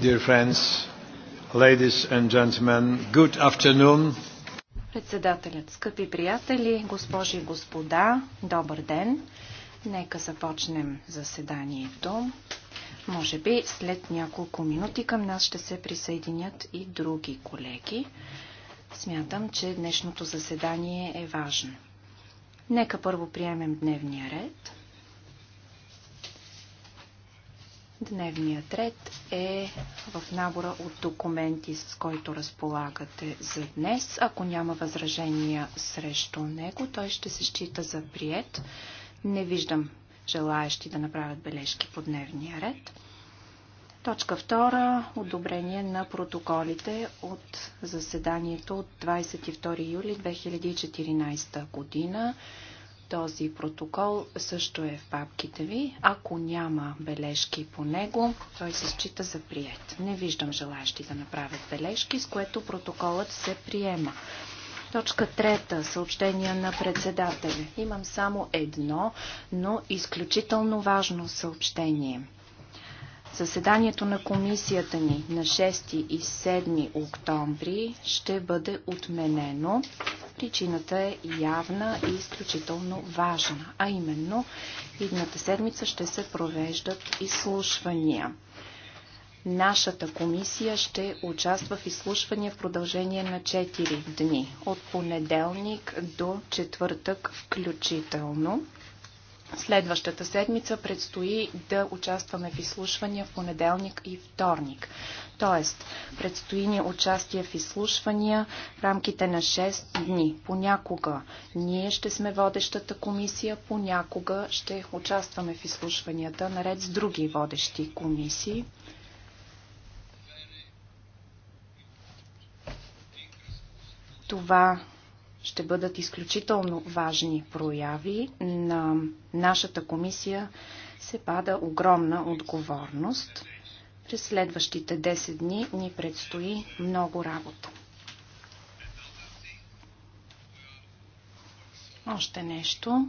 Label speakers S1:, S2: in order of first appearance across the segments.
S1: Dear friends, ladies and gentlemen, good
S2: afternoon. Председателят, скъпи приятели, госпожи и господа, добър ден. Нека започнем заседанието. Може би след няколко минути към нас ще се присъединят и други колеги. Смятам, че днешното заседание е важно. Нека първо приемем дневния ред. Дневният ред е в набора от документи, с който разполагате за днес. Ако няма възражения срещу него, той ще се счита за прият. Не виждам желаящи да направят бележки по дневния ред. Точка 2. Одобрение на протоколите от заседанието от 22 юли 2014 година. Този протокол също е в папките ви. Ако няма бележки по него, той се счита за прият. Не виждам желащи да направят бележки, с което протоколът се приема. Точка трета. съобщение на председателя. Имам само едно, но изключително важно съобщение. Заседанието на комисията ни на 6 и 7 октомври ще бъде отменено. Причината е явна и изключително важна, а именно едната седмица ще се провеждат изслушвания. Нашата комисия ще участва в изслушвания в продължение на 4 дни, от понеделник до четвъртък включително. Следващата седмица предстои да участваме в изслушвания в понеделник и вторник. Тоест, предстои ни участие в изслушвания в рамките на 6 дни. Понякога ние ще сме водещата комисия, понякога ще участваме в изслушванията наред с други водещи комисии. Това ще бъдат изключително важни прояви. На нашата комисия се пада огромна отговорност. През следващите 10 дни ни предстои много работа. Още нещо.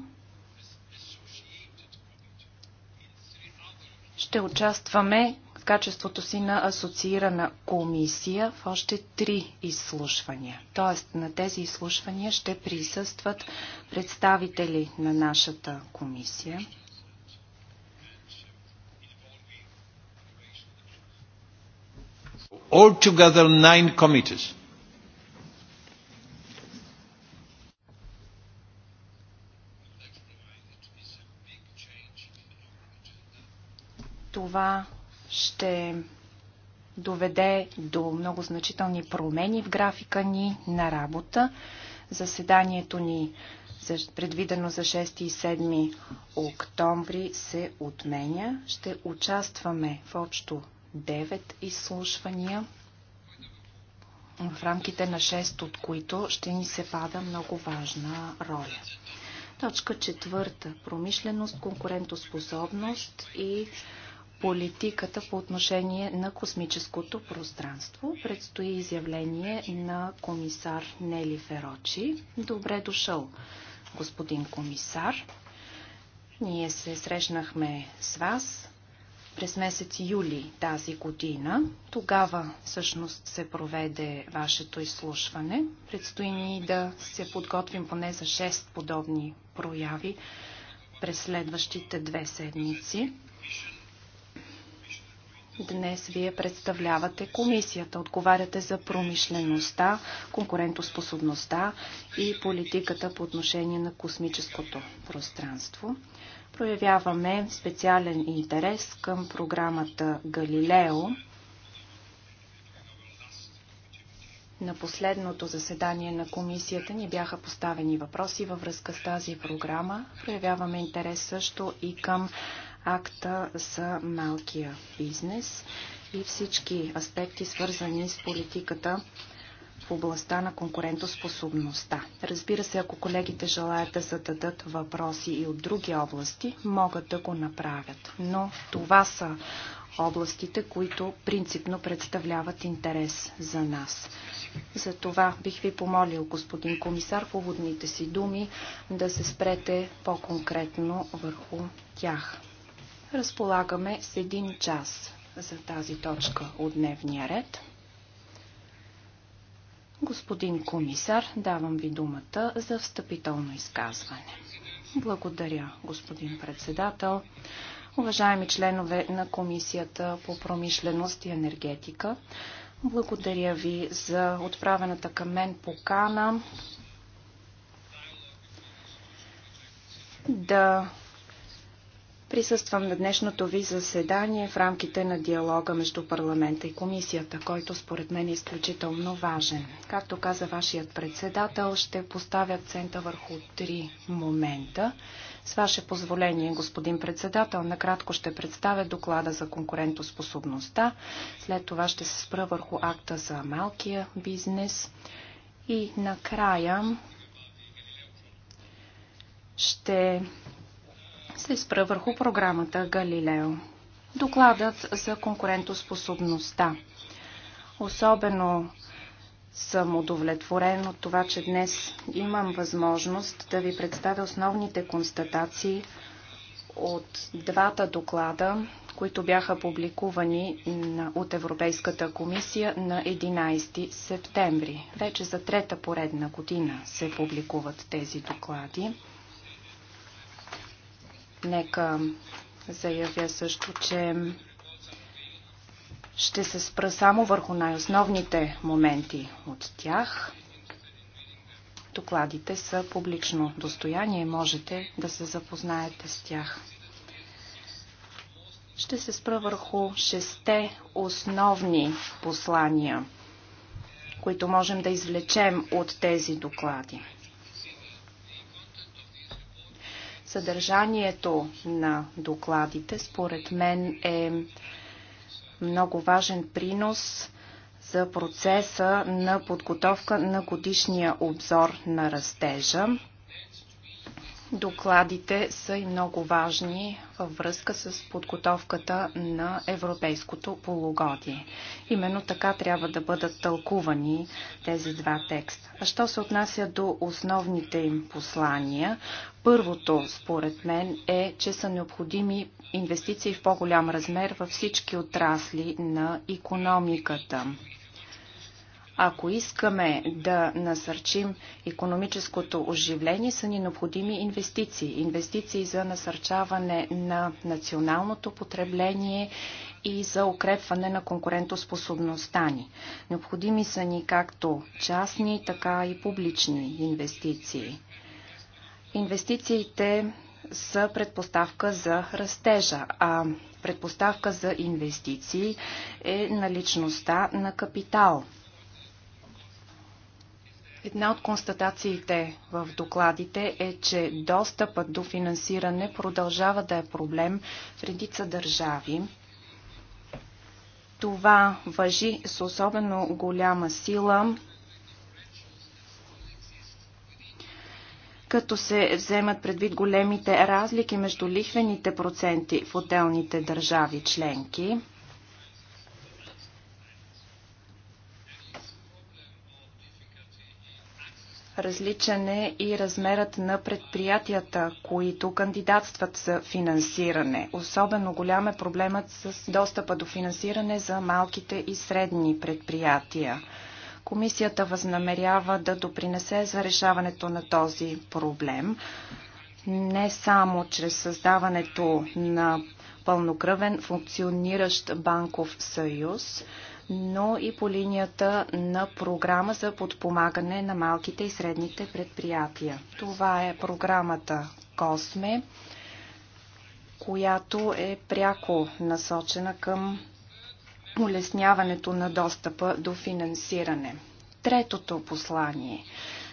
S2: Ще участваме в качеството си на асоциирана комисия в още три изслушвания. Тоест на тези изслушвания ще присъстват представители на нашата комисия.
S1: together nine committees.
S2: това ще доведе до много значителни промени в графика ни на работа. Заседанието ни, предвидено за 6 и 7 октомври, се отменя. Ще участваме в общо 9 изслушвания, в рамките на 6 от които ще ни се пада много важна роля. Точка четвърта. Промишленост, конкурентоспособност и политиката по отношение на космическото пространство. Предстои изявление на комисар Нели Ферочи. Добре дошъл, господин комисар. Ние се срещнахме с вас през месец юли тази година. Тогава всъщност се проведе вашето изслушване. Предстои ни да се подготвим поне за 6 подобни прояви през следващите две седмици. Днес вие представлявате комисията, отговаряте за промишлеността, конкурентоспособността и политиката по отношение на космическото пространство. Проявяваме специален интерес към програмата Галилео. На последното заседание на комисията ни бяха поставени въпроси във връзка с тази програма. Проявяваме интерес също и към акта за малкия бизнес и всички аспекти, свързани с политиката в областта на конкурентоспособността. Разбира се, ако колегите желаят да зададат въпроси и от други области, могат да го направят. Но това са областите, които принципно представляват интерес за нас. За това бих ви помолил, господин комисар, в уводните си думи да се спрете по-конкретно върху тях. Разполагаме с един час за тази точка от дневния ред. Господин комисар, давам ви думата за встъпително изказване. Благодаря, господин председател. Уважаеми членове на Комисията по промишленост и енергетика, благодаря ви за отправената към мен покана да Присъствам на днешното ви заседание в рамките на диалога между парламента и комисията, който според мен е изключително важен. Както каза вашият председател, ще поставя акцента върху три момента. С ваше позволение, господин председател, накратко ще представя доклада за конкурентоспособността, след това ще се спра върху акта за малкия бизнес и накрая ще се спра върху програмата Галилео. Докладът за конкурентоспособността. Особено съм удовлетворен от това, че днес имам възможност да ви представя основните констатации от двата доклада, които бяха публикувани от Европейската комисия на 11 септември. Вече за трета поредна година се публикуват тези доклади. Нека заявя също, че ще се спра само върху най-основните моменти от тях. Докладите са публично достояние и можете да се запознаете с тях. Ще се спра върху шесте основни послания, които можем да извлечем от тези доклади. Съдържанието на докладите, според мен, е много важен принос за процеса на подготовка на годишния обзор на растежа. Докладите са и много важни във връзка с подготовката на европейското полугодие. Именно така трябва да бъдат тълкувани тези два текста. А що се отнася до основните им послания, първото, според мен, е, че са необходими инвестиции в по-голям размер във всички отрасли на економиката. Ако искаме да насърчим економическото оживление, са ни необходими инвестиции. Инвестиции за насърчаване на националното потребление и за укрепване на конкурентоспособността ни. Необходими са ни както частни, така и публични инвестиции. Инвестициите са предпоставка за растежа, а предпоставка за инвестиции е наличността на капитал – Една от констатациите в докладите е, че достъпът до финансиране продължава да е проблем в редица държави. Това въжи с особено голяма сила като се вземат предвид големите разлики между лихвените проценти в отделните държави членки. Различен е и размерът на предприятията, които кандидатстват за финансиране. Особено голям е проблемът с достъпа до финансиране за малките и средни предприятия. Комисията възнамерява да допринесе за решаването на този проблем не само чрез създаването на пълнокръвен функциониращ банков съюз, но и по линията на програма за подпомагане на малките и средните предприятия. Това е програмата Косме, която е пряко насочена към улесняването на достъпа до финансиране. Третото послание.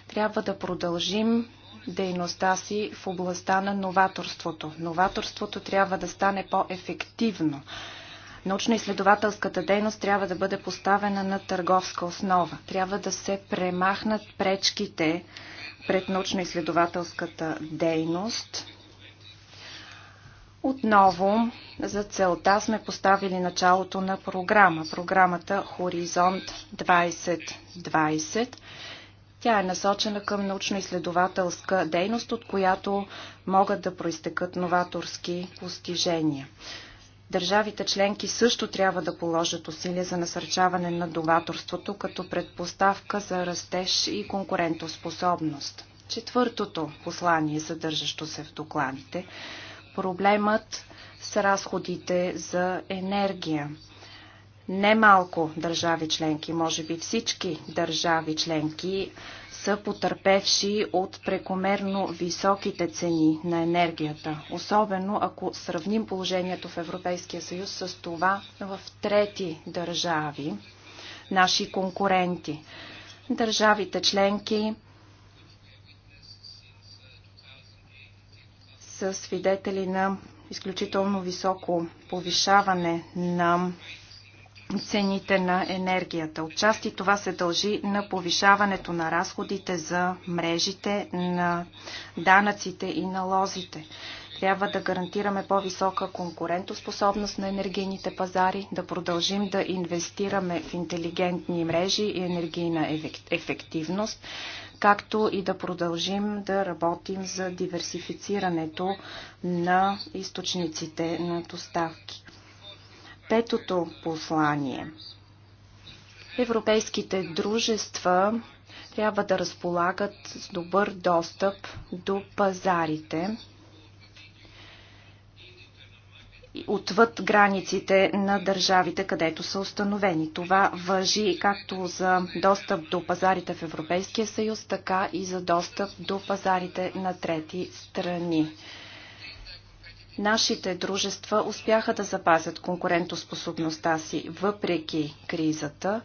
S2: Трябва да продължим дейността си в областта на новаторството. Новаторството трябва да стане по-ефективно. Научно-изследователската дейност трябва да бъде поставена на търговска основа. Трябва да се премахнат пречките пред научно-изследователската дейност. Отново за целта сме поставили началото на програма. Програмата Хоризонт 2020. Тя е насочена към научно-изследователска дейност, от която могат да проистекат новаторски постижения. Държавите членки също трябва да положат усилия за насърчаване на доваторството като предпоставка за растеж и конкурентоспособност. Четвъртото послание, съдържащо се в докладите, проблемът с разходите за енергия. Немалко държави членки, може би всички държави членки, са потърпевши от прекомерно високите цени на енергията. Особено ако сравним положението в Европейския съюз с това в трети държави, наши конкуренти. Държавите членки са свидетели на изключително високо повишаване на цените на енергията. Отчасти това се дължи на повишаването на разходите за мрежите, на данъците и налозите. Трябва да гарантираме по-висока конкурентоспособност на енергийните пазари, да продължим да инвестираме в интелигентни мрежи и енергийна ефективност, както и да продължим да работим за диверсифицирането на източниците на доставки. Петото послание. Европейските дружества трябва да разполагат с добър достъп до пазарите отвъд границите на държавите, където са установени. Това въжи както за достъп до пазарите в Европейския съюз, така и за достъп до пазарите на трети страни. Нашите дружества успяха да запазят конкурентоспособността си въпреки кризата.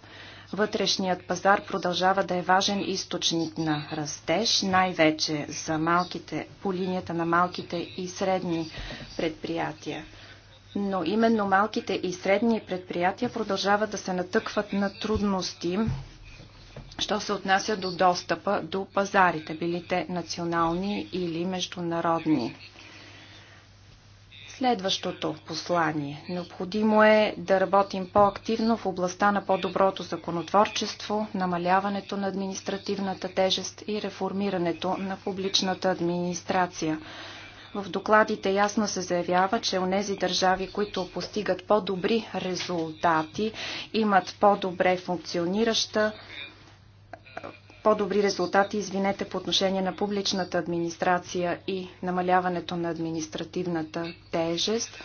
S2: Вътрешният пазар продължава да е важен източник на растеж, най-вече за малките, по линията на малките и средни предприятия. Но именно малките и средни предприятия продължават да се натъкват на трудности, що се отнася до достъпа до пазарите, били те национални или международни. Следващото послание. Необходимо е да работим по-активно в областта на по-доброто законотворчество, намаляването на административната тежест и реформирането на публичната администрация. В докладите ясно се заявява, че онези държави, които постигат по-добри резултати, имат по-добре функционираща по-добри резултати, извинете, по отношение на публичната администрация и намаляването на административната тежест,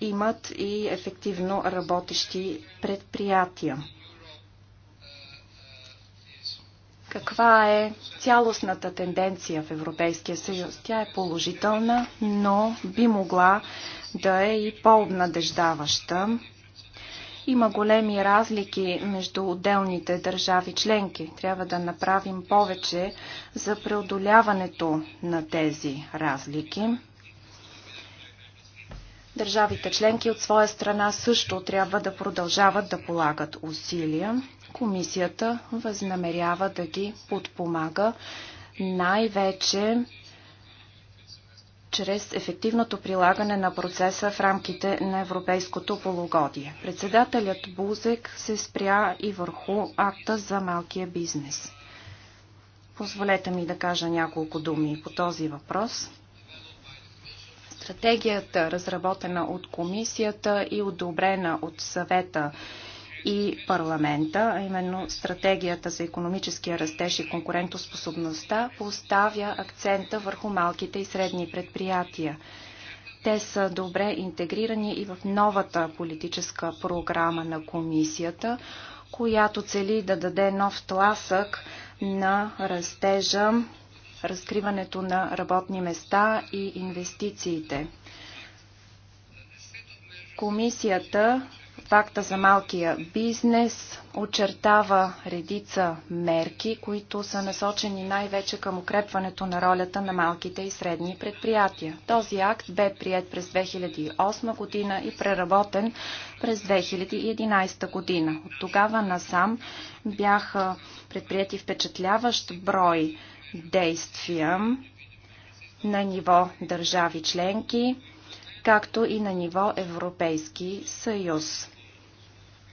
S2: имат и ефективно работещи предприятия. Каква е цялостната тенденция в Европейския съюз? Тя е положителна, но би могла да е и по-обнадеждаваща. Има големи разлики между отделните държави членки. Трябва да направим повече за преодоляването на тези разлики. Държавите членки от своя страна също трябва да продължават да полагат усилия. Комисията възнамерява да ги подпомага най-вече чрез ефективното прилагане на процеса в рамките на европейското полугодие. Председателят Бузек се спря и върху акта за малкия бизнес. Позволете ми да кажа няколко думи по този въпрос. Стратегията, разработена от комисията и одобрена от съвета и парламента, а именно стратегията за економическия растеж и конкурентоспособността, поставя акцента върху малките и средни предприятия. Те са добре интегрирани и в новата политическа програма на комисията, която цели да даде нов тласък на растежа, разкриването на работни места и инвестициите. Комисията Пакта за малкия бизнес очертава редица мерки, които са насочени най-вече към укрепването на ролята на малките и средни предприятия. Този акт бе прият през 2008 година и преработен през 2011 година. От тогава насам бяха предприяти впечатляващ брой действия на ниво държави членки, както и на ниво Европейски съюз.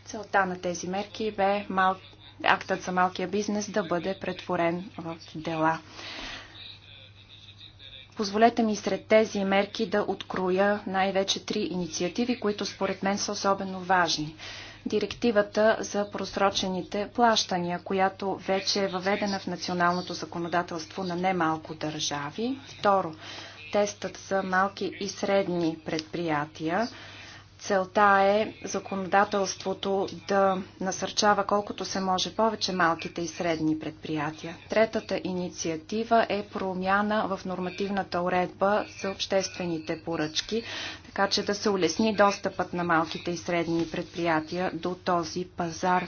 S2: Целта на тези мерки бе мал... актът за малкия бизнес да бъде претворен в дела. Позволете ми сред тези мерки да откроя най-вече три инициативи, които според мен са особено важни. Директивата за просрочените плащания, която вече е въведена в националното законодателство на немалко държави. Второ, тестът за малки и средни предприятия, Целта е законодателството да насърчава колкото се може повече малките и средни предприятия. Третата инициатива е промяна в нормативната уредба за обществените поръчки, така че да се улесни достъпът на малките и средни предприятия до този пазар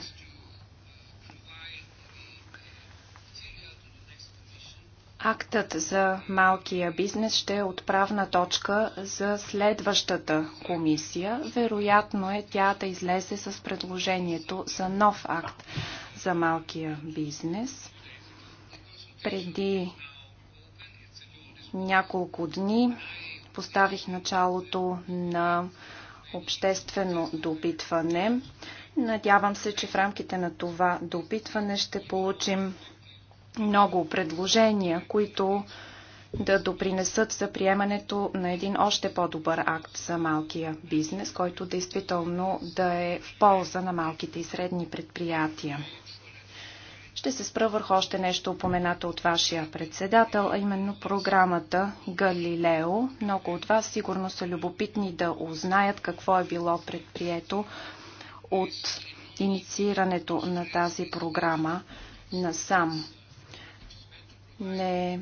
S2: Актът за малкия бизнес ще е отправна точка за следващата комисия. Вероятно е тя да излезе с предложението за нов акт за малкия бизнес. Преди няколко дни поставих началото на обществено допитване. Надявам се, че в рамките на това допитване ще получим много предложения, които да допринесат за приемането на един още по-добър акт за малкия бизнес, който действително да е в полза на малките и средни предприятия. Ще се спра върху още нещо упоменато от вашия председател, а именно програмата Галилео. Много от вас сигурно са любопитни да узнаят какво е било предприето от инициирането на тази програма на сам не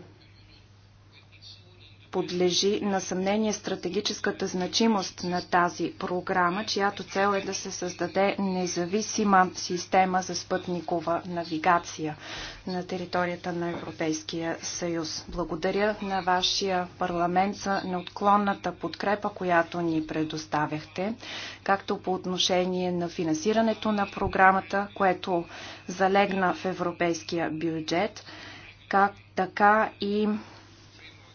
S2: подлежи на съмнение стратегическата значимост на тази програма, чиято цел е да се създаде независима система за спътникова навигация на територията на Европейския съюз. Благодаря на вашия парламент за неотклонната подкрепа, която ни предоставяхте, както по отношение на финансирането на програмата, което залегна в европейския бюджет, както така и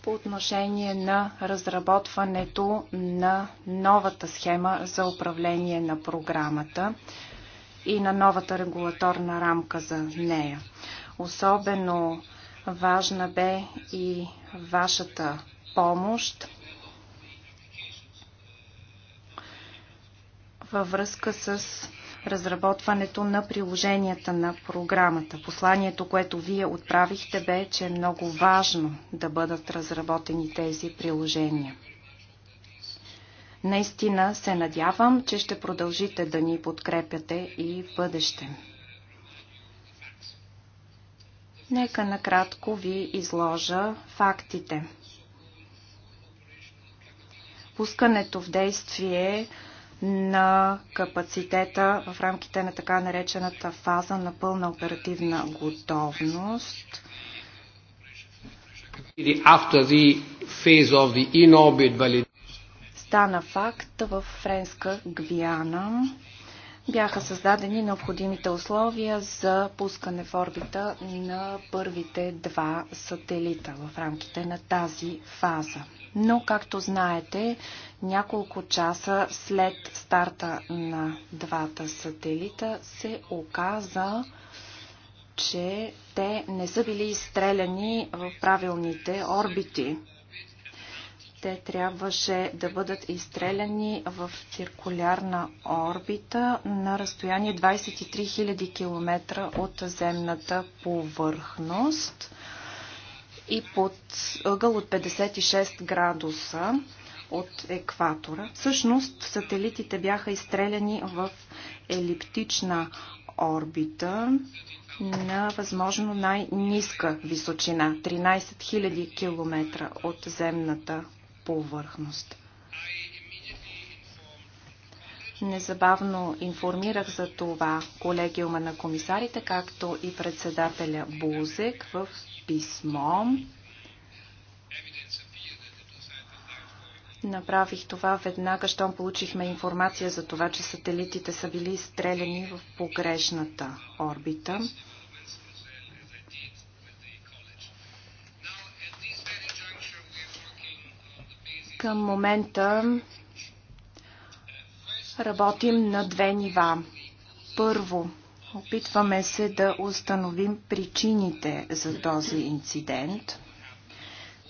S2: по отношение на разработването на новата схема за управление на програмата и на новата регулаторна рамка за нея. Особено важна бе и вашата помощ във връзка с разработването на приложенията на програмата. Посланието, което вие отправихте, бе, че е много важно да бъдат разработени тези приложения. Наистина се надявам, че ще продължите да ни подкрепяте и в бъдеще. Нека накратко ви изложа фактите. Пускането в действие на капацитета в рамките на така наречената фаза на пълна оперативна готовност. Стана факт в Френска Гвиана бяха създадени необходимите условия за пускане в орбита на първите два сателита в рамките на тази фаза. Но, както знаете, няколко часа след старта на двата сателита се оказа, че те не са били изстреляни в правилните орбити. Те трябваше да бъдат изстреляни в циркулярна орбита на разстояние 23 000 км от земната повърхност и под ъгъл от 56 градуса от екватора. Всъщност сателитите бяха изстреляни в елиптична орбита на възможно най-ниска височина 13 000 км от земната повърхност. Незабавно информирах за това колегиума на комисарите, както и председателя Бузек в писмо. Направих това веднага, щом получихме информация за това, че сателитите са били изстреляни в погрешната орбита. Към момента Работим на две нива. Първо, опитваме се да установим причините за този инцидент.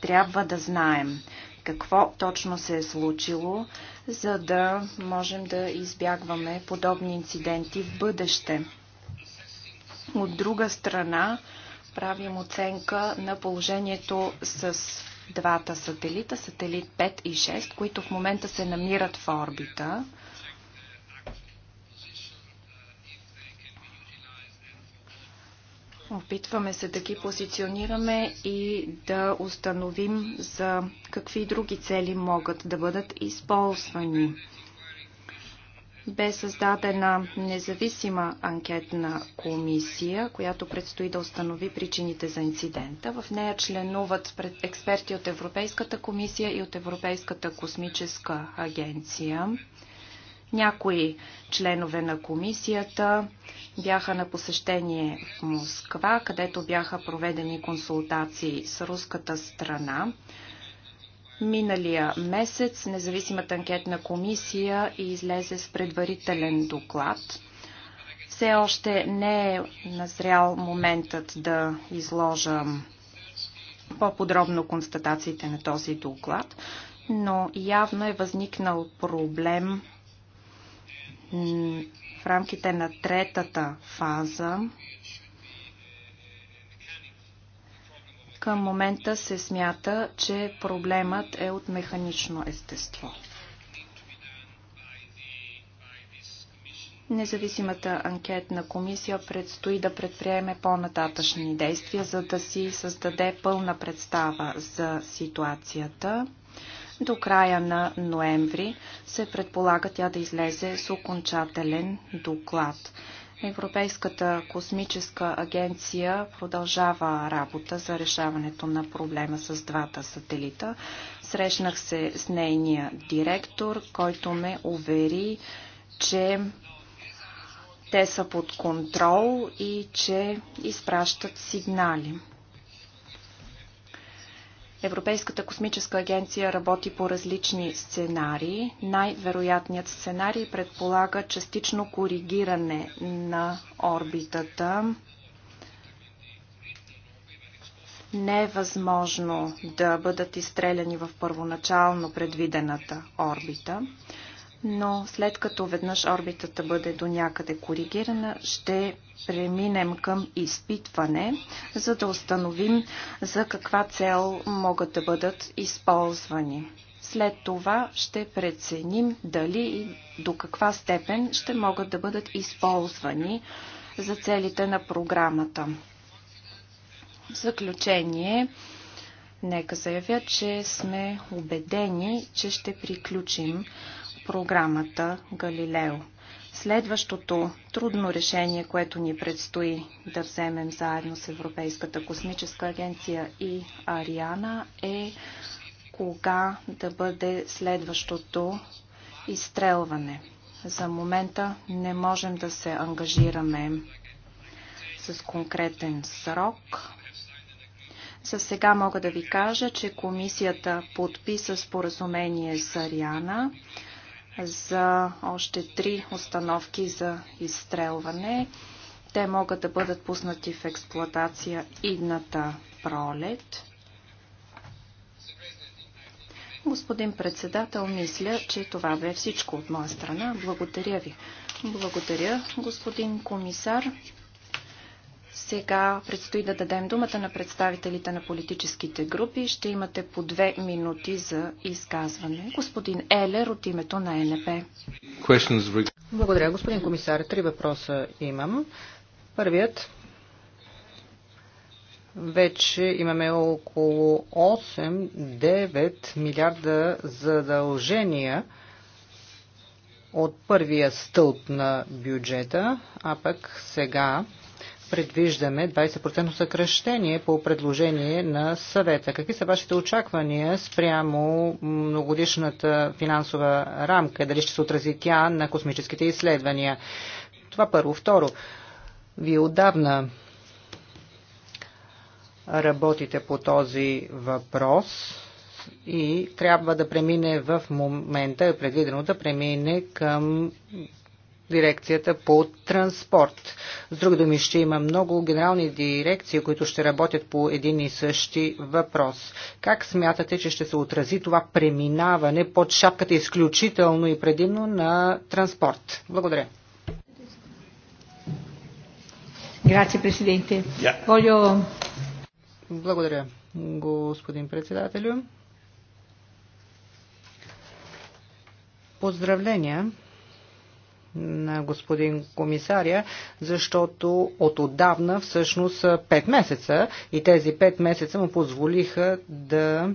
S2: Трябва да знаем какво точно се е случило, за да можем да избягваме подобни инциденти в бъдеще. От друга страна, правим оценка на положението с двата сателита, сателит 5 и 6, които в момента се намират в орбита. Опитваме се да ги позиционираме и да установим за какви други цели могат да бъдат използвани. Бе създадена независима анкетна комисия, която предстои да установи причините за инцидента. В нея членуват експерти от Европейската комисия и от Европейската космическа агенция. Някои членове на комисията бяха на посещение в Москва, където бяха проведени консултации с руската страна. Миналия месец независимата анкетна комисия излезе с предварителен доклад. Все още не е назрял моментът да изложа по-подробно констатациите на този доклад, но явно е възникнал проблем в рамките на третата фаза към момента се смята, че проблемът е от механично естество. Независимата анкетна комисия предстои да предприеме по-нататъчни действия, за да си създаде пълна представа за ситуацията. До края на ноември се предполага тя да излезе с окончателен доклад. Европейската космическа агенция продължава работа за решаването на проблема с двата сателита. Срещнах се с нейния директор, който ме увери, че те са под контрол и че изпращат сигнали. Европейската космическа агенция работи по различни сценарии. Най-вероятният сценарий предполага частично коригиране на орбитата. Не е възможно да бъдат изстреляни в първоначално предвидената орбита но след като веднъж орбитата бъде до някъде коригирана, ще преминем към изпитване, за да установим за каква цел могат да бъдат използвани. След това ще преценим дали и до каква степен ще могат да бъдат използвани за целите на програмата. В заключение, нека заявя, че сме убедени, че ще приключим програмата Галилео. Следващото трудно решение, което ни предстои да вземем заедно с Европейската космическа агенция и Ариана е кога да бъде следващото изстрелване. За момента не можем да се ангажираме с конкретен срок. За сега мога да ви кажа, че комисията подписа споразумение с Ариана за още три установки за изстрелване. Те могат да бъдат пуснати в експлоатация идната пролет. Господин председател, мисля, че това бе всичко от моя страна. Благодаря ви. Благодаря, господин комисар. Сега предстои да дадем думата на представителите на политическите групи. Ще имате по две минути за изказване. Господин Елер от името на НП.
S3: Благодаря, господин комисар. Три въпроса имам. Първият. Вече имаме около 8-9 милиарда задължения от първия стълб на бюджета, а пък сега предвиждаме 20% съкръщение по предложение на съвета. Какви са вашите очаквания спрямо многодишната финансова рамка? Дали ще се отрази тя на космическите изследвания? Това първо. Второ, вие отдавна работите по този въпрос и трябва да премине в момента, е предвидено да премине към дирекцията по транспорт. С други думи, ще има много генерални дирекции, които ще работят по един и същи въпрос. Как смятате, че ще се отрази това преминаване под шапката изключително и предимно на транспорт? Благодаря.
S2: Грация, президенте.
S3: Благодаря, господин председателю. Поздравления на господин комисаря, защото от отдавна, всъщност 5 месеца, и тези 5 месеца му позволиха да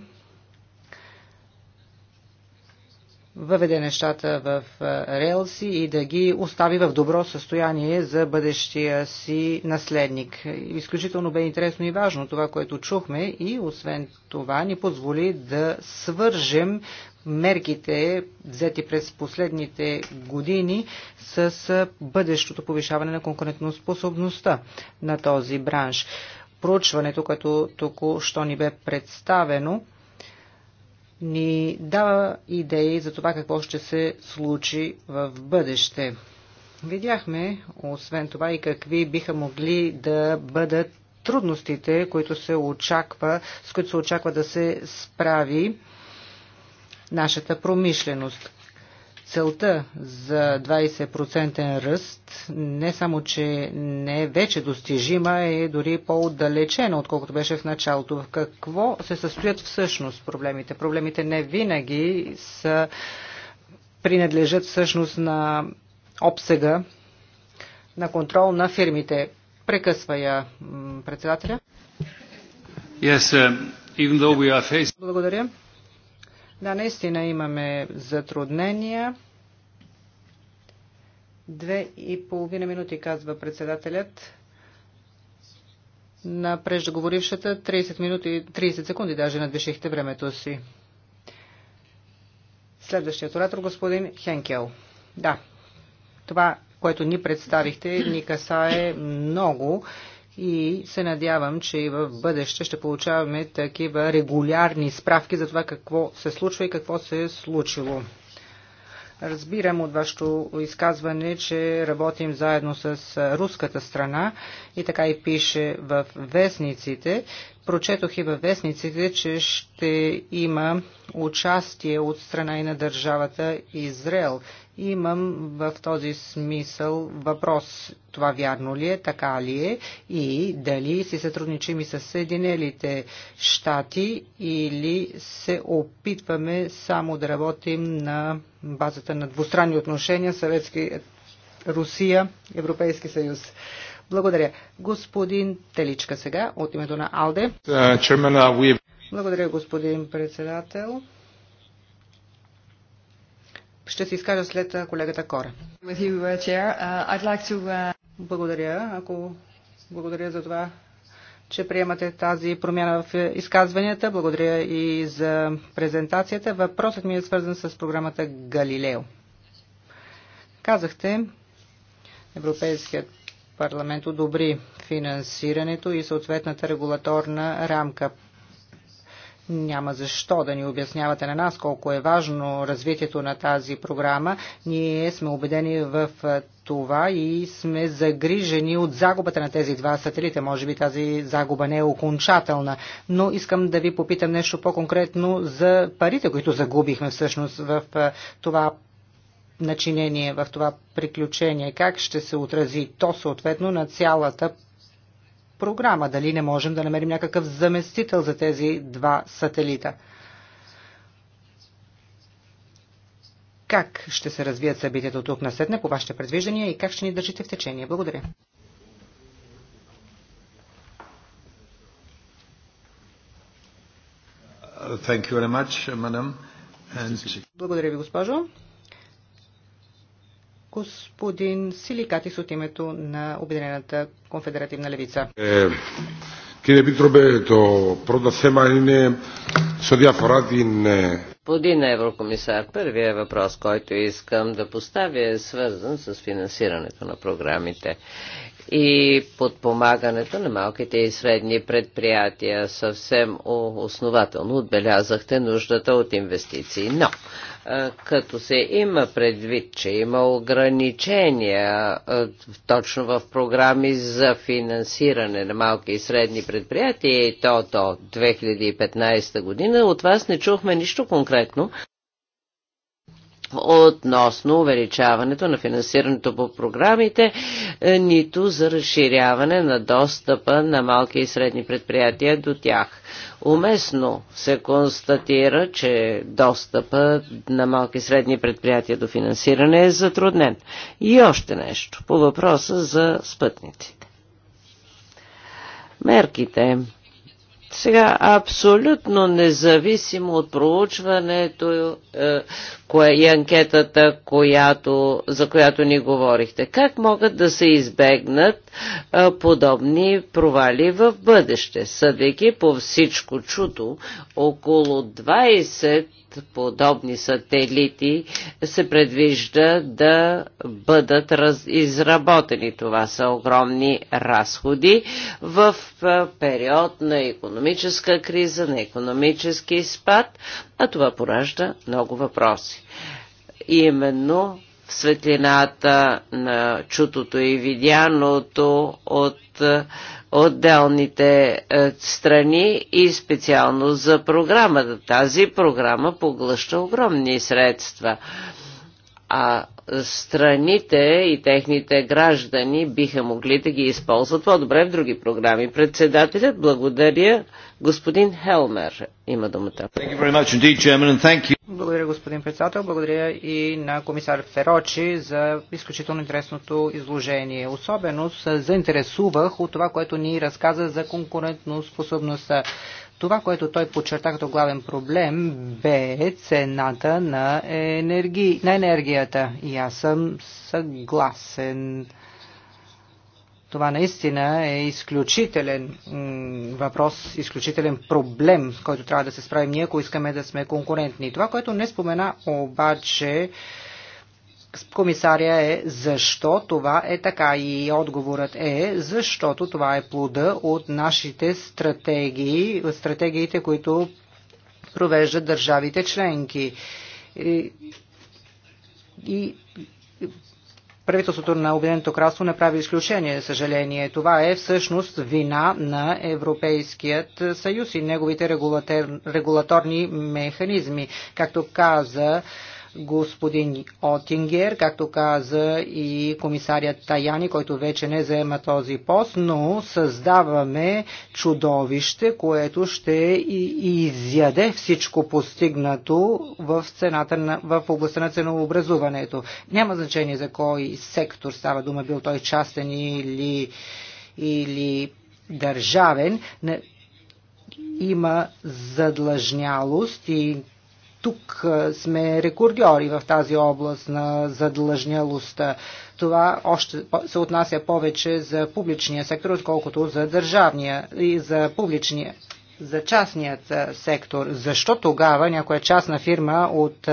S3: въведе нещата в релси и да ги остави в добро състояние за бъдещия си наследник. Изключително бе интересно и важно това, което чухме и освен това ни позволи да свържем мерките, взети през последните години, с бъдещото повишаване на конкурентоспособността на този бранш. Проучването, което току-що ни бе представено, ни дава идеи за това какво ще се случи в бъдеще. Видяхме, освен това, и какви биха могли да бъдат трудностите, които се очаква, с които се очаква да се справи нашата промишленост. Целта за 20% ръст не само, че не е вече достижима, е дори по-отдалечена, отколкото беше в началото. В какво се състоят всъщност проблемите? Проблемите не винаги са принадлежат всъщност на обсега на контрол на фирмите. Прекъсва я председателя.
S1: Yes, um, even we are facing...
S3: Благодаря. Да, наистина имаме затруднения. Две и половина минути, казва председателят на преждоговорившата. 30 минути, 30 секунди даже надвишихте времето си. Следващият оратор, господин Хенкел. Да, това, което ни представихте, ни касае много и се надявам, че и в бъдеще ще получаваме такива регулярни справки за това какво се случва и какво се е случило. Разбирам от вашето изказване, че работим заедно с руската страна и така и пише в вестниците, Прочетох и във вестниците, че ще има участие от страна и на държавата Израел. Имам в този смисъл въпрос. Това вярно ли е, така ли е и дали си сътрудничим и с Съединените щати или се опитваме само да работим на базата на двустранни отношения Съветски Русия, Европейски съюз. Благодаря. Господин Теличка сега от името на Алде.
S1: Е,
S3: благодаря, господин председател. Ще се изкажа след колегата Кора. Uh, uh, uh, благодаря. Ако благодаря за това, че приемате тази промяна в изказванията. Благодаря и за презентацията. Въпросът ми е свързан с програмата Галилео. Казахте, Европейският парламент одобри финансирането и съответната регулаторна рамка. Няма защо да ни обяснявате на нас колко е важно развитието на тази програма. Ние сме убедени в това и сме загрижени от загубата на тези два сателита. Може би тази загуба не е окончателна, но искам да ви попитам нещо по-конкретно за парите, които загубихме всъщност в това начинение в това приключение? Как ще се отрази то съответно на цялата програма? Дали не можем да намерим някакъв заместител за тези два сателита? Как ще се развият събитията от тук на Седне по вашите предвиждания и как ще ни държите в течение? Благодаря. Благодаря ви, госпожо господин Силикатис от името на Обединената конфедеративна левица.
S1: Κύριε Επίτροπε, το πρώτο θέμα είναι σε ό,τι αφορά την...
S4: Господин Еврокомисар, първият въпрос, който искам да поставя е свързан с финансирането на програмите и подпомагането на малките и средни предприятия. Съвсем основателно отбелязахте нуждата от инвестиции. Но, като се има предвид, че има ограничения точно в програми за финансиране на малки и средни предприятия и то до 2015 година, от вас не чухме нищо конкретно относно увеличаването на финансирането по програмите, е, нито за разширяване на достъпа на малки и средни предприятия до тях. Уместно се констатира, че достъпа на малки и средни предприятия до финансиране е затруднен. И още нещо по въпроса за спътниците. Мерките. Сега абсолютно независимо от проучването, е, кое, и анкетата, която, за която ни говорихте. Как могат да се избегнат а, подобни провали в бъдеще? Съдейки по всичко чуто, около 20 подобни сателити се предвижда да бъдат раз... изработени. Това са огромни разходи в период на економическа криза, на економически спад, а това поражда много въпроси. И именно в светлината на чутото и видяното от е, отделните е, страни и специално за програмата. Тази програма поглъща огромни средства. А страните и техните граждани биха могли да ги използват по-добре в други програми. Председателят, благодаря. Господин Хелмер има думата.
S3: Благодаря, господин председател. Благодаря и на комисар Ферочи за изключително интересното изложение. Особено се заинтересувах от това, което ни разказа за конкурентно способността. Това, което той подчерта като главен проблем, бе цената на, енерги... на енергията. И аз съм съгласен. Това наистина е изключителен въпрос, изключителен проблем, който трябва да се справим ние, ако искаме да сме конкурентни. Това, което не спомена обаче, комисаря е защо това е така и отговорът е защото това е плода от нашите стратегии, от стратегиите, които провеждат държавите членки. И, правителството на Обединеното кралство не прави изключение, съжаление. Това е всъщност вина на Европейският съюз и неговите регулатор, регулаторни механизми. Както каза господин Отингер, както каза и комисарият Таяни, който вече не заема този пост, но създаваме чудовище, което ще изяде всичко постигнато в, цената на, в областта на ценообразуването. Няма значение за кой сектор става дума, бил той частен или, или държавен. Има задлъжнялост и тук сме рекордьори в тази област на задлъжнялостта. Това още се отнася повече за публичния сектор, отколкото за държавния и за публичния за частният сектор. Защо тогава някоя частна фирма от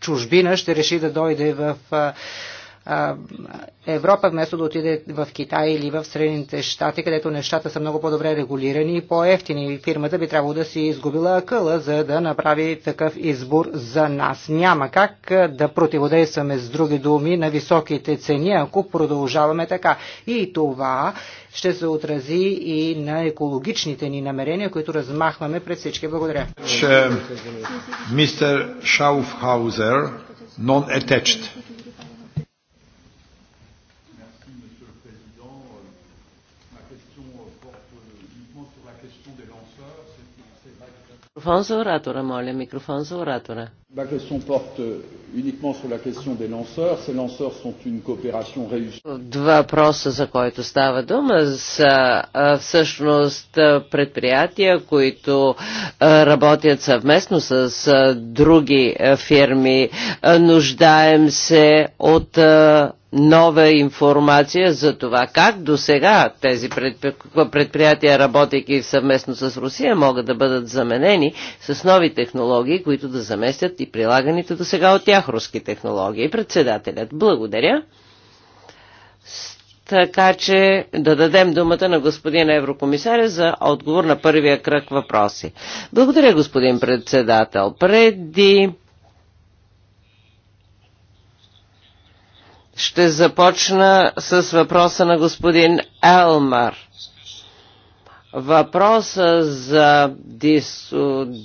S3: чужбина ще реши да дойде в Европа, вместо да отиде в Китай или в Средните щати, където нещата са много по-добре регулирани и по-ефтини. Фирмата би трябвало да си изгубила акъла, за да направи такъв избор за нас. Няма как да противодействаме с други думи на високите цени, ако продължаваме така. И това ще се отрази и на екологичните ни намерения, които размахваме пред всички. Благодаря.
S1: Мистер Шауфхаузер, non-attached.
S4: Микрофон за оратора, моля. Микрофон за оратора. Ma question porte uniquement sur la question des lanceurs. Ces lanceurs sont
S1: une coopération réussie.
S4: Два въпроса, за който става дума, са всъщност предприятия, които работят съвместно с други фирми. Нуждаем се от нова информация за това как до сега тези предприятия, работейки съвместно с Русия, могат да бъдат заменени с нови технологии, които да заместят и прилаганите до сега от тях руски технологии. Председателят, благодаря. Така че да дадем думата на господин Еврокомисаря за отговор на първия кръг въпроси. Благодаря, господин председател. Преди Ще започна с въпроса на господин Елмар. Въпроса за дис,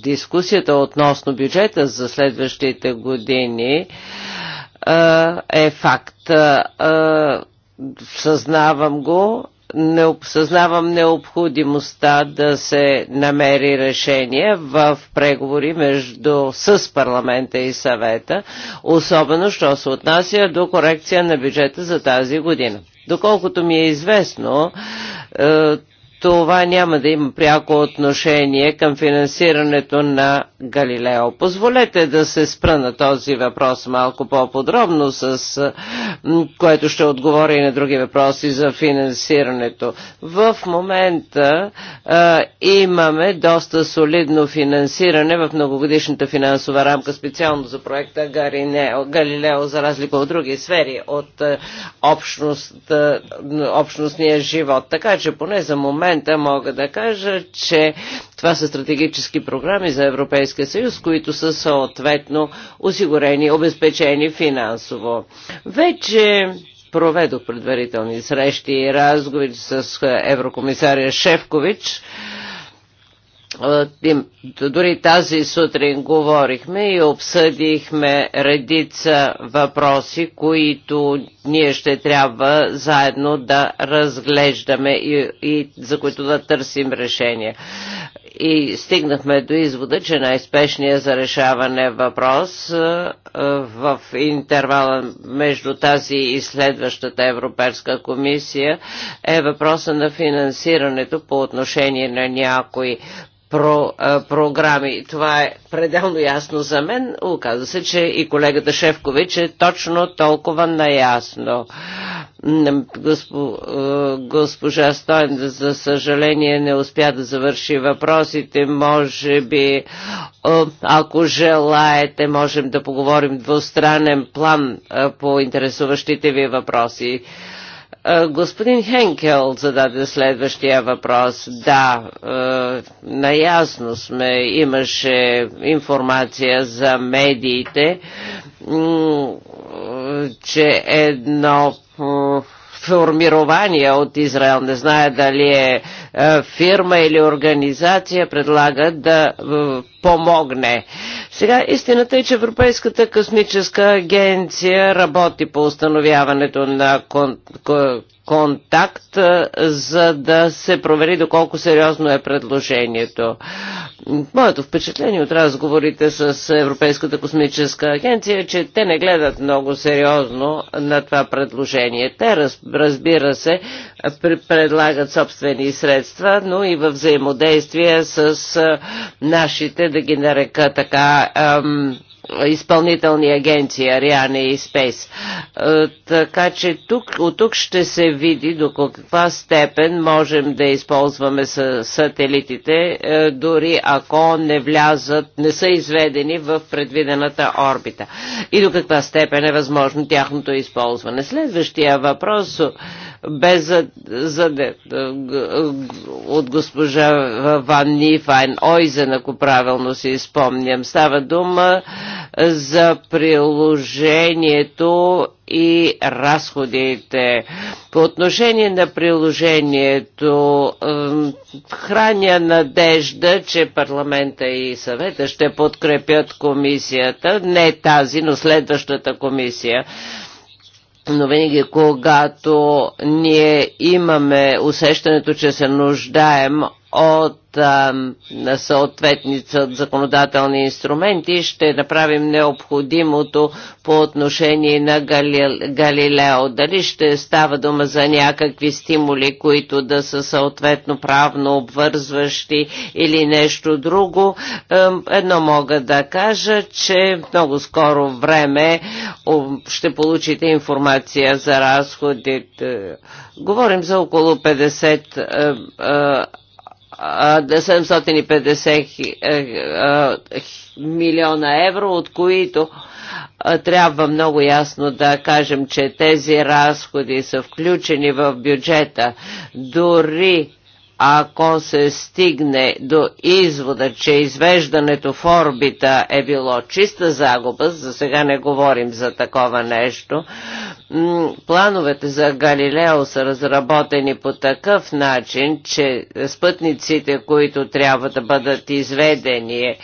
S4: дискусията относно бюджета за следващите години е факт. Съзнавам го не осъзнавам необходимостта да се намери решение в преговори между с парламента и съвета, особено що се отнася до корекция на бюджета за тази година. Доколкото ми е известно, е, това няма да има пряко отношение към финансирането на Галилео. Позволете да се спра на този въпрос малко по-подробно, с което ще отговоря и на други въпроси за финансирането. В момента а, имаме доста солидно финансиране в многогодишната финансова рамка, специално за проекта Галилео, Галилео, за разлика от други сфери от общност, общностния живот. Така че поне за момент момента мога да кажа, че това са стратегически програми за Европейския съюз, които са съответно осигурени, обезпечени финансово. Вече проведох предварителни срещи и разговори с е, еврокомисария Шефкович дори тази сутрин говорихме и обсъдихме редица въпроси, които ние ще трябва заедно да разглеждаме и, и за които да търсим решение. И стигнахме до извода, че най-спешният за решаване въпрос е, в интервала между тази и следващата Европейска комисия е въпроса на финансирането по отношение на някои про, а, програми. Това е пределно ясно за мен. Оказва се, че и колегата Шевкович е точно толкова наясно. Госпо, госпожа Стоен, за съжаление, не успя да завърши въпросите. Може би, ако желаете, можем да поговорим двустранен план по интересуващите ви въпроси. Е, господин Хенкел зададе следващия въпрос. Да, е, наясно сме, имаше информация за медиите, че едно формирование от Израел, не знае дали е, е фирма или организация, предлага да помогне. Сега истината е, че Европейската космическа агенция работи по установяването на кон, контакт, за да се провери доколко сериозно е предложението. Моето впечатление от разговорите с Европейската космическа агенция е, че те не гледат много сериозно на това предложение. Те, разбира се, предлагат собствени средства, но и в взаимодействие с нашите да ги нарека така, изпълнителни агенции Ариани и Спейс. Така че тук, от тук ще се види до каква степен можем да използваме сателитите, дори ако не влязат, не са изведени в предвидената орбита. И до каква степен е възможно тяхното използване. Следващия въпрос бе за, за, е, от госпожа Ван Нифайн Ойзен, ако правилно си изпомням. Става дума за приложението и разходите. По отношение на приложението, храня надежда, че парламента и съвета ще подкрепят комисията, не тази, но следващата комисия, но винаги, когато ние имаме усещането, че се нуждаем от а, съответница от законодателни инструменти, ще направим необходимото по отношение на Галилео. Дали ще става дума за някакви стимули, които да са съответно правно обвързващи или нещо друго. Едно мога да кажа, че много скоро време ще получите информация за разходите. Говорим за около 50 750 е, е, милиона евро, от които трябва много ясно да кажем, че тези разходи са включени в бюджета. Дори ако се стигне до извода, че извеждането в орбита е било чиста загуба, за сега не говорим за такова нещо, плановете за Галилео са разработени по такъв начин, че спътниците, които трябва да бъдат изведени,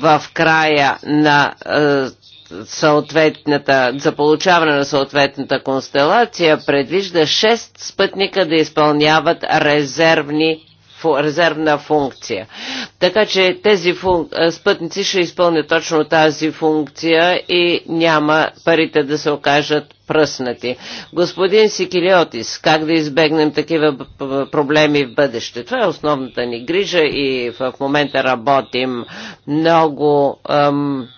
S4: в края на съответната, за получаване на съответната констелация предвижда 6 спътника да изпълняват резервни резервна функция. Така че тези фун... спътници ще изпълнят точно тази функция и няма парите да се окажат пръснати. Господин Сикилиотис, как да избегнем такива проблеми в бъдеще? Това е основната ни грижа и в момента работим много ем,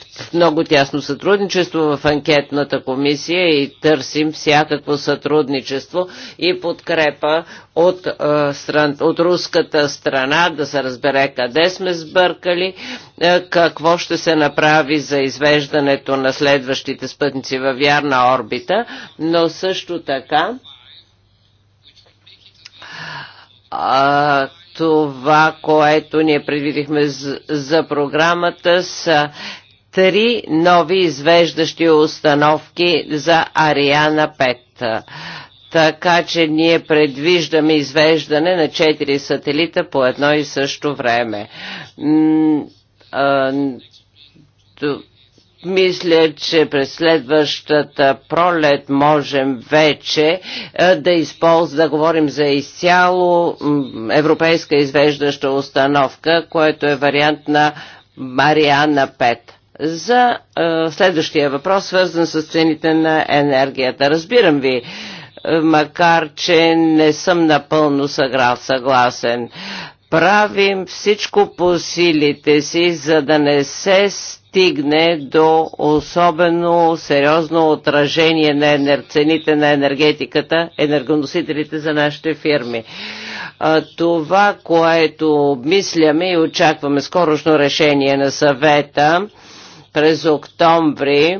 S4: с много тясно сътрудничество в анкетната комисия и търсим всякакво сътрудничество и подкрепа от, е, от руската страна, да се разбере къде сме сбъркали, е, какво ще се направи за извеждането на следващите спътници във вярна орбита, но също така а, това, което ние предвидихме за, за програмата, са три нови извеждащи установки за Ариана 5. Така че ние предвиждаме извеждане на 4 сателита по едно и също време. Мисля, че през следващата пролет можем вече да използваме, да говорим за изцяло европейска извеждаща установка, което е вариант на Мариана 5. За е, следващия въпрос, свързан с цените на енергията. Разбирам ви, е, макар че не съм напълно съгласен. Правим всичко по силите си, за да не се стигне до особено сериозно отражение на енер... цените на енергетиката, енергоносителите за нашите фирми. Това, което мисляме и очакваме скорошно решение на съвета, през октомври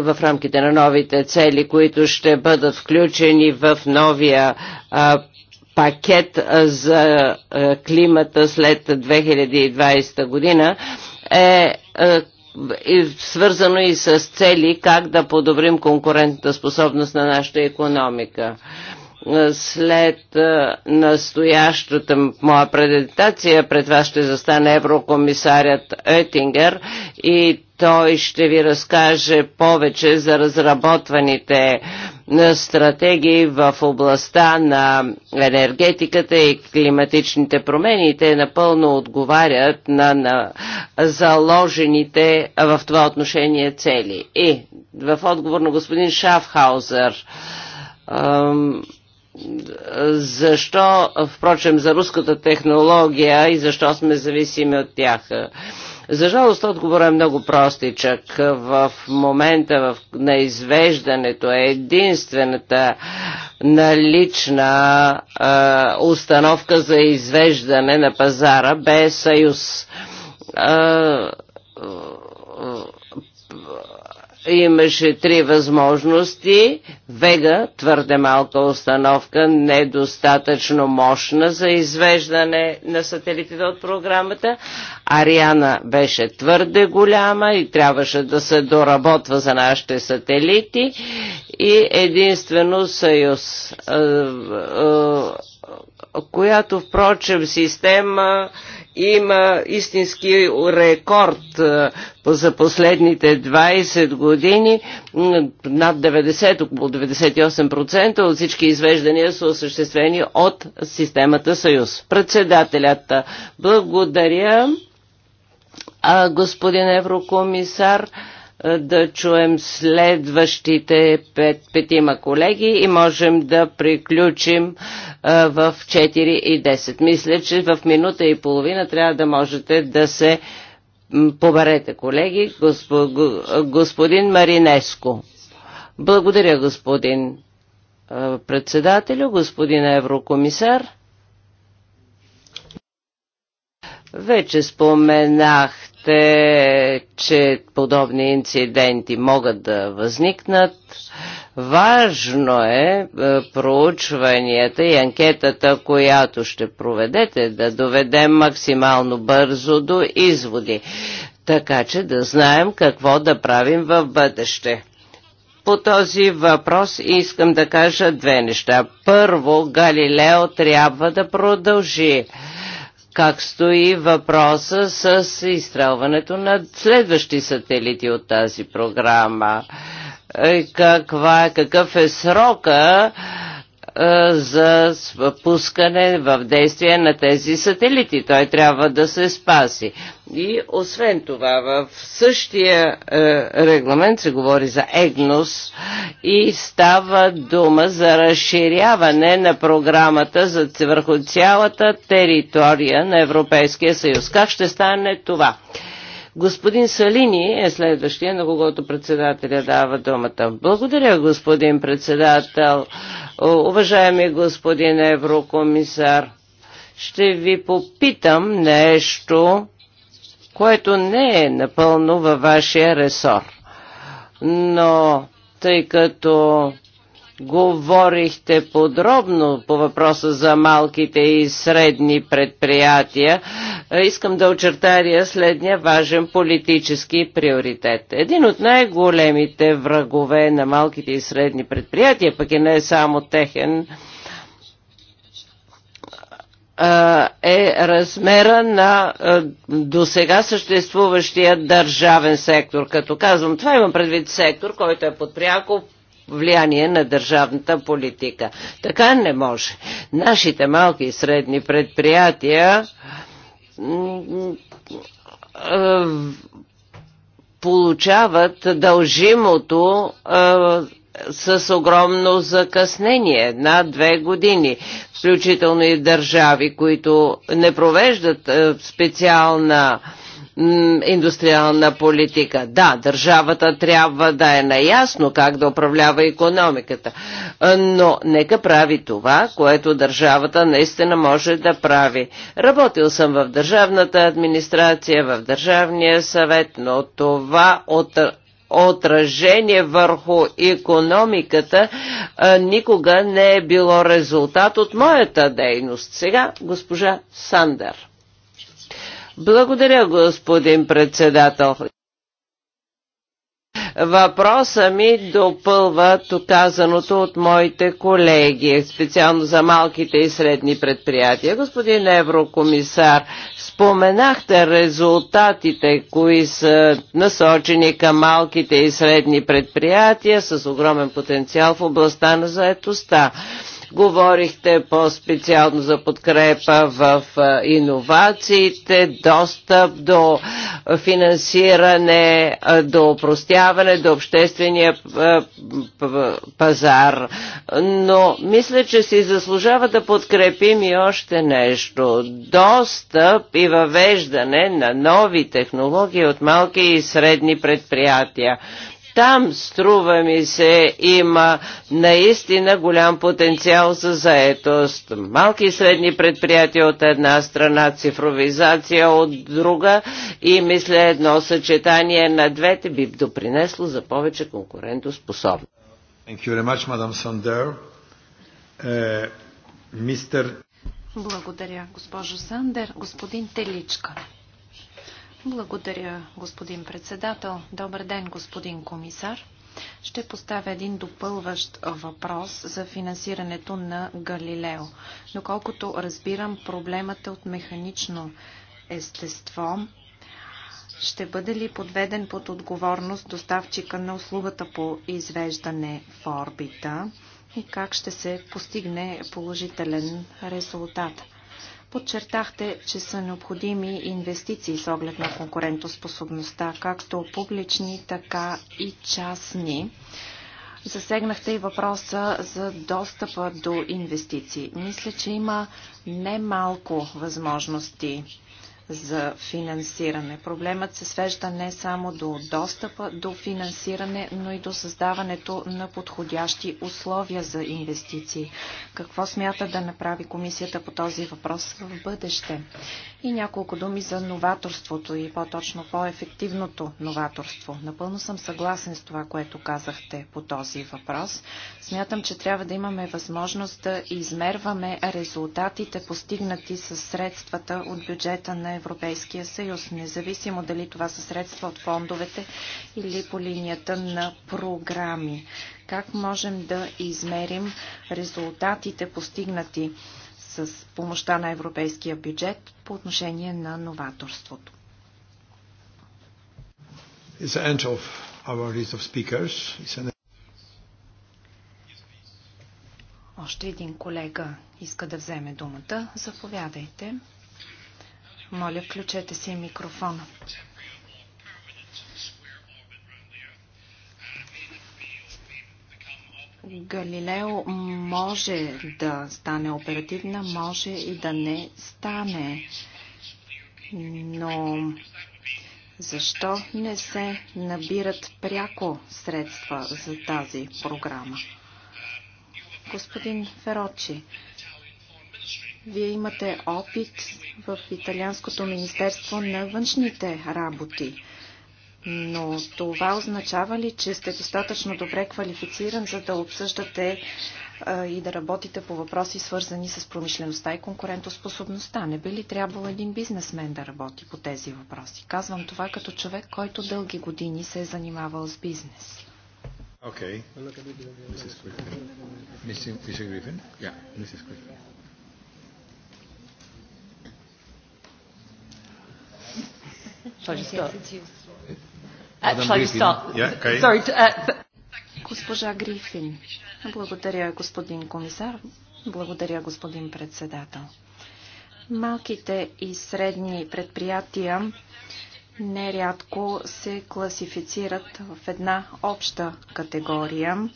S4: в рамките на новите цели, които ще бъдат включени в новия пакет за климата след 2020 година, е свързано и с цели как да подобрим конкурентната способност на нашата економика след настоящата моя презентация пред вас ще застане еврокомисарят Етингер и той ще ви разкаже повече за разработваните стратегии в областта на енергетиката и климатичните промени. Те напълно отговарят на, на заложените в това отношение цели. И в отговор на господин Шафхаузер, защо, впрочем, за руската технология и защо сме зависими от тях. За жалост отговора е много простичък. В момента в, на извеждането е единствената налична е, установка за извеждане на пазара бе Съюз. Е, е, Имаше три възможности. Вега, твърде малка установка, недостатъчно мощна за извеждане на сателитите от програмата. Ариана беше твърде голяма и трябваше да се доработва за нашите сателити. И единствено Съюз, е, е, която впрочем система има истински рекорд е, за последните 20 години. Над 90, около 98% от всички извеждания са осъществени от системата Съюз. Председателят, е, благодаря. А, господин еврокомисар, е, да чуем следващите пет, петима колеги и можем да приключим а, е, в 4 и 10. Мисля, че в минута и половина трябва да можете да се поберете, колеги. Госпо, господин Маринеско. Благодаря, господин е, председателю, господин еврокомисар. Вече споменах е, че подобни инциденти могат да възникнат. Важно е, е проучванията и анкетата, която ще проведете, да доведем максимално бързо до изводи, така че да знаем какво да правим в бъдеще. По този въпрос искам да кажа две неща. Първо, Галилео трябва да продължи как стои въпроса с изстрелването на следващи сателити от тази програма. Е, каква, е, какъв е срока за пускане в действие на тези сателити. Той трябва да се спаси. И освен това, в същия регламент се говори за ЕГНОС и става дума за разширяване на програмата за върху цялата територия на Европейския съюз. Как ще стане това? Господин Салини е следващия, на когото председателя дава думата. Благодаря, господин председател. Уважаеми господин еврокомисар, ще ви попитам нещо, което не е напълно във вашия ресор. Но тъй като Говорихте подробно по въпроса за малките и средни предприятия. Е, искам да очертая следния важен политически приоритет. Един от най-големите врагове на малките и средни предприятия, пък и не е само техен, е размера на до сега съществуващия държавен сектор. Като казвам това, имам предвид сектор, който е под пряко влияние на държавната политика. Така не може. Нашите малки и средни предприятия получават дължимото с огромно закъснение, една-две години, включително и държави, които не провеждат специална индустриална политика. Да, държавата трябва да е наясно как да управлява економиката, но нека прави това, което държавата наистина може да прави. Работил съм в държавната администрация, в държавния съвет, но това от отражение върху економиката а, никога не е било резултат от моята дейност. Сега госпожа Сандер. Благодаря, господин председател. Въпроса ми допълва казаното от моите колеги, специално за малките и средни предприятия. Господин еврокомисар, споменахте резултатите, кои са насочени към малките и средни предприятия с огромен потенциал в областта на заетостта. Говорихте по-специално за подкрепа в иновациите, достъп до финансиране, до упростяване, до обществения пазар. Но мисля, че си заслужава да подкрепим и още нещо. Достъп и въвеждане на нови технологии от малки и средни предприятия там, струва ми се, има наистина голям потенциал за заетост. Малки и средни предприятия от една страна, цифровизация от друга и мисля едно съчетание на двете би допринесло за повече конкурентоспособност.
S1: Е,
S2: Благодаря, госпожо Сандер. Господин Теличка. Благодаря, господин председател. Добър ден, господин комисар. Ще поставя един допълващ въпрос за финансирането на Галилео. Доколкото разбирам, проблемът е от механично естество. Ще бъде ли подведен под отговорност доставчика на услугата по извеждане в орбита и как ще се постигне положителен резултат? Подчертахте, че са необходими инвестиции с оглед на конкурентоспособността, както публични, така и частни. Засегнахте и въпроса за достъпа до инвестиции. Мисля, че има немалко възможности за финансиране. Проблемът се свежда не само до достъпа до финансиране, но и до създаването на подходящи условия за инвестиции. Какво смята да направи комисията по този въпрос в бъдеще? И няколко думи за новаторството и по-точно по-ефективното новаторство. Напълно съм съгласен с това, което казахте по този въпрос. Смятам, че трябва да имаме възможност да измерваме резултатите постигнати с средствата от бюджета на Европейския съюз, независимо дали това са средства от фондовете или по линията на програми. Как можем да измерим резултатите постигнати с помощта на европейския бюджет по отношение на новаторството? Още един колега иска да вземе думата. Заповядайте. Моля, включете си микрофона. Галилео може да стане оперативна, може и да не стане. Но защо не се набират пряко средства за тази програма? Господин Ферочи, вие имате опит в Италианското министерство на външните работи. Но това означава ли, че сте достатъчно добре квалифициран, за да обсъждате а, и да работите по въпроси, свързани с промишлеността и конкурентоспособността? Не би ли трябвало един бизнесмен да работи по тези въпроси? Казвам това като човек, който дълги години се е занимавал с бизнес.
S1: Okay. Мисис Грифин? Да, мисис Грифин.
S2: Shall I just start? Госпожа Грифин. Благодаря, господин комисар. Благодаря, господин председател. Малките и средни предприятия нерядко се класифицират в една обща категория.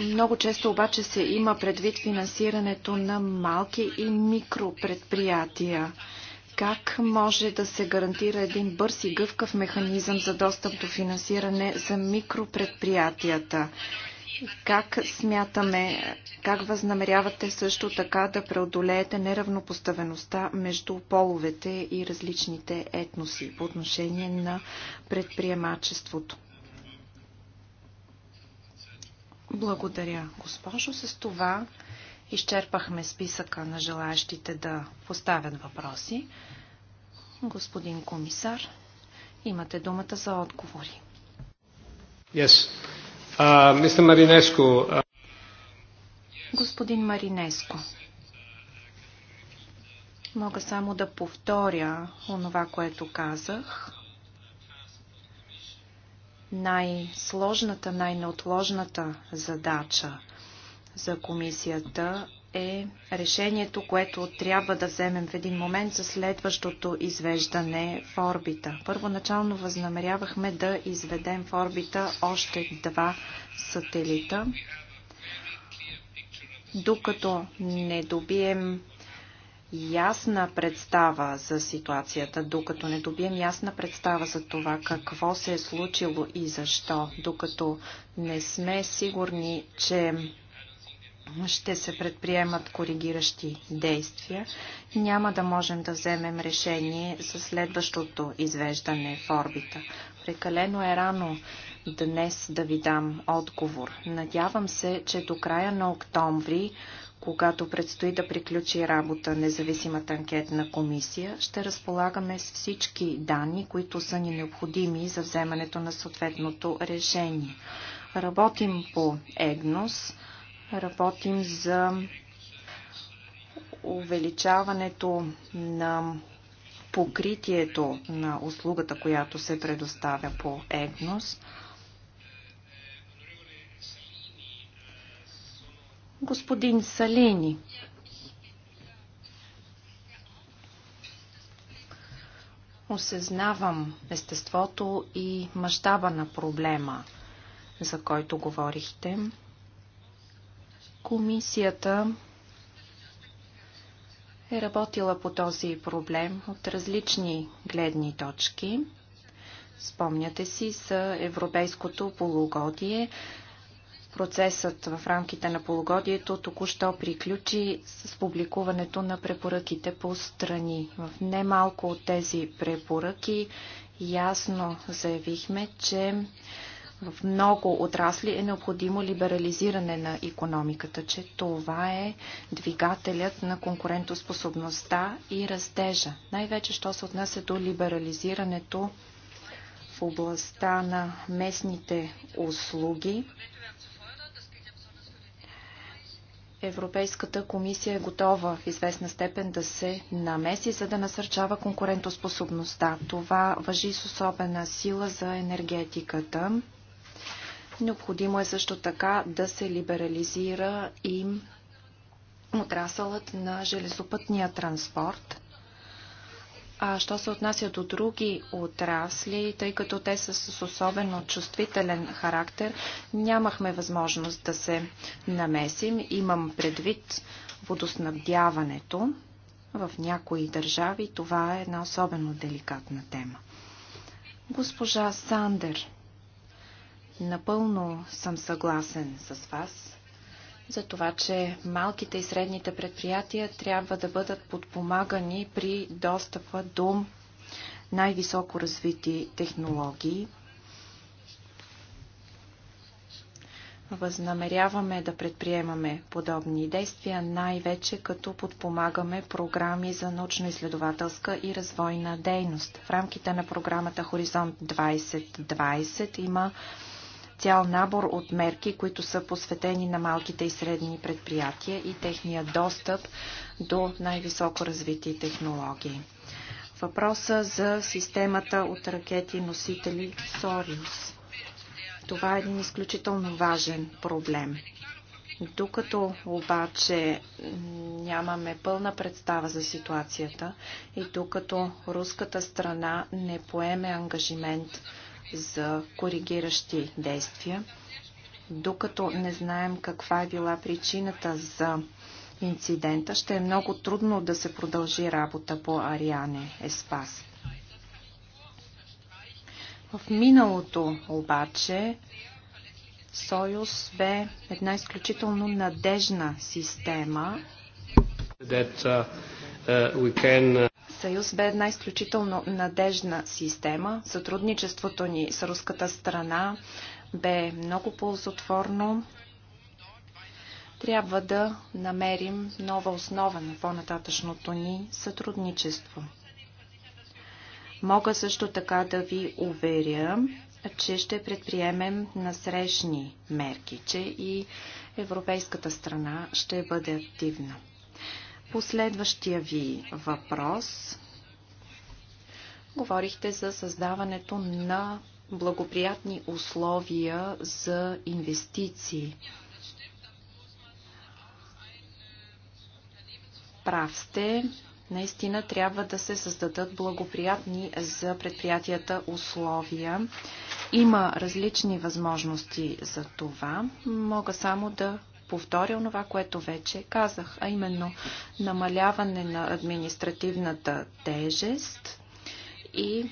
S2: Много често обаче се има предвид финансирането на малки и микропредприятия. предприятия как може да се гарантира един бърз и гъвкав механизъм за достъп до финансиране за микропредприятията? Как смятаме, как възнамерявате също така да преодолеете неравнопоставеността между половете и различните етноси по отношение на предприемачеството? Благодаря, госпожо. С това изчерпахме списъка на желаящите да поставят въпроси. Господин комисар, имате думата за отговори.
S1: Yes. Uh, uh...
S2: Господин Маринеско, мога само да повторя онова, което казах. Най-сложната, най-неотложната задача за комисията е решението, което трябва да вземем в един момент за следващото извеждане в орбита. Първоначално възнамерявахме да изведем в орбита още два сателита, докато не добием ясна представа за ситуацията, докато не добием ясна представа за това какво се е случило и защо, докато не сме сигурни, че ще се предприемат коригиращи действия, няма да можем да вземем решение за следващото извеждане в орбита. Прекалено е рано днес да ви дам отговор. Надявам се, че до края на октомври, когато предстои да приключи работа независимата анкетна комисия, ще разполагаме с всички данни, които са ни необходими за вземането на съответното решение. Работим по ЕГНОС, Работим за увеличаването на покритието на услугата, която се предоставя по ЕГНОС. Господин Салини, осъзнавам естеството и мащаба на проблема, за който говорихте. Комисията е работила по този проблем от различни гледни точки. Спомняте си за европейското полугодие. Процесът в рамките на полугодието току-що приключи с публикуването на препоръките по страни. В немалко от тези препоръки ясно заявихме, че в много отрасли е необходимо либерализиране на економиката, че това е двигателят на конкурентоспособността и растежа. Най-вече, що се отнася до либерализирането в областта на местните услуги, Европейската комисия е готова в известна степен да се намеси, за да насърчава конкурентоспособността. Това въжи с особена сила за енергетиката. Необходимо е също така да се либерализира и отрасълът на железопътния транспорт. А що се отнася до други отрасли, тъй като те са с особено чувствителен характер, нямахме възможност да се намесим. Имам предвид водоснабдяването. В някои държави това е една особено деликатна тема. Госпожа Сандер Напълно съм съгласен с вас за това, че малките и средните предприятия трябва да бъдат подпомагани при достъпа до най-високо развити технологии. Възнамеряваме да предприемаме подобни действия, най-вече като подпомагаме програми за научно-изследователска и развойна дейност. В рамките на програмата Хоризонт 2020 има цял набор от мерки, които са посветени на малките и средни предприятия и техния достъп до най-високо развити технологии. Въпроса за системата от ракети носители Сориус. Това е един изключително важен проблем. Докато обаче нямаме пълна представа за ситуацията и докато руската страна не поеме ангажимент за коригиращи действия, докато не знаем каква е била причината за инцидента, ще е много трудно да се продължи работа по Ариане Еспас. В миналото обаче Сойус бе една изключително надежна система,
S1: that, uh, uh, can... Uh,
S2: съюз бе една изключително надежна система. Сътрудничеството ни с руската страна бе много ползотворно. Трябва да намерим нова основа на по-нататъчното ни сътрудничество. Мога също така да ви уверя, че ще предприемем насрещни мерки, че и европейската страна ще бъде активна последващия ви въпрос говорихте за създаването на благоприятни условия за инвестиции. Прав сте, наистина трябва да се създадат благоприятни за предприятията условия. Има различни възможности за това. Мога само да повторя онова, което вече казах, а именно намаляване на административната тежест и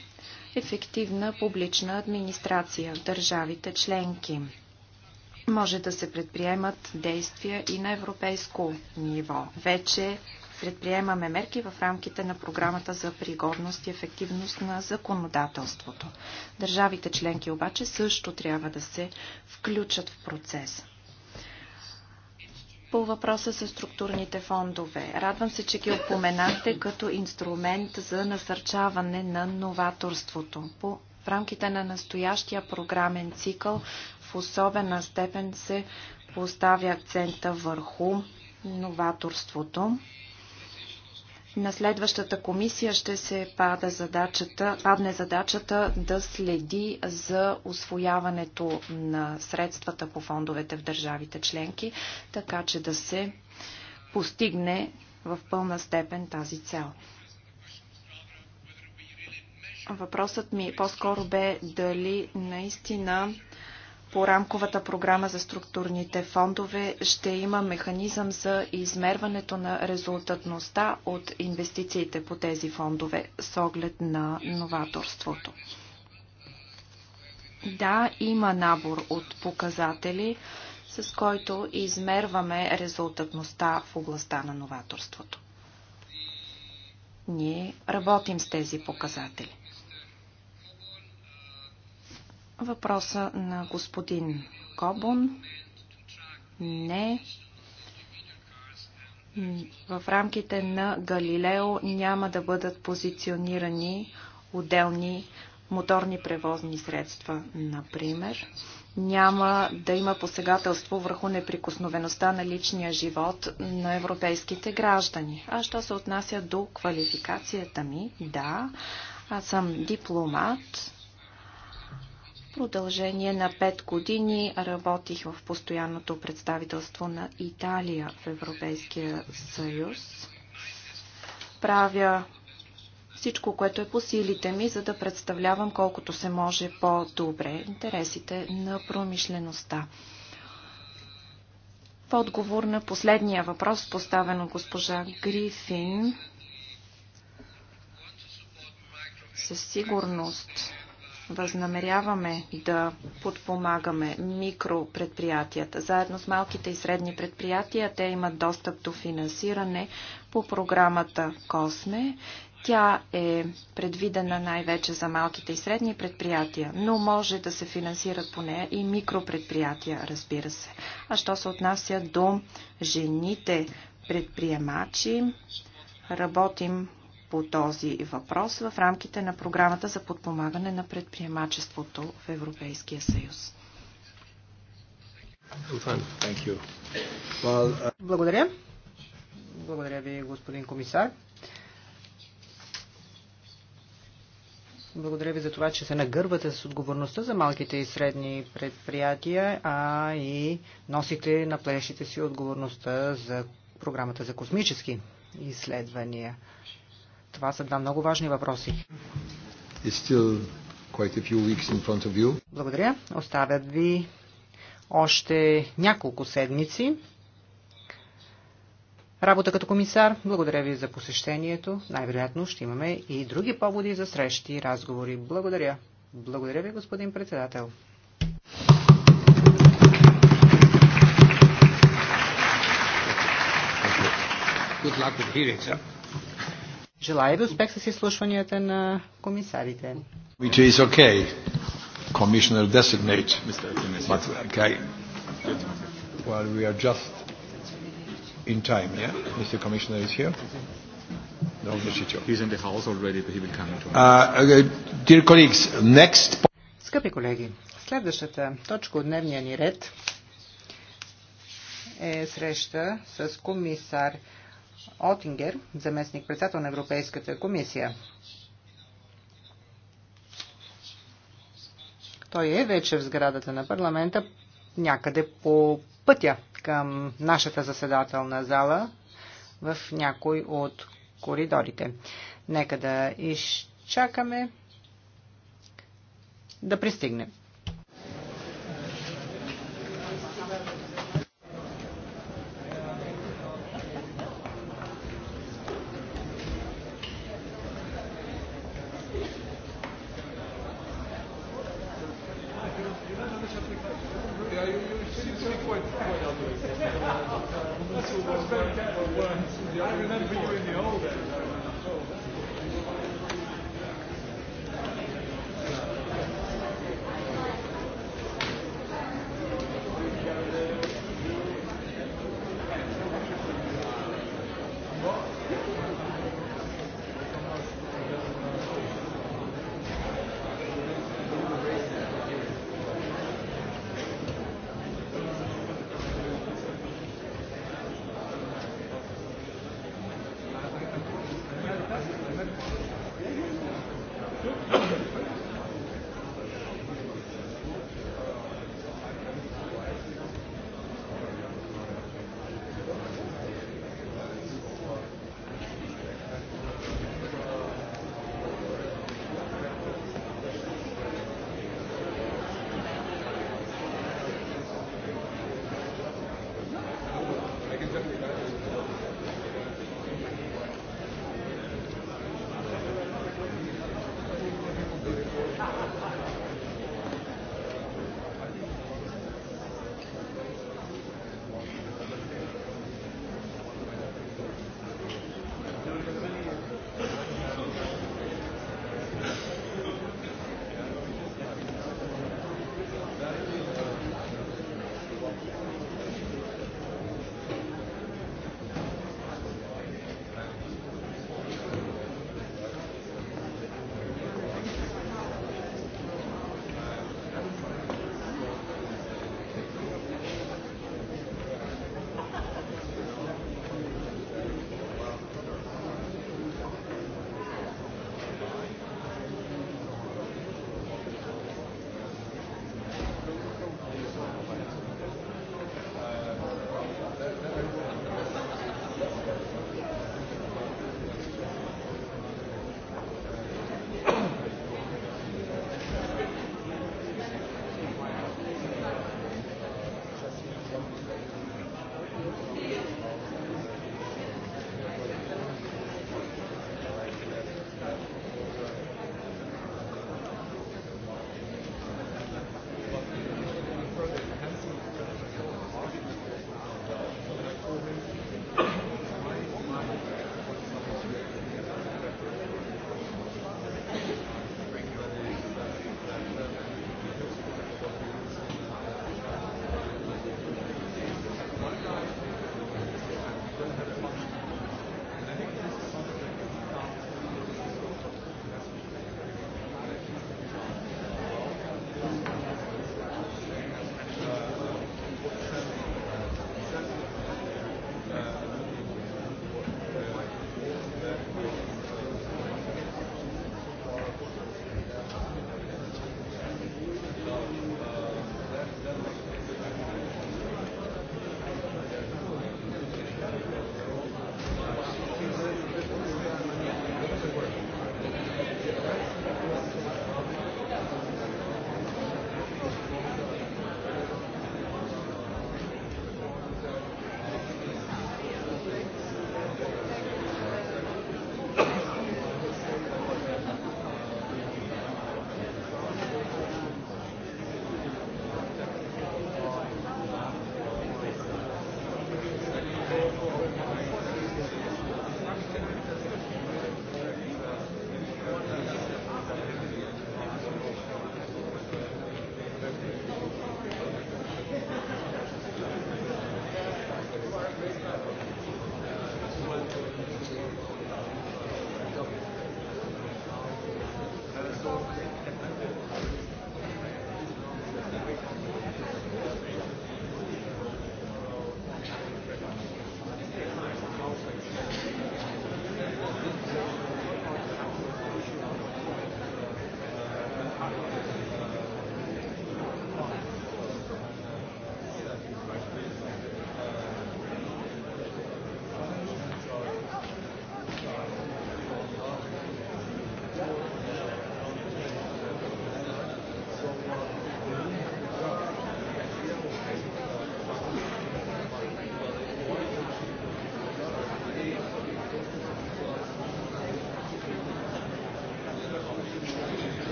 S2: ефективна публична администрация в държавите членки. Може да се предприемат действия и на европейско ниво. Вече предприемаме мерки в рамките на програмата за пригодност и ефективност на законодателството. Държавите членки обаче също трябва да се включат в процеса по въпроса с структурните фондове. Радвам се, че ги опоменахте като инструмент за насърчаване на новаторството. По, в рамките на настоящия програмен цикъл в особена степен се поставя акцента върху новаторството. На следващата комисия ще се пада задачата, падне задачата да следи за освояването на средствата по фондовете в държавите членки, така че да се постигне в пълна степен тази цел. Въпросът ми по-скоро бе дали наистина по рамковата програма за структурните фондове ще има механизъм за измерването на резултатността от инвестициите по тези фондове с оглед на новаторството. Да, има набор от показатели, с който измерваме резултатността в областта на новаторството. Ние работим с тези показатели. Въпроса на господин Кобун. Не. В рамките на Галилео няма да бъдат позиционирани отделни моторни превозни средства, например. Няма да има посегателство върху неприкосновеността на личния живот на европейските граждани. А що се отнася до квалификацията ми, да, аз съм дипломат, продължение на 5 години работих в постоянното представителство на Италия в Европейския
S3: съюз.
S2: Правя всичко, което е по силите ми, за да представлявам колкото се може по-добре интересите на промишлеността. В отговор на последния въпрос, поставен от госпожа Грифин, със сигурност Възнамеряваме да подпомагаме микропредприятията. Заедно с малките и средни предприятия те имат достъп до финансиране по програмата Косме. Тя е предвидена най-вече за малките и средни предприятия, но може да се финансират по нея и микропредприятия, разбира се. А що се отнася до жените предприемачи, работим по този въпрос в рамките на програмата за подпомагане на предприемачеството в Европейския съюз.
S1: Uh,
S3: Благодаря. Благодаря ви, господин комисар. Благодаря ви за това, че се нагървате с отговорността за малките и средни предприятия, а и носите на плещите си отговорността за програмата за космически изследвания. Това са два много важни въпроси. Благодаря. Оставят ви още няколко седмици. Работа като комисар, благодаря ви за посещението. Най-вероятно ще имаме и други поводи за срещи и разговори. Благодаря. Благодаря ви, господин председател. Good
S1: luck with hearings, huh?
S3: Желая ви успех с изслушванията на комисарите.
S1: Which is okay. Commissioner designate. But, okay. Well, we are just in time, yeah? Mr. Commissioner is here. No, He's in the house already, but he will come to uh, okay. Dear colleagues, next...
S3: Скъпи колеги, следващата точка от дневния ни ред е среща с комисар Отингер, заместник-председател на Европейската комисия. Той е вече в сградата на парламента, някъде по пътя към нашата заседателна зала в някой от коридорите. Нека да изчакаме да пристигне.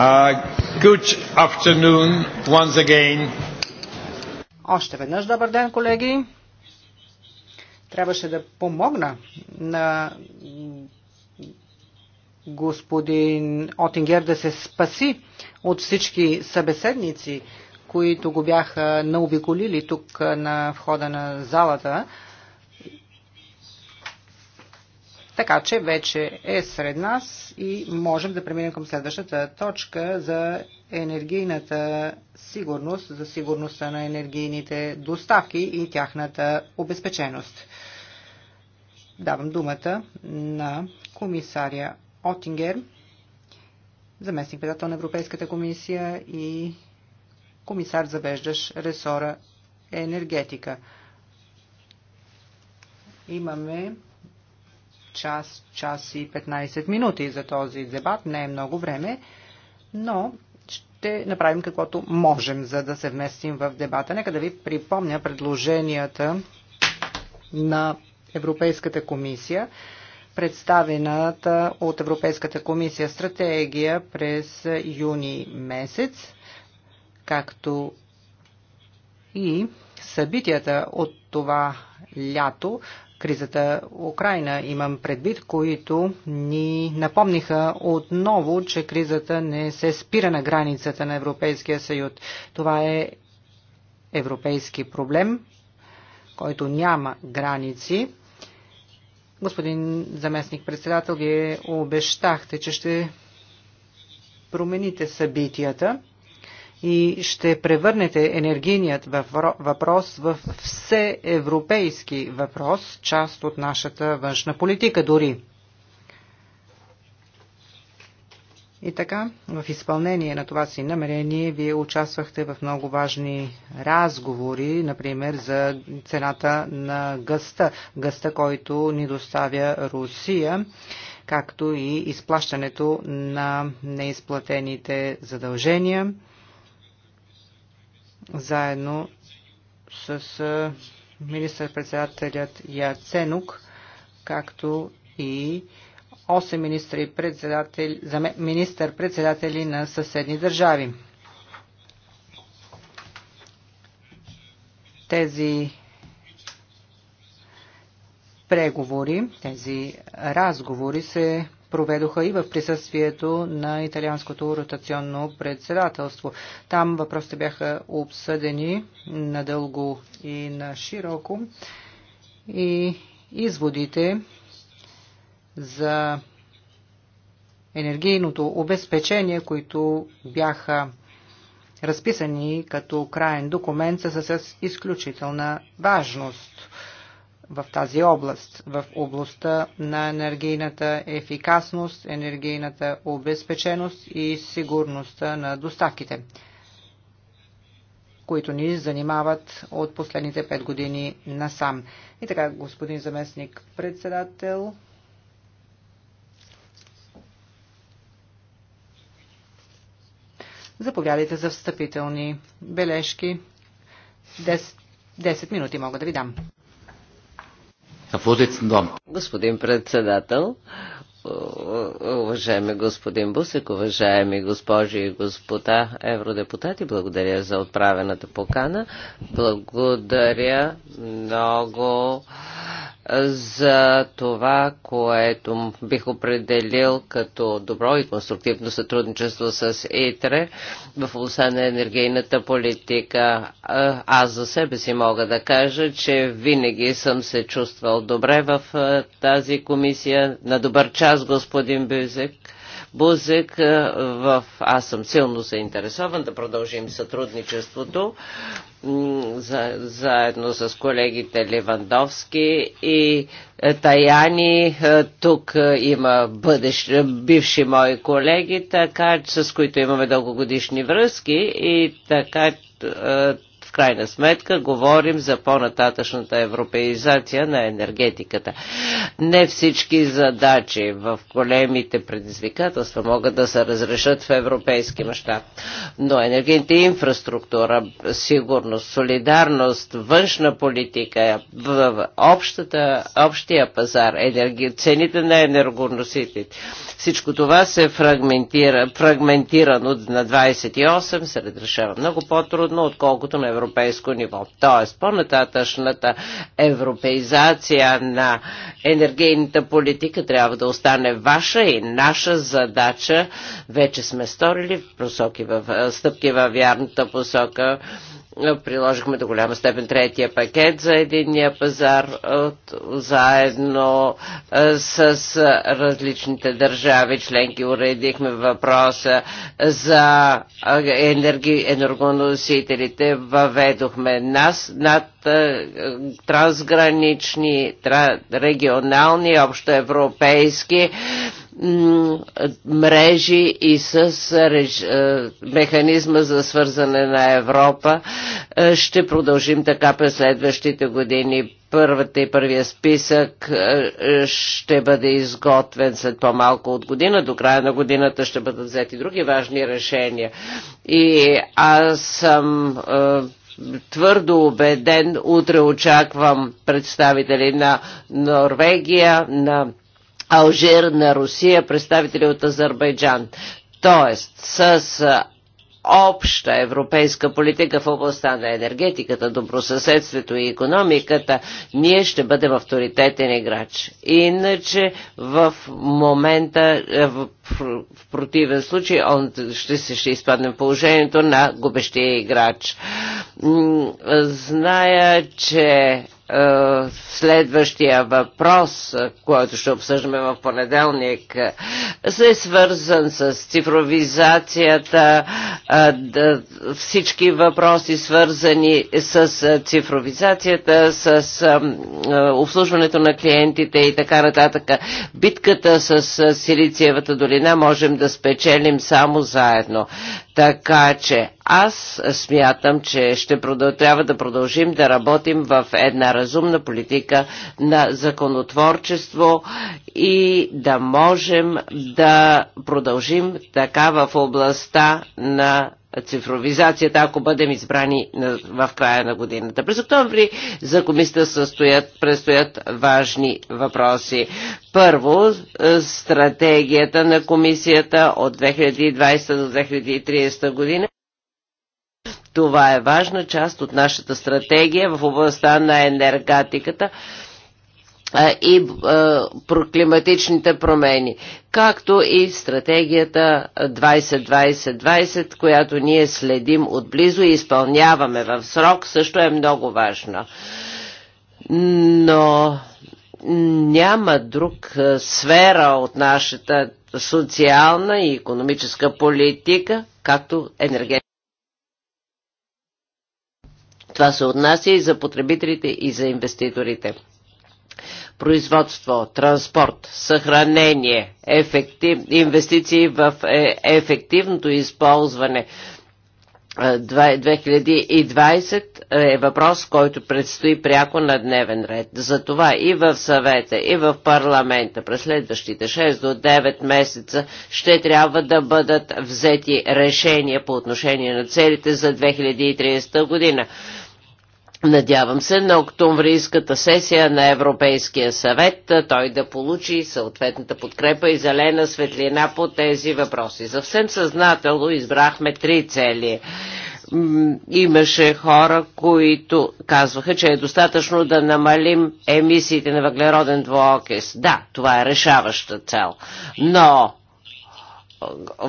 S1: Uh, good afternoon once again.
S3: Още веднъж добър ден, колеги. Трябваше да помогна на господин Отингер да се спаси от всички събеседници, които го бяха наобиколили тук на входа на залата. Така че вече е сред нас и можем да преминем към следващата точка за енергийната сигурност, за сигурността на енергийните доставки и тяхната обезпеченост. Давам думата на комисаря Отингер, заместник председател на Европейската комисия и комисар завеждаш ресора енергетика. Имаме час, час и 15 минути за този дебат. Не е много време, но ще направим каквото можем, за да се вместим в дебата. Нека да ви припомня предложенията на Европейската комисия, представената от Европейската комисия стратегия през юни месец, както и събитията от това лято, кризата Украина, имам предвид, които ни напомниха отново, че кризата не се спира на границата на Европейския съюз. Това е европейски проблем, който няма граници. Господин заместник председател, вие обещахте, че ще промените събитията и ще превърнете енергийният въпрос в всеевропейски въпрос, част от нашата външна политика дори. И така, в изпълнение на това си намерение, вие участвахте в много важни разговори, например за цената на гъста, гъста, който ни доставя Русия, както и изплащането на неизплатените задължения заедно с министър-председателят Яценук, както и 8 министър-председатели министър на съседни държави. Тези преговори, тези разговори се проведоха и в присъствието на италианското ротационно председателство. Там въпросите бяха обсъдени надълго и на широко и изводите за енергийното обезпечение, които бяха разписани като краен документ, са с изключителна важност в тази област, в областта на енергийната ефикасност, енергийната обезпеченост и сигурността на доставките, които ни занимават от последните пет години насам. И така, господин заместник председател, Заповядайте за встъпителни бележки. 10, 10 минути мога да ви дам.
S4: Господин председател, уважаеми господин Бусек, уважаеми госпожи и господа евродепутати, благодаря за отправената покана. Благодаря много за това, което бих определил като добро и конструктивно сътрудничество с ИТРЕ в областта на енергийната политика. Аз за себе си мога да кажа, че винаги съм се чувствал добре в тази комисия. На добър час, господин Бюзек Бузек. Е, в... Аз съм силно заинтересован да продължим сътрудничеството за, заедно с колегите Левандовски и е, Таяни. Е, тук има бъдещ, бивши мои колеги, така, с които имаме дългогодишни връзки и така крайна сметка говорим за по-нататъчната европеизация на енергетиката. Не всички задачи в големите предизвикателства могат да се разрешат в европейски мащаб, но енергийната инфраструктура, сигурност, солидарност, външна политика, в общата, общия пазар, енерги, цените на енергоносителите, всичко това се фрагментира, фрагментирано на 28 се разрешава много по-трудно, отколкото на европейски европейско ниво. Тоест, по-нататъчната европеизация на енергийната политика трябва да остане ваша и наша задача. Вече сме сторили в посоки в, стъпки във вярната посока приложихме до голяма степен третия пакет за единния пазар от, заедно с различните държави членки уредихме въпроса за енерги, енергоносителите въведохме нас над трансгранични, регионални, общоевропейски мрежи и с е, механизма за свързане на Европа. Е, ще продължим така през следващите години. Първата и първия списък е, ще бъде изготвен след по-малко от година. До края на годината ще бъдат взети други важни решения. И аз съм твърдо убеден. Утре очаквам представители на Норвегия, на Алжир, на Русия, представители от Азербайджан. Тоест, с обща европейска политика в областта на енергетиката, добросъседството и економиката, ние ще бъдем авторитетен играч. Иначе в момента, е, в, противен случай, он ще, се, ще изпадне положението на губещия играч. Зная, че е, следващия въпрос, който ще обсъждаме в понеделник, се е свързан с цифровизацията, е, всички въпроси свързани с цифровизацията, с е, обслужването на клиентите и така нататък. Битката с Силициевата долина можем да спечелим само заедно. Така че аз смятам, че ще продъл... трябва да продължим да работим в една разумна политика на законотворчество и да можем да продължим така в областта на цифровизацията, ако бъдем избрани в края на годината. През октомври за комисията състоят, предстоят важни въпроси. Първо, е, стратегията на комисията от 2020 до 2030 година. Това е важна част от нашата стратегия в областта на енергетиката и климатичните промени, както и стратегията 2020-2020, която ние следим отблизо и изпълняваме в срок, също е много важна. Но няма друг сфера от нашата социална и економическа политика, както енергетика. Това се отнася и за потребителите, и за инвеститорите производство, транспорт, съхранение, ефектив, инвестиции в е, ефективното използване 2020 е, е въпрос, който предстои пряко на дневен ред. Затова и в съвета, и в парламента през следващите 6 до 9 месеца ще трябва да бъдат взети решения по отношение на целите за 2030 година. Надявам се на октомврийската сесия на Европейския съвет той да получи съответната подкрепа и зелена светлина по тези въпроси. Съвсем съзнателно избрахме три цели имаше хора, които казваха, че е достатъчно да намалим емисиите на въглероден двуокис. Да, това е решаваща цел. Но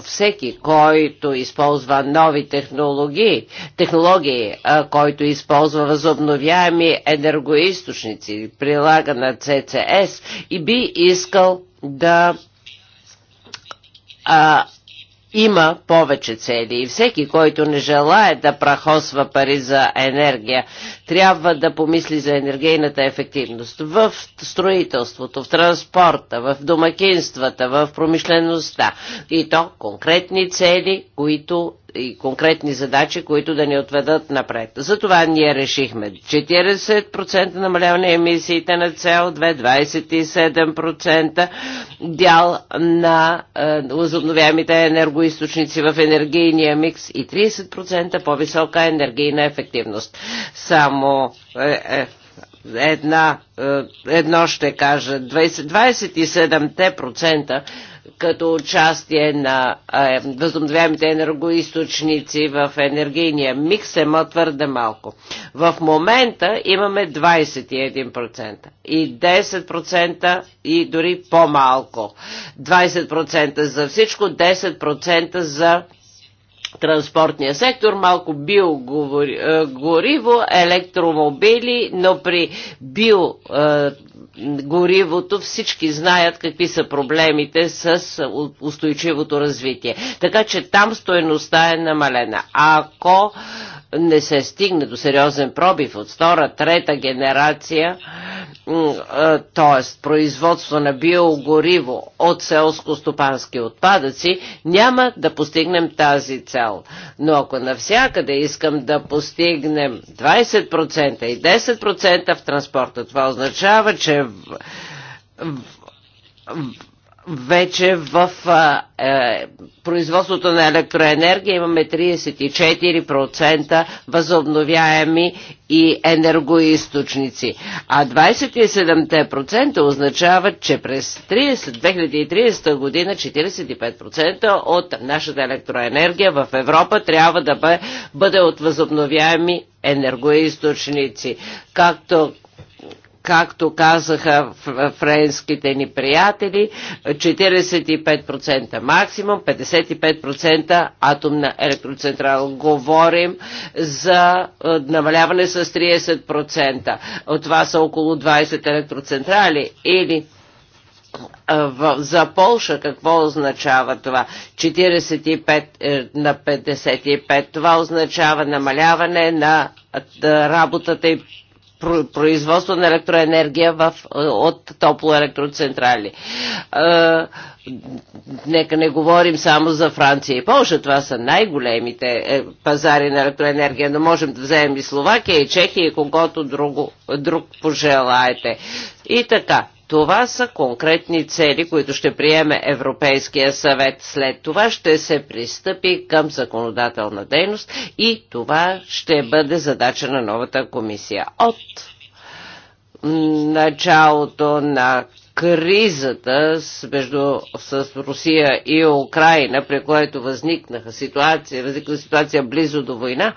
S4: всеки, който използва нови технологии, технологии, който използва възобновяеми енергоисточници, прилага на ЦЦС и би искал да а, има повече цели и всеки, който не желае да прахосва пари за енергия, трябва да помисли за енергийната ефективност в строителството, в транспорта, в домакинствата, в промишлеността и то конкретни цели, които и конкретни задачи, които да ни отведат напред. Затова ние решихме 40% намаляване на емисиите на CO2, 27% дял на е, възобновяемите енергоисточници в енергийния микс и 30% по-висока енергийна ефективност. Само е, е, една, е, едно ще кажа, 27% като участие на е, възобновяемите енергоисточници в енергийния микс е ма твърде малко. В момента имаме 21% и 10% и дори по-малко. 20% за всичко, 10% за транспортния сектор, малко биогориво, е, електромобили, но при био е, горивото, всички знаят какви са проблемите с устойчивото развитие. Така че там стоеността е намалена. Ако не се стигне до сериозен пробив от втора, трета генерация, т.е. производство на биогориво от селско-стопански отпадъци, няма да постигнем тази цел. Но ако навсякъде искам да постигнем 20% и 10% в транспорта, това означава, че в, в, вече в а, е, производството на електроенергия имаме 34% възобновяеми и енергоисточници. А 27% означават, че през 30, 2030 година 45% от нашата електроенергия в Европа трябва да бъде от възобновяеми енергоисточници. Както както казаха френските ни приятели, 45% максимум, 55% атомна електроцентрала. Говорим за е, намаляване с 30%. От това са около 20 електроцентрали или е, за Полша какво означава това? 45 е, на 55. Това означава намаляване на работата и производство на електроенергия в, от топлоелектроцентрали. Нека не говорим само за Франция и Польша, това са най-големите е, пазари на електроенергия, но можем да вземем и Словакия, и Чехия, и когото друго, друг пожелаете. И така, това са конкретни цели, които ще приеме Европейския съвет. След това ще се пристъпи към законодателна дейност и това ще бъде задача на новата комисия. От началото на кризата с, между, с Русия и Украина, при което възникнаха ситуация, възникна ситуация близо до война,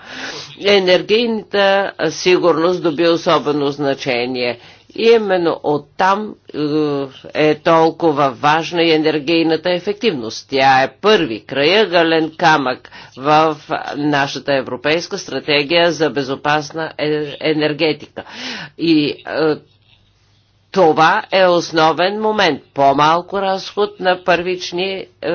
S4: енергийната сигурност доби особено значение – и именно оттам е, е толкова важна и енергийната ефективност. Тя е първи краягален камък в нашата европейска стратегия за безопасна е, енергетика. И е, това е основен момент. По-малко разход на първични, е,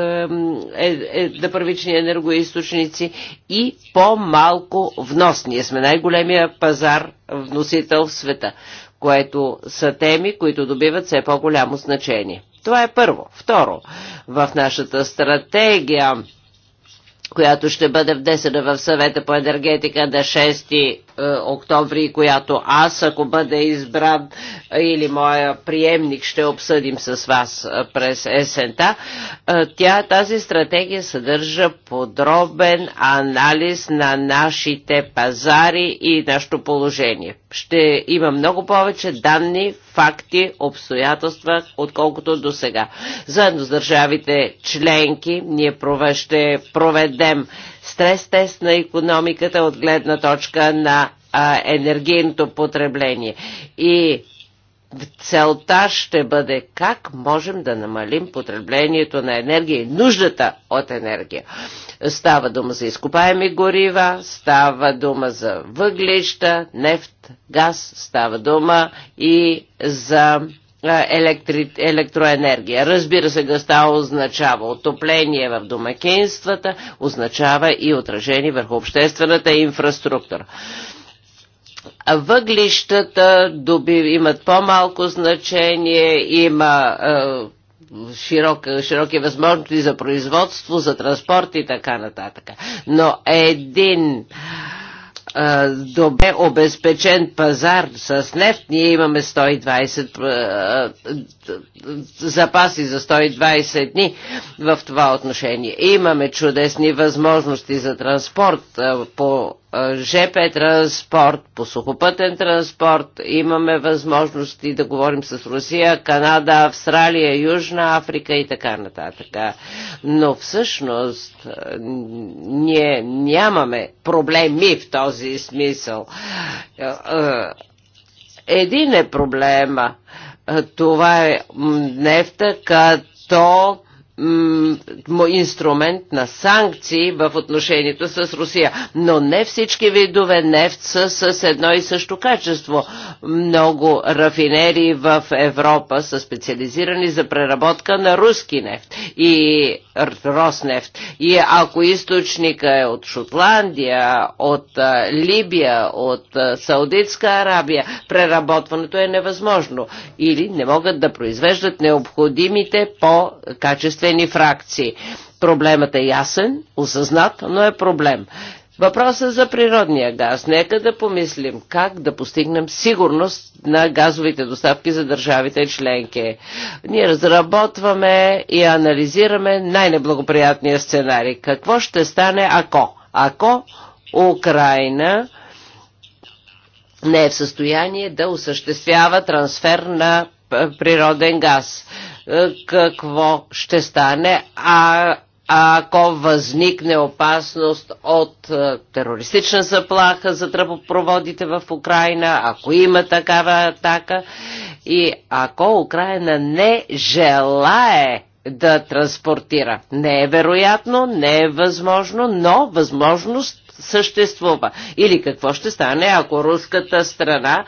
S4: е, на първични енергоисточници и по-малко внос. Ние сме най-големия пазар вносител в света което са теми, които добиват все по-голямо значение. Това е първо. Второ, в нашата стратегия която ще бъде внесена в съвета по енергетика на 6 е, октомври, която аз, ако бъде избран или моя приемник, ще обсъдим с вас е, през есента. Е, тя, тази стратегия съдържа подробен анализ на нашите пазари и нашето положение. Ще има много повече данни, факти, обстоятелства, отколкото до сега. Заедно с държавите членки ние ще проведем стрес-тест на економиката от гледна точка на а, енергийното потребление. И целта ще бъде как можем да намалим потреблението на енергия и нуждата от енергия. Става дума за изкопаеми горива, става дума за въглища, нефт, газ, става дума и за електри... електроенергия. Разбира се, гъста означава отопление в домакинствата, означава и отражение върху обществената инфраструктура. Въглищата доби, имат по-малко значение, има широки, широки възможности за производство, за транспорт и така нататък. Но един добре обезпечен пазар с нефт, ние имаме 120 запаси за 120 дни в това отношение. Имаме чудесни възможности за транспорт по ЖП транспорт, по сухопътен транспорт. Имаме възможности да говорим с Русия, Канада, Австралия, Южна Африка и така нататък. Но всъщност ние нямаме проблеми в този смисъл. Един е проблема. Това е нефта като инструмент на санкции в отношението с Русия. Но не всички видове нефт са с едно и също качество. Много рафинерии в Европа са специализирани за преработка на руски нефт и Роснефт. И ако източника е от Шотландия, от Либия, от Саудитска Арабия, преработването е невъзможно. Или не могат да произвеждат необходимите по-качествени ни фракции. Проблемът е ясен, осъзнат, но е проблем. Въпросът е за природния газ. Нека да помислим как да постигнем сигурност на газовите доставки за държавите членки. Ние разработваме и анализираме най-неблагоприятния сценарий. Какво ще стане ако? Ако Украина не е в състояние да осъществява трансфер на природен газ какво ще стане, а ако възникне опасност от е, терористична заплаха за тръбопроводите в Украина, ако има такава атака и ако Украина не желае да транспортира. Не е вероятно, не е възможно, но възможност съществува. Или какво ще стане, ако руската страна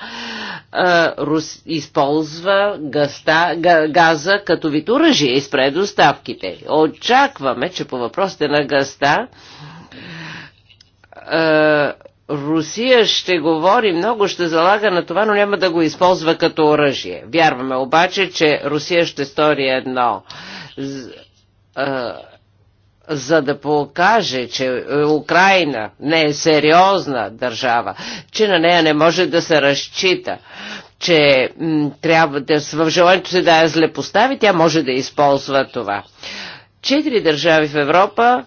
S4: а, рус, използва гъста, газа като вид оръжие и спре доставките. Очакваме, че по въпросите на гъста а, Русия ще говори много, ще залага на това, но няма да го използва като оръжие. Вярваме обаче, че Русия ще стори едно. А, за да покаже, че Украина не е сериозна държава, че на нея не може да се разчита, че трябва да, в желанието си да я злепостави, тя може да използва това. Четири държави в Европа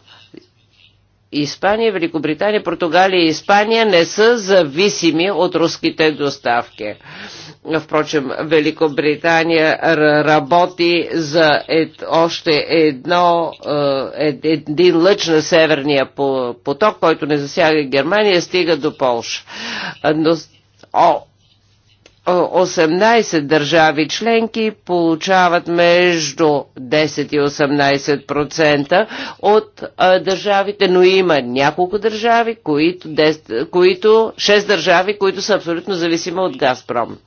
S4: Испания, Великобритания, Португалия и Испания не са зависими от руските доставки. Впрочем, Великобритания работи за ед, още едно, е, ед, един лъч на северния поток, който не засяга Германия, стига до Полша. Но, о, 18 държави членки получават между 10 и 18% от а, е, държавите, но има няколко държави, които, 10, които 6 държави, които са абсолютно зависими от Газпром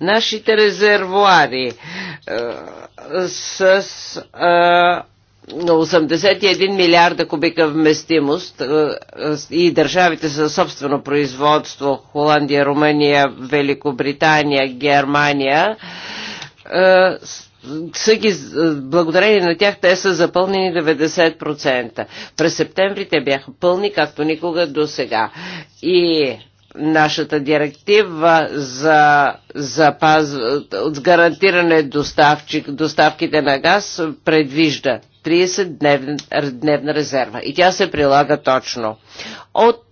S4: нашите резервуари е, с 81 е, милиарда кубика вместимост е, и държавите със собствено производство Холандия, Румъния, Великобритания, Германия са ги, благодарение на тях те са запълнени 90%. През септември те бяха пълни, както никога до сега. И нашата директива за, запаз, от гарантиране доставчик, доставките на газ предвижда 30-дневна дневна резерва и тя се прилага точно. От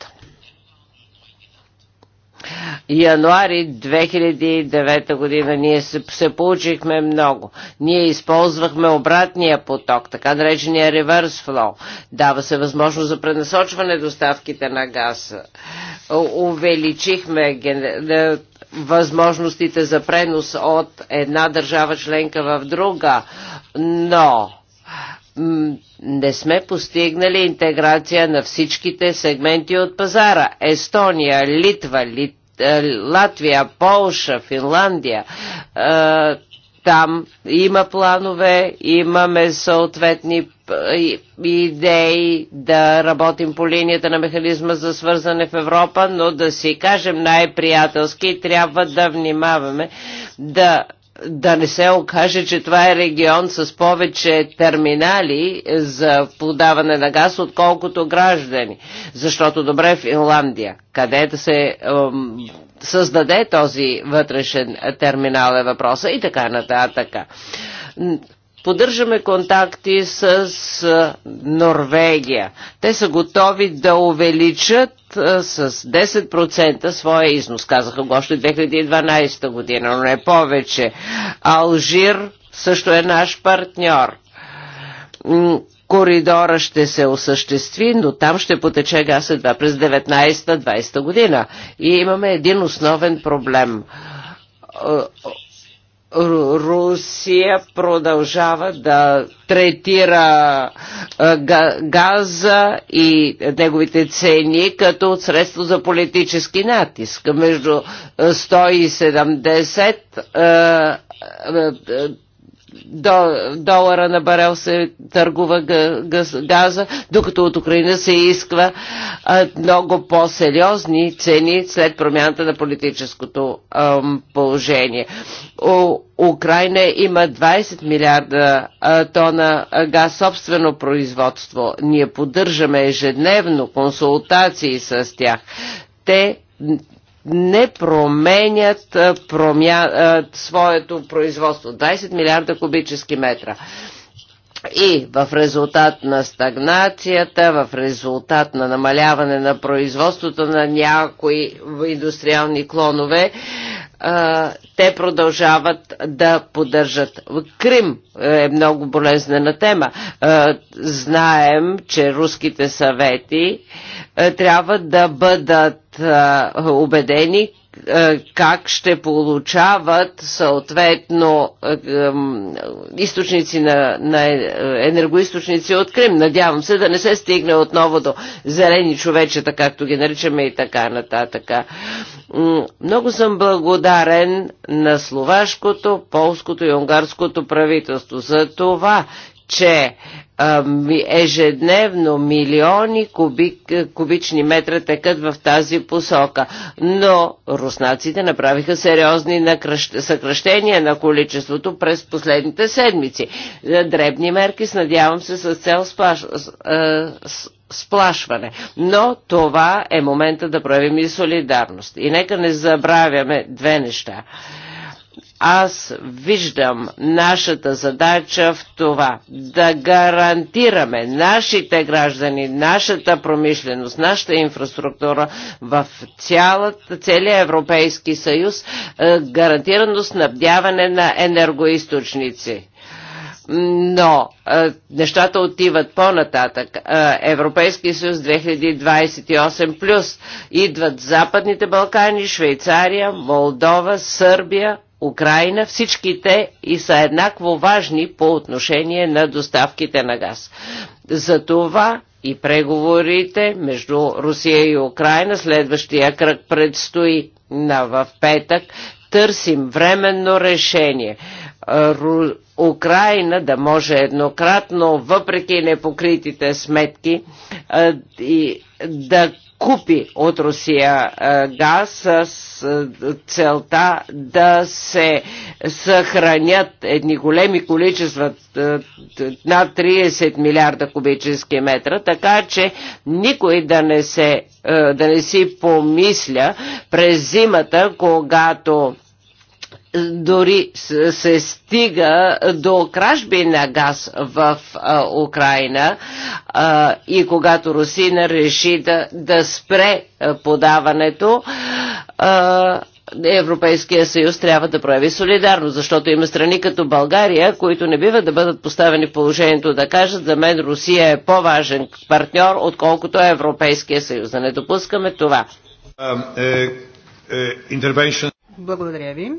S4: януари 2009 година ние се, се получихме много. Ние използвахме обратния поток, така наречения reverse flow. Дава се възможност за пренасочване доставките на газ увеличихме възможностите за пренос от една държава членка в друга, но не сме постигнали интеграция на всичките сегменти от пазара. Естония, Литва, Лит... Е, Латвия, Полша, Финландия. Е, там има планове, имаме съответни идеи да работим по линията на механизма за свързане в Европа, но да си кажем най-приятелски, трябва да внимаваме да да не се окаже, че това е регион с повече терминали за подаване на газ, отколкото граждани. Защото добре Финландия, къде да се създаде този вътрешен терминал е въпроса и така нататък. Поддържаме контакти с Норвегия. Те са готови да увеличат с 10% своя износ. Казаха го още 2012 година, но не повече. Алжир също е наш партньор коридора ще се осъществи, но там ще потече газ едва през 19-20 година. И имаме един основен проблем. Е, Русия продължава да третира е, газа и неговите цени като средство за политически натиск. Между 170 е, долара на барел се търгува газа, докато от Украина се изисква много по-сериозни цени след промяната на политическото положение. Украина има 20 милиарда тона газ собствено производство. Ние поддържаме ежедневно консултации с тях. Те не променят промя... своето производство. 20 милиарда кубически метра. И в резултат на стагнацията, в резултат на намаляване на производството на някои индустриални клонове, те продължават да поддържат. Крим е много болезнена тема. Знаем, че руските съвети трябва да бъдат убедени е, как ще получават съответно е, източници на, на е, енергоисточници от Крим. Надявам се да не се стигне отново до зелени човечета, както ги наричаме и така нататък. Много съм благодарен на словашкото, полското и унгарското правителство за това, че Ами, ежедневно милиони кубик, е, кубични метра текат в тази посока. Но руснаците направиха сериозни съкръщения на количеството през последните седмици. Е, дребни мерки, надявам се, с цел сплаш... Е, сплашване. Но това е момента да проявим и солидарност. И нека не забравяме две неща. Аз виждам нашата задача в това да гарантираме нашите граждани, нашата промишленост, нашата инфраструктура в цялата, целия Европейски съюз, е, гарантирано снабдяване на енергоисточници но е, нещата отиват по-нататък. Е, Европейски съюз 2028 плюс идват Западните Балкани, Швейцария, Молдова, Сърбия Украина, всичките и са еднакво важни по отношение на доставките на газ. Затова и преговорите между Русия и Украина, следващия кръг предстои на в петък, търсим временно решение. Ру... Украина да може еднократно, въпреки непокритите сметки, да купи от Русия газ с целта да се съхранят едни големи количества над 30 милиарда кубически метра, така че никой да не, се, да не си помисля през зимата, когато дори се стига до кражби на газ в а, Украина а, и когато Русина реши да, да спре подаването, а, Европейския съюз трябва да прояви солидарност, защото има страни като България, които не биват да бъдат поставени в положението да кажат, за мен Русия е по-важен партньор, отколкото е Европейския съюз. Да не допускаме това. Е,
S1: е,
S3: Благодаря ви.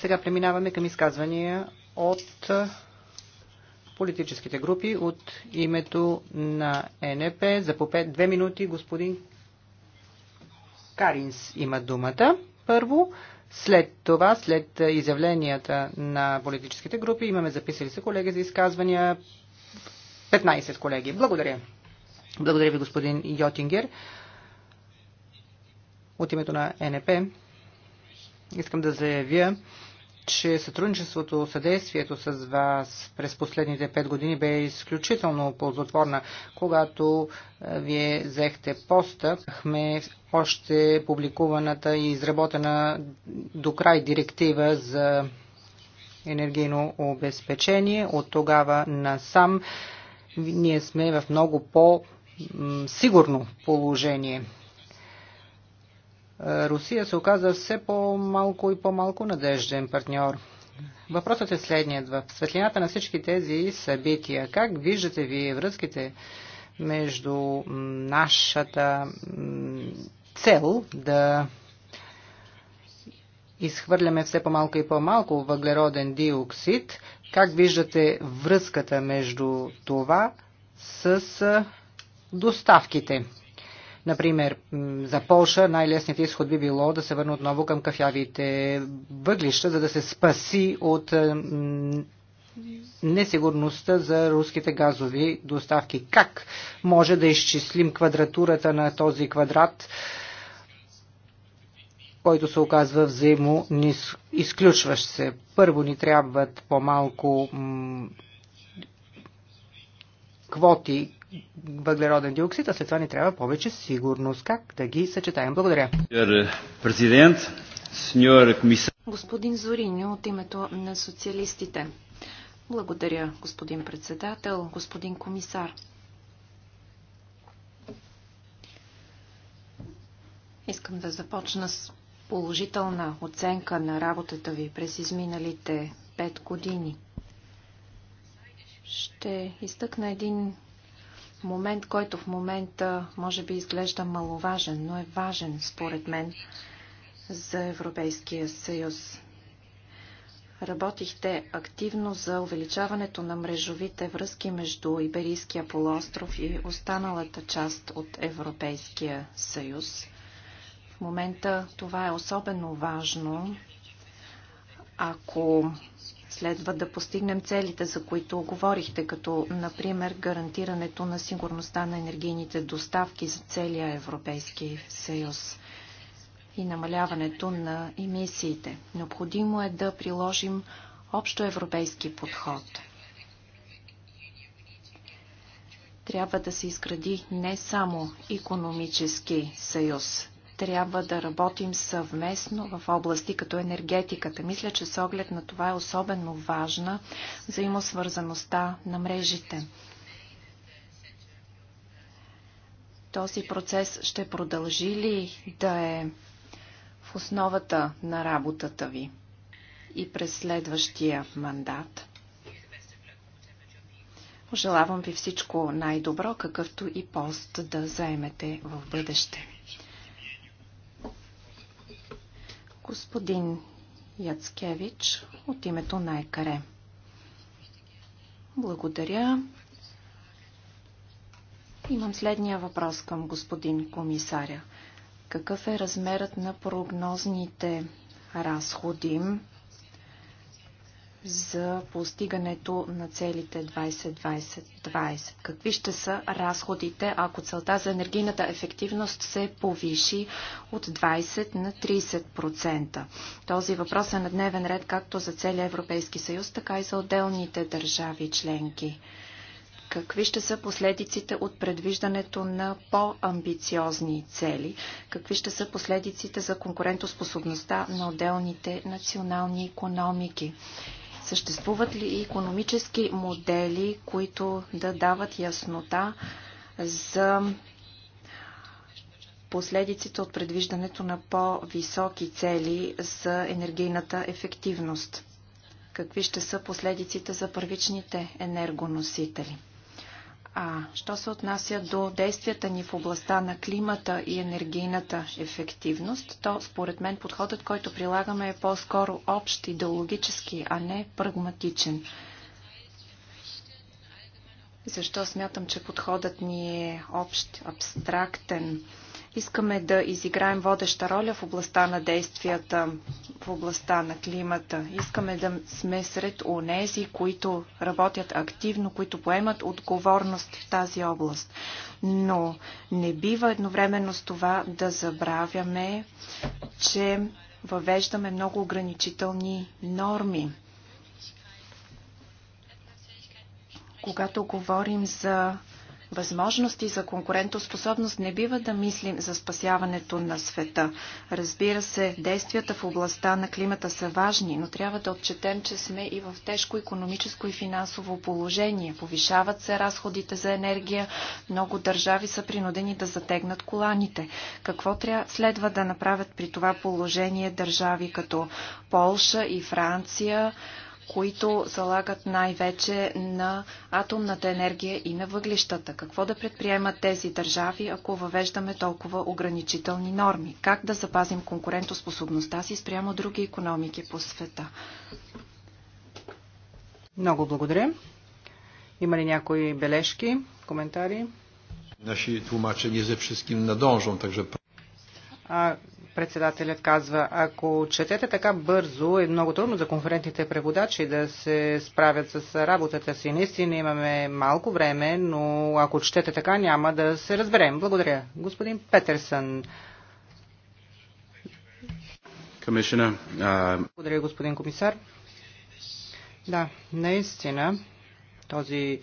S3: Сега преминаваме към изказвания от политическите групи от името на НП. За по 2 минути господин Каринс има думата. Първо, след това, след изявленията на политическите групи, имаме записали се колеги за изказвания. 15 колеги. Благодаря. Благодаря ви, господин Йотингер. От името на НП искам да заявя, че сътрудничеството, съдействието с вас през последните пет години бе изключително ползотворна. Когато е, вие взехте поста, бяхме още публикуваната и изработена до край директива за енергийно обезпечение. От тогава насам ние сме в много по-сигурно положение Русия се оказа все по-малко и по-малко надежден партньор. Въпросът е следният. В светлината на всички тези събития, как виждате вие връзките между нашата цел да изхвърляме все по-малко и по-малко въглероден диоксид, как виждате връзката между това с доставките? Например, за Полша най-лесният изход би било да се върне отново към кафявите въглища, за да се спаси от несигурността за руските газови доставки. Как може да изчислим квадратурата на този квадрат, който се оказва взаимо изключващ се? Първо ни трябват по-малко квоти, въглероден диоксид, а след това ни трябва повече сигурност. Как да ги съчетаем? Благодаря.
S1: Е, президент,
S2: Господин Зориньо от името на социалистите. Благодаря, господин председател, господин комисар. Искам да започна с положителна оценка на работата ви през изминалите пет години. Ще изтъкна един момент, който в момента може би изглежда маловажен, но е важен според мен за Европейския съюз. Работихте активно за увеличаването на мрежовите връзки между Иберийския полуостров и останалата част от Европейския съюз. В момента това е особено важно, ако Следва да постигнем целите, за които говорихте, като например гарантирането на сигурността на енергийните доставки за целия Европейски съюз и намаляването на емисиите. Необходимо е да приложим общо европейски подход. Трябва да се изгради не само економически съюз трябва да работим съвместно в области като енергетиката. Мисля, че с оглед на това е особено важна взаимосвързаността на мрежите. Този процес ще продължи ли да е в основата на работата ви и през следващия мандат? Пожелавам ви всичко най-добро, какъвто и пост да заемете в бъдеще. Господин Яцкевич от името на ЕКАРЕ. Благодаря. Имам следния въпрос към господин комисаря. Какъв е размерът на прогнозните разходи за постигането на целите 20-20-20? Какви ще са разходите, ако целта за енергийната ефективност се повиши от 20 на 30%? Този въпрос е на дневен ред както за целия Европейски съюз, така и за отделните държави членки. Какви ще са последиците от предвиждането на по-амбициозни цели? Какви ще са последиците за конкурентоспособността на отделните национални економики? Съществуват ли економически модели, които да дават яснота за последиците от предвиждането на по-високи цели за енергийната ефективност? Какви ще са последиците за първичните енергоносители? А, що се отнася до действията ни в областта на климата и енергийната ефективност, то според мен подходът, който прилагаме е по-скоро общ, идеологически, а не прагматичен. Защо смятам, че подходът ни е общ, абстрактен? Искаме да изиграем водеща роля в областта на действията, в областта на климата. Искаме да сме сред онези, които работят активно, които поемат отговорност в тази област. Но не бива едновременно с това да забравяме, че въвеждаме много ограничителни норми. Когато говорим за възможности за конкурентоспособност не бива да мислим за спасяването на света. Разбира се, действията в областта на климата са важни, но трябва да отчетем, че сме и в тежко економическо и финансово положение. Повишават се разходите за енергия, много държави са принудени да затегнат коланите. Какво трябва, следва да направят при това положение държави като Полша и Франция? които залагат най-вече на атомната енергия и на въглищата. Какво да предприемат тези държави, ако въвеждаме толкова ограничителни норми? Как да запазим конкурентоспособността си спрямо други
S3: економики по света? Много благодаря. Има ли някои бележки, коментари?
S1: Наши тлумачения за всички надължам, така
S3: а Председателят казва, ако четете така бързо, е много трудно за конферентните преводачи да се справят с работата си. Наистина имаме малко време, но ако четете така, няма да се разберем. Благодаря. Господин Петерсън.
S2: Uh,
S3: Благодаря, господин комисар. Да, наистина, този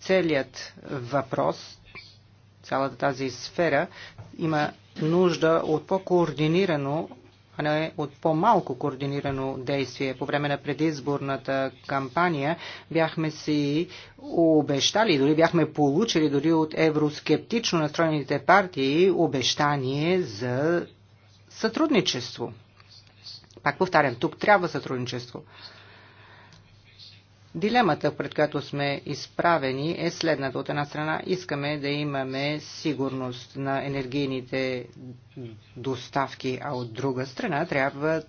S3: целият въпрос, цялата тази сфера има нужда от по-координирано, а не от по-малко координирано действие. По време на предизборната кампания бяхме си обещали, дори бяхме получили дори от евроскептично настроените партии обещание за сътрудничество. Пак повтарям, тук трябва сътрудничество. Дилемата, пред която сме изправени, е следната. От една страна искаме да имаме сигурност на енергийните доставки, а от друга страна трябва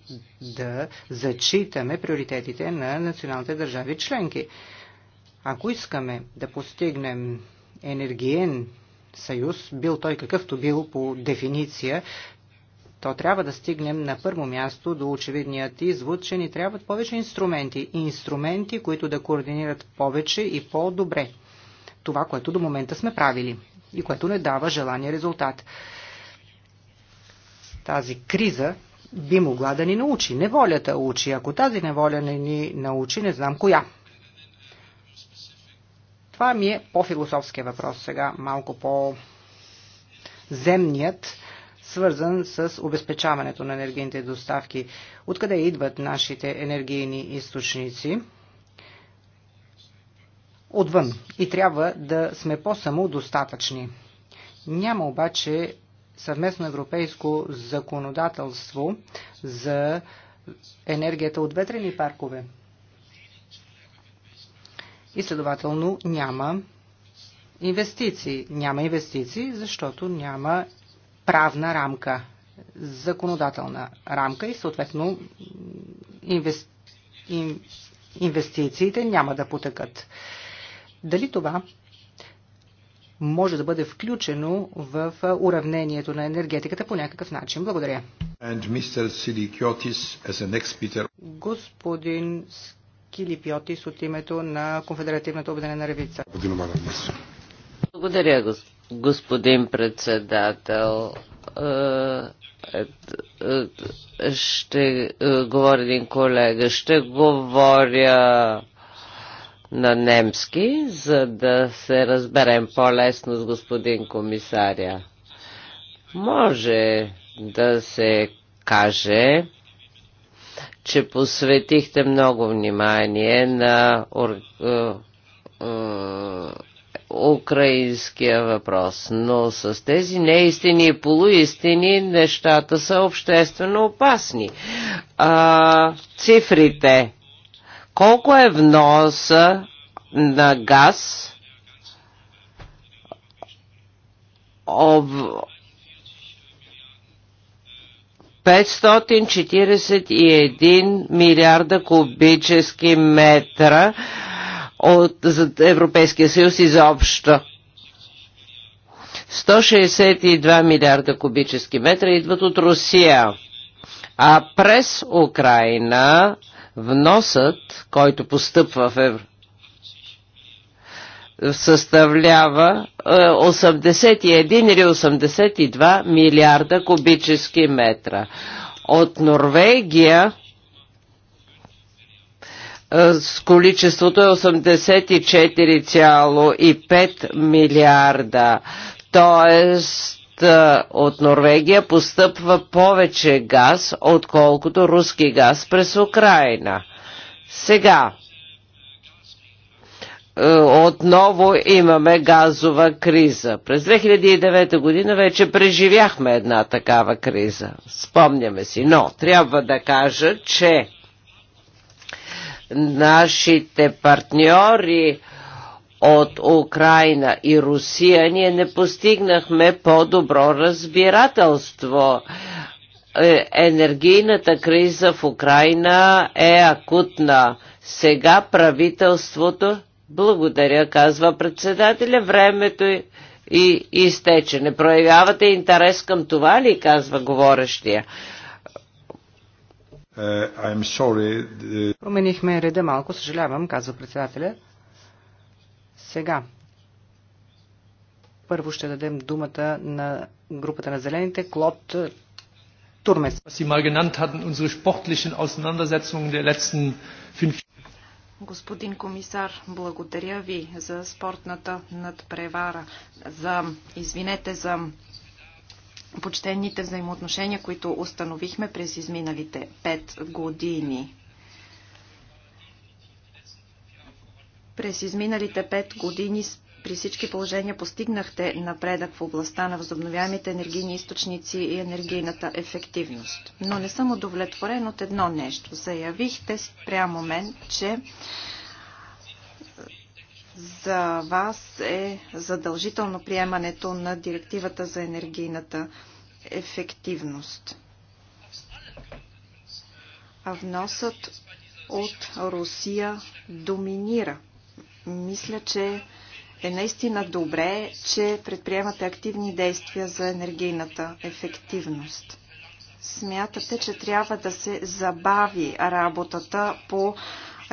S3: да зачитаме приоритетите на националните държави членки. Ако искаме да постигнем енергиен съюз, бил той какъвто бил по дефиниция, то трябва да стигнем на първо място до очевидният извод, че ни трябват повече инструменти. Инструменти, които да координират повече и по-добре това, което до момента сме правили и което не дава желания резултат. Тази криза би могла да ни научи. Неволята учи. Ако тази неволя не ни научи, не знам коя. Това ми е по-философския въпрос сега, малко по-земният свързан с обезпечаването на енергийните доставки. Откъде идват нашите енергийни източници? Отвън. И трябва да сме по-самодостатъчни. Няма обаче съвместно европейско законодателство за енергията от ветрени паркове. И следователно няма инвестиции. Няма инвестиции, защото няма правна рамка, законодателна рамка и съответно инвестициите няма да потъкат. Дали това може да бъде включено в уравнението на енергетиката по някакъв начин. Благодаря. Господин Господин Скилипиотис от името на Конфедеративната обединена ревица.
S4: Благодаря, господин господин председател. Е, е, е, ще говори един колега. Ще говоря на немски, за да се разберем по-лесно с господин комисаря. Може да се каже, че посветихте много внимание на украинския въпрос. Но с тези неистини и полуистини нещата са обществено опасни. А, цифрите. Колко е вноса на газ об... 541 милиарда кубически метра от за Европейския съюз изобщо. 162 милиарда кубически метра идват от Русия, а през Украина вносът, който постъпва в Евро, съставлява 81 е, или 82 милиарда кубически метра. От Норвегия е, с количеството е 84,5 милиарда. Тоест е, от Норвегия постъпва повече газ, отколкото руски газ през Украина. Сега, е, отново имаме газова криза. През 2009 година вече преживяхме една такава криза. Спомняме си. Но трябва да кажа, че нашите партньори от Украина и Русия, ние не постигнахме по-добро разбирателство. Е, енергийната криза в Украина е акутна. Сега правителството, благодаря, казва председателя, времето и, и изтече. Не проявявате интерес към това ли, казва говорещия.
S1: Uh,
S3: Променихме реда малко, съжалявам, казва председателя. Сега. Първо ще дадем думата на групата на зелените. Клод е, Турмес.
S2: Господин комисар, благодаря ви за спортната надпревара, за, извинете, за почтенните взаимоотношения, които установихме през изминалите пет години. През изминалите пет години при всички положения постигнахте напредък в областта на възобновяемите енергийни източници и енергийната ефективност. Но не съм удовлетворен от едно нещо. Заявихте спрямо мен, че за вас е задължително приемането на директивата за енергийната ефективност. А вносът от Русия доминира. Мисля, че е наистина добре, че предприемате активни действия за енергийната ефективност. Смятате, че трябва да се забави работата по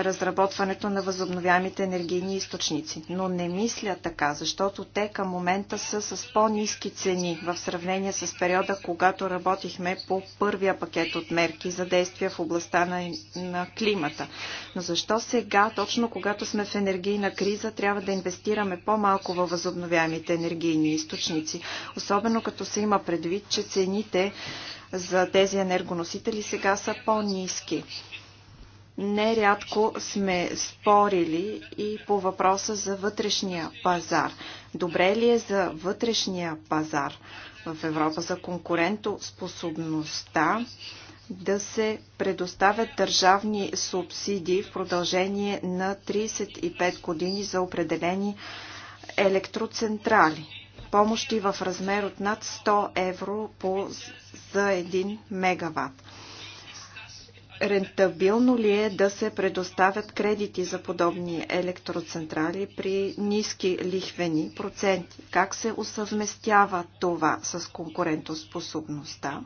S2: разработването на възобновяемите енергийни източници. Но не мисля така, защото те към момента са с по-низки цени в сравнение с периода, когато работихме по първия пакет от мерки за действия в областта на, на климата. Но защо сега, точно когато сме в енергийна криза, трябва да инвестираме по-малко във възобновяемите енергийни източници, особено като се има предвид, че цените за тези енергоносители сега са по-низки. Нерядко сме спорили и по въпроса за вътрешния пазар. Добре ли е за вътрешния пазар в Европа за конкурентоспособността да се предоставят държавни субсидии в продължение на 35 години за определени електроцентрали? Помощи в размер от над 100 евро по, за 1 мегаватт Рентабилно ли е да се предоставят кредити за подобни електроцентрали при ниски лихвени проценти? Как се усъвместява това с конкурентоспособността?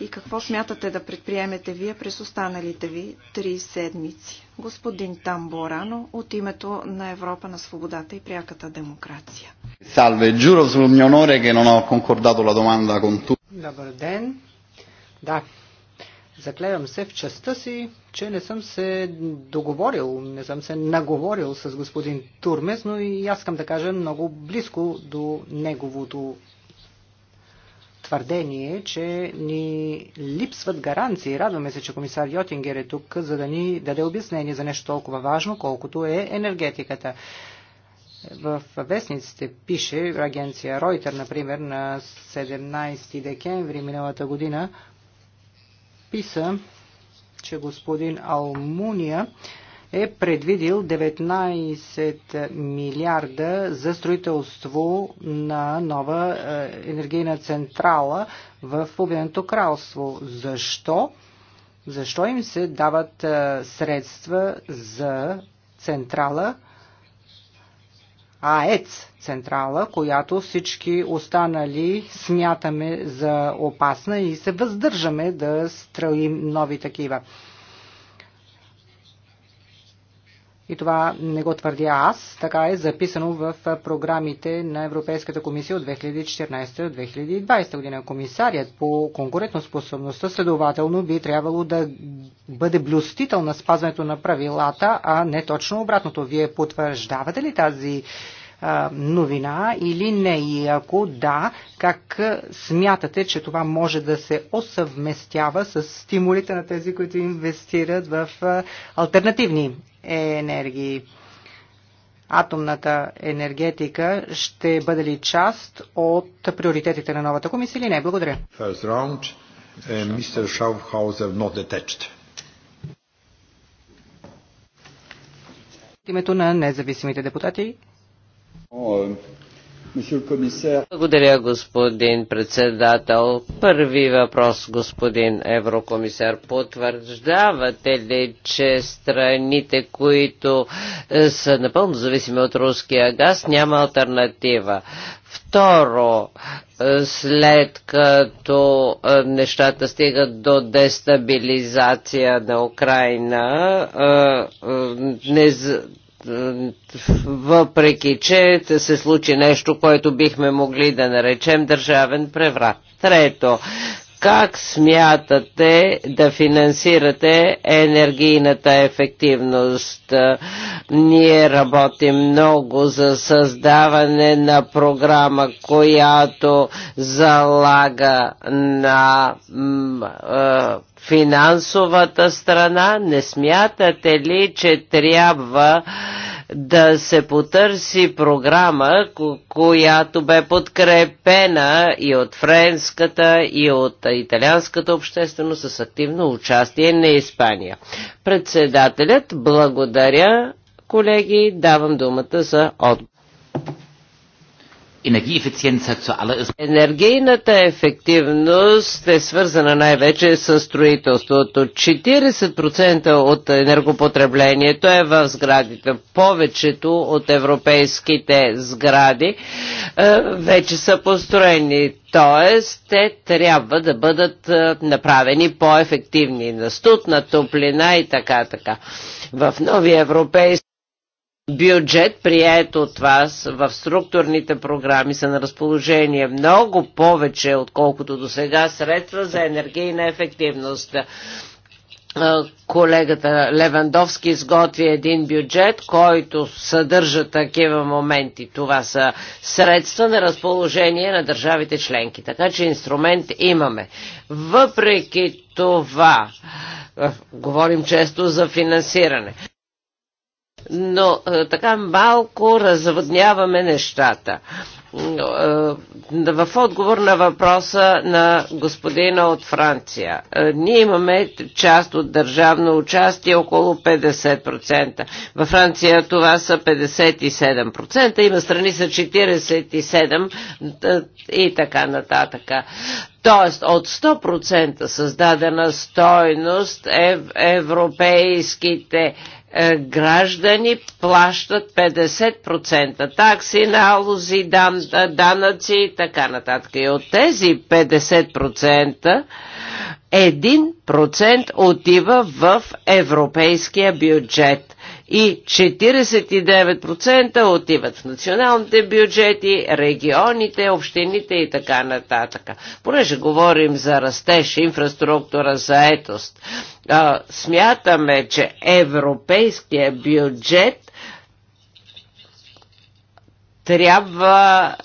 S2: И какво смятате да предприемете вие през останалите ви три седмици? Господин Тамборано от името на Европа на свободата и пряката демокрация.
S1: Salve, giuro sul mio onore che non ho concordato la domanda con tu.
S3: Добър ден. Да, Заклевам се в частта си, че не съм се договорил, не съм се наговорил с господин Турмес, но и аз искам да кажа много близко до неговото твърдение, че ни липсват гаранции. Радваме се, че комисар Йотингер е тук, за да ни даде обяснение за нещо толкова важно, колкото е енергетиката. В вестниците пише агенция Ройтер, например, на 17 декември миналата година, разписа, че господин Алмуния е предвидил 19 милиарда за строителство на нова е, енергийна централа в Обединеното кралство. Защо? Защо им се дават е, средства за централа, АЕЦ централа, която всички останали смятаме за опасна и се въздържаме да строим нови такива. И това не го твърдя аз, така е записано в програмите на Европейската комисия от 2014 до 2020 година. Комисарият по конкурентоспособността следователно би трябвало да бъде блюстител на спазването на правилата, а не точно обратното. Вие потвърждавате ли тази а, новина или не? И ако да, как смятате, че това може да се осъвместява с стимулите на тези, които инвестират в а, альтернативни е енергии. Атомната енергетика ще бъде ли част от приоритетите на новата комисия или не? Благодаря.
S1: First round, Mr. Е, Schaufhauser not detached.
S3: името на независимите депутати.
S4: Благодаря, господин председател. Първи въпрос, господин еврокомисар. Потвърждавате ли, че страните, които е, са напълно зависими от руския газ, няма альтернатива? Второ, е, след като е, нещата стигат до дестабилизация на Украина, не въпреки че се случи нещо, което бихме могли да наречем държавен преврат. Трето, как смятате да финансирате енергийната ефективност? Ние работим много за създаване на програма, която залага на финансовата страна, не смятате ли, че трябва да се потърси програма, която бе подкрепена и от френската, и от италианската общественост с активно участие на Испания? Председателят, благодаря, колеги, давам думата за отговор. Енергийната ефективност е свързана най-вече с строителството. 40% от енергопотреблението е в сградите. Повечето от европейските сгради е, вече са построени. Тоест, те трябва да бъдат е, направени по-ефективни на студ, на топлина и така, така. В нови европейски бюджет, прият от вас в структурните програми, са на разположение много повече, отколкото до сега средства за енергийна ефективност колегата Левандовски изготви един бюджет, който съдържа такива моменти. Това са средства на разположение на държавите членки. Така че инструмент имаме. Въпреки това, говорим често за финансиране но е, така малко разводняваме нещата. Е, в отговор на въпроса на господина от Франция, е, ние имаме част от държавно участие около 50%. Във Франция това са 57%, има страни са 47% и така нататък. Тоест от 100% създадена стойност европейските е, граждани плащат 50% такси на алузи, дан, данъци и така нататък. И от тези 50% 1% отива в европейския бюджет и 49% отиват в националните бюджети, регионите, общините и така нататък. Понеже говорим за растеж, инфраструктура, заетост, смятаме, че европейския бюджет трябва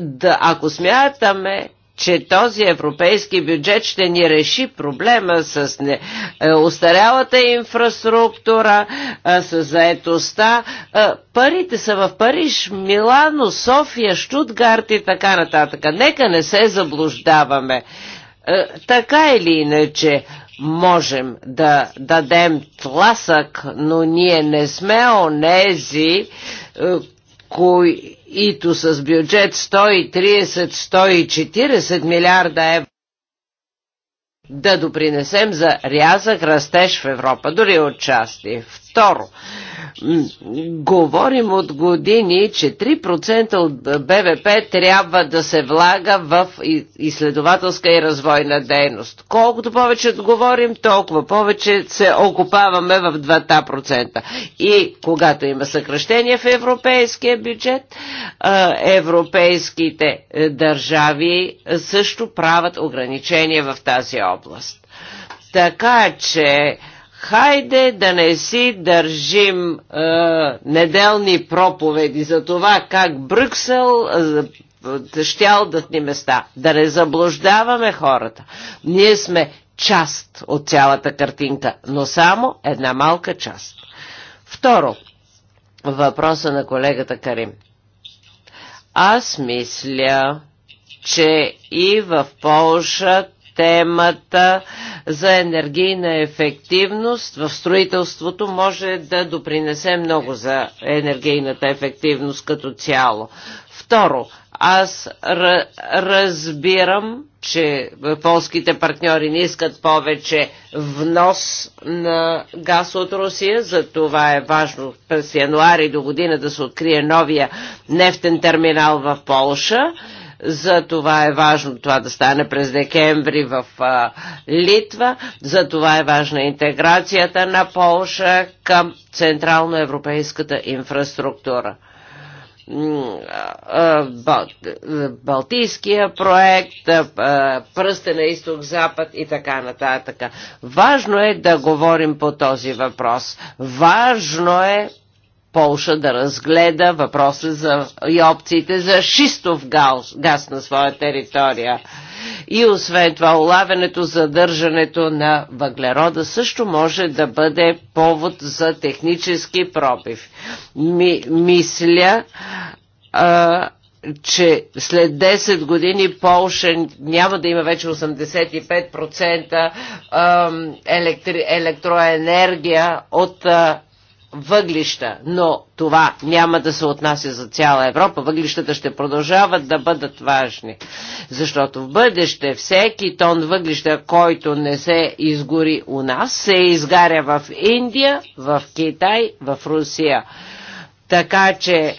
S4: да, ако смятаме, че този европейски бюджет ще ни реши проблема с не, е, устарялата инфраструктура, е, с заетостта. Е, парите са в Париж, Милано, София, Штутгарт и така нататък. Нека не се заблуждаваме. Така или иначе, можем да дадем тласък, но ние не сме онези, кои ИТО с бюджет 130-140 милиарда евро да допринесем за рязък растеж в Европа, дори отчасти. Второ, говорим от години, че 3% от БВП трябва да се влага в изследователска и развойна дейност. Колкото повече говорим, толкова повече се окупаваме в 2%. И когато има съкръщение в европейския бюджет, европейските е, държави е, също правят ограничения в тази област. Така че Хайде да не си държим е, неделни проповеди за това как Брюксел е, щял дат ни места. Да не заблуждаваме хората. Ние сме част от цялата картинка, но само една малка част. Второ, въпроса на колегата Карим. Аз мисля, че и в Полша системата за енергийна ефективност в строителството може да допринесе много за енергийната ефективност като цяло. Второ, аз разбирам, че полските партньори не искат повече внос на газ от Русия, за това е важно през януари до година да се открие новия нефтен терминал в Полша за това е важно това да стане през декември в а, Литва. За това е важна интеграцията на Полша към централноевропейската инфраструктура. Балтийския проект, пръстен на изток-запад и така нататък. Важно е да говорим по този въпрос. Важно е Полша да разгледа въпроса за, и опциите за шистов газ, газ на своя територия. И освен това, улавянето, задържането на въглерода също може да бъде повод за технически пробив. Ми, мисля, а, че след 10 години Полша няма да има вече 85% електри, електроенергия от въглища, но това няма да се отнася за цяла Европа. Въглищата ще продължават да бъдат важни, защото в бъдеще всеки тон въглища, който не се изгори у нас, се изгаря в Индия, в Китай, в Русия. Така че е,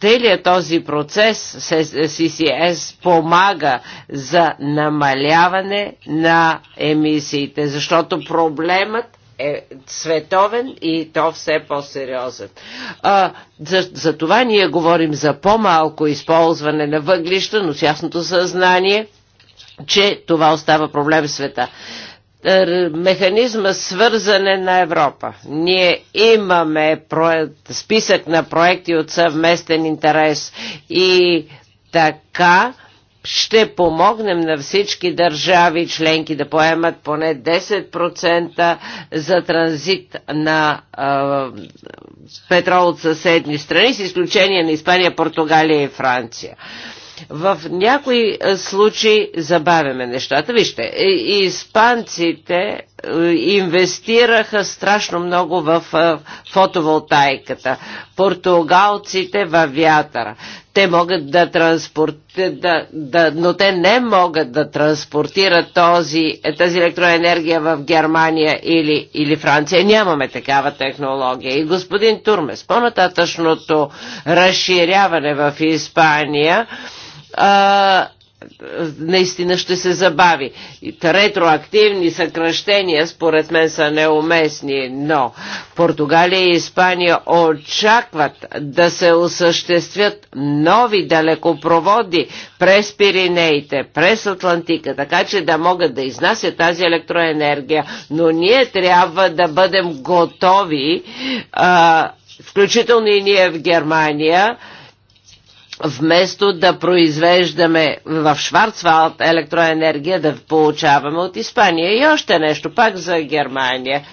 S4: целият този процес CCS помага за намаляване на емисиите, защото проблемът е световен и то все по-сериозен. За, за това ние говорим за по-малко използване на въглища, но с ясното съзнание, че това остава проблем в света е, механизма свързане на Европа. Ние имаме проект, списък на проекти от съвместен интерес и така ще помогнем на всички държави членки да поемат поне 10% за транзит на а, петрол от съседни страни, с изключение на Испания, Португалия и Франция. В някои случаи забавяме нещата. Вижте, испанците инвестираха страшно много в фотоволтайката. Португалците в вятъра. Те могат да транспортират, да, да, но те не могат да транспортират този, тази електроенергия в Германия или, или Франция. Нямаме такава технология. И господин Турмес, по-нататъчното разширяване в Испания а, наистина ще се забави. Ретроактивни съкръщения според мен са неуместни, но Португалия и Испания очакват да се осъществят нови далекопроводи през Пиринеите, през Атлантика, така че да могат да изнасят тази електроенергия, но ние трябва да бъдем готови, а, включително и ние в Германия, вместо да произвеждаме в Шварцвалд електроенергия, да получаваме от Испания. И още нещо, пак за Германия.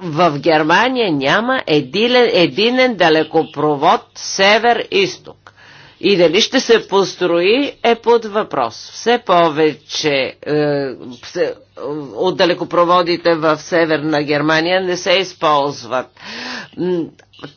S4: В Германия няма един единен далекопровод север-исток и дали ще се построи е под въпрос. Все повече е, от далекопроводите в Северна Германия не се използват.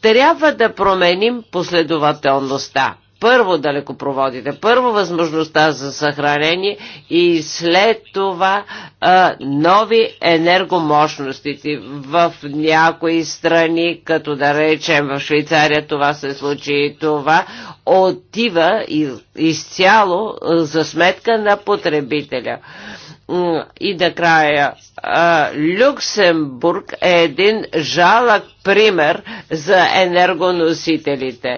S4: Трябва да променим последователността първо далекопроводите, първо възможността за съхранение и след това а, нови енергомощности. В някои страни, като да речем в Швейцария това се случи и това, отива изцяло за сметка на потребителя. И да края, Люксембург е един жалък пример за енергоносителите.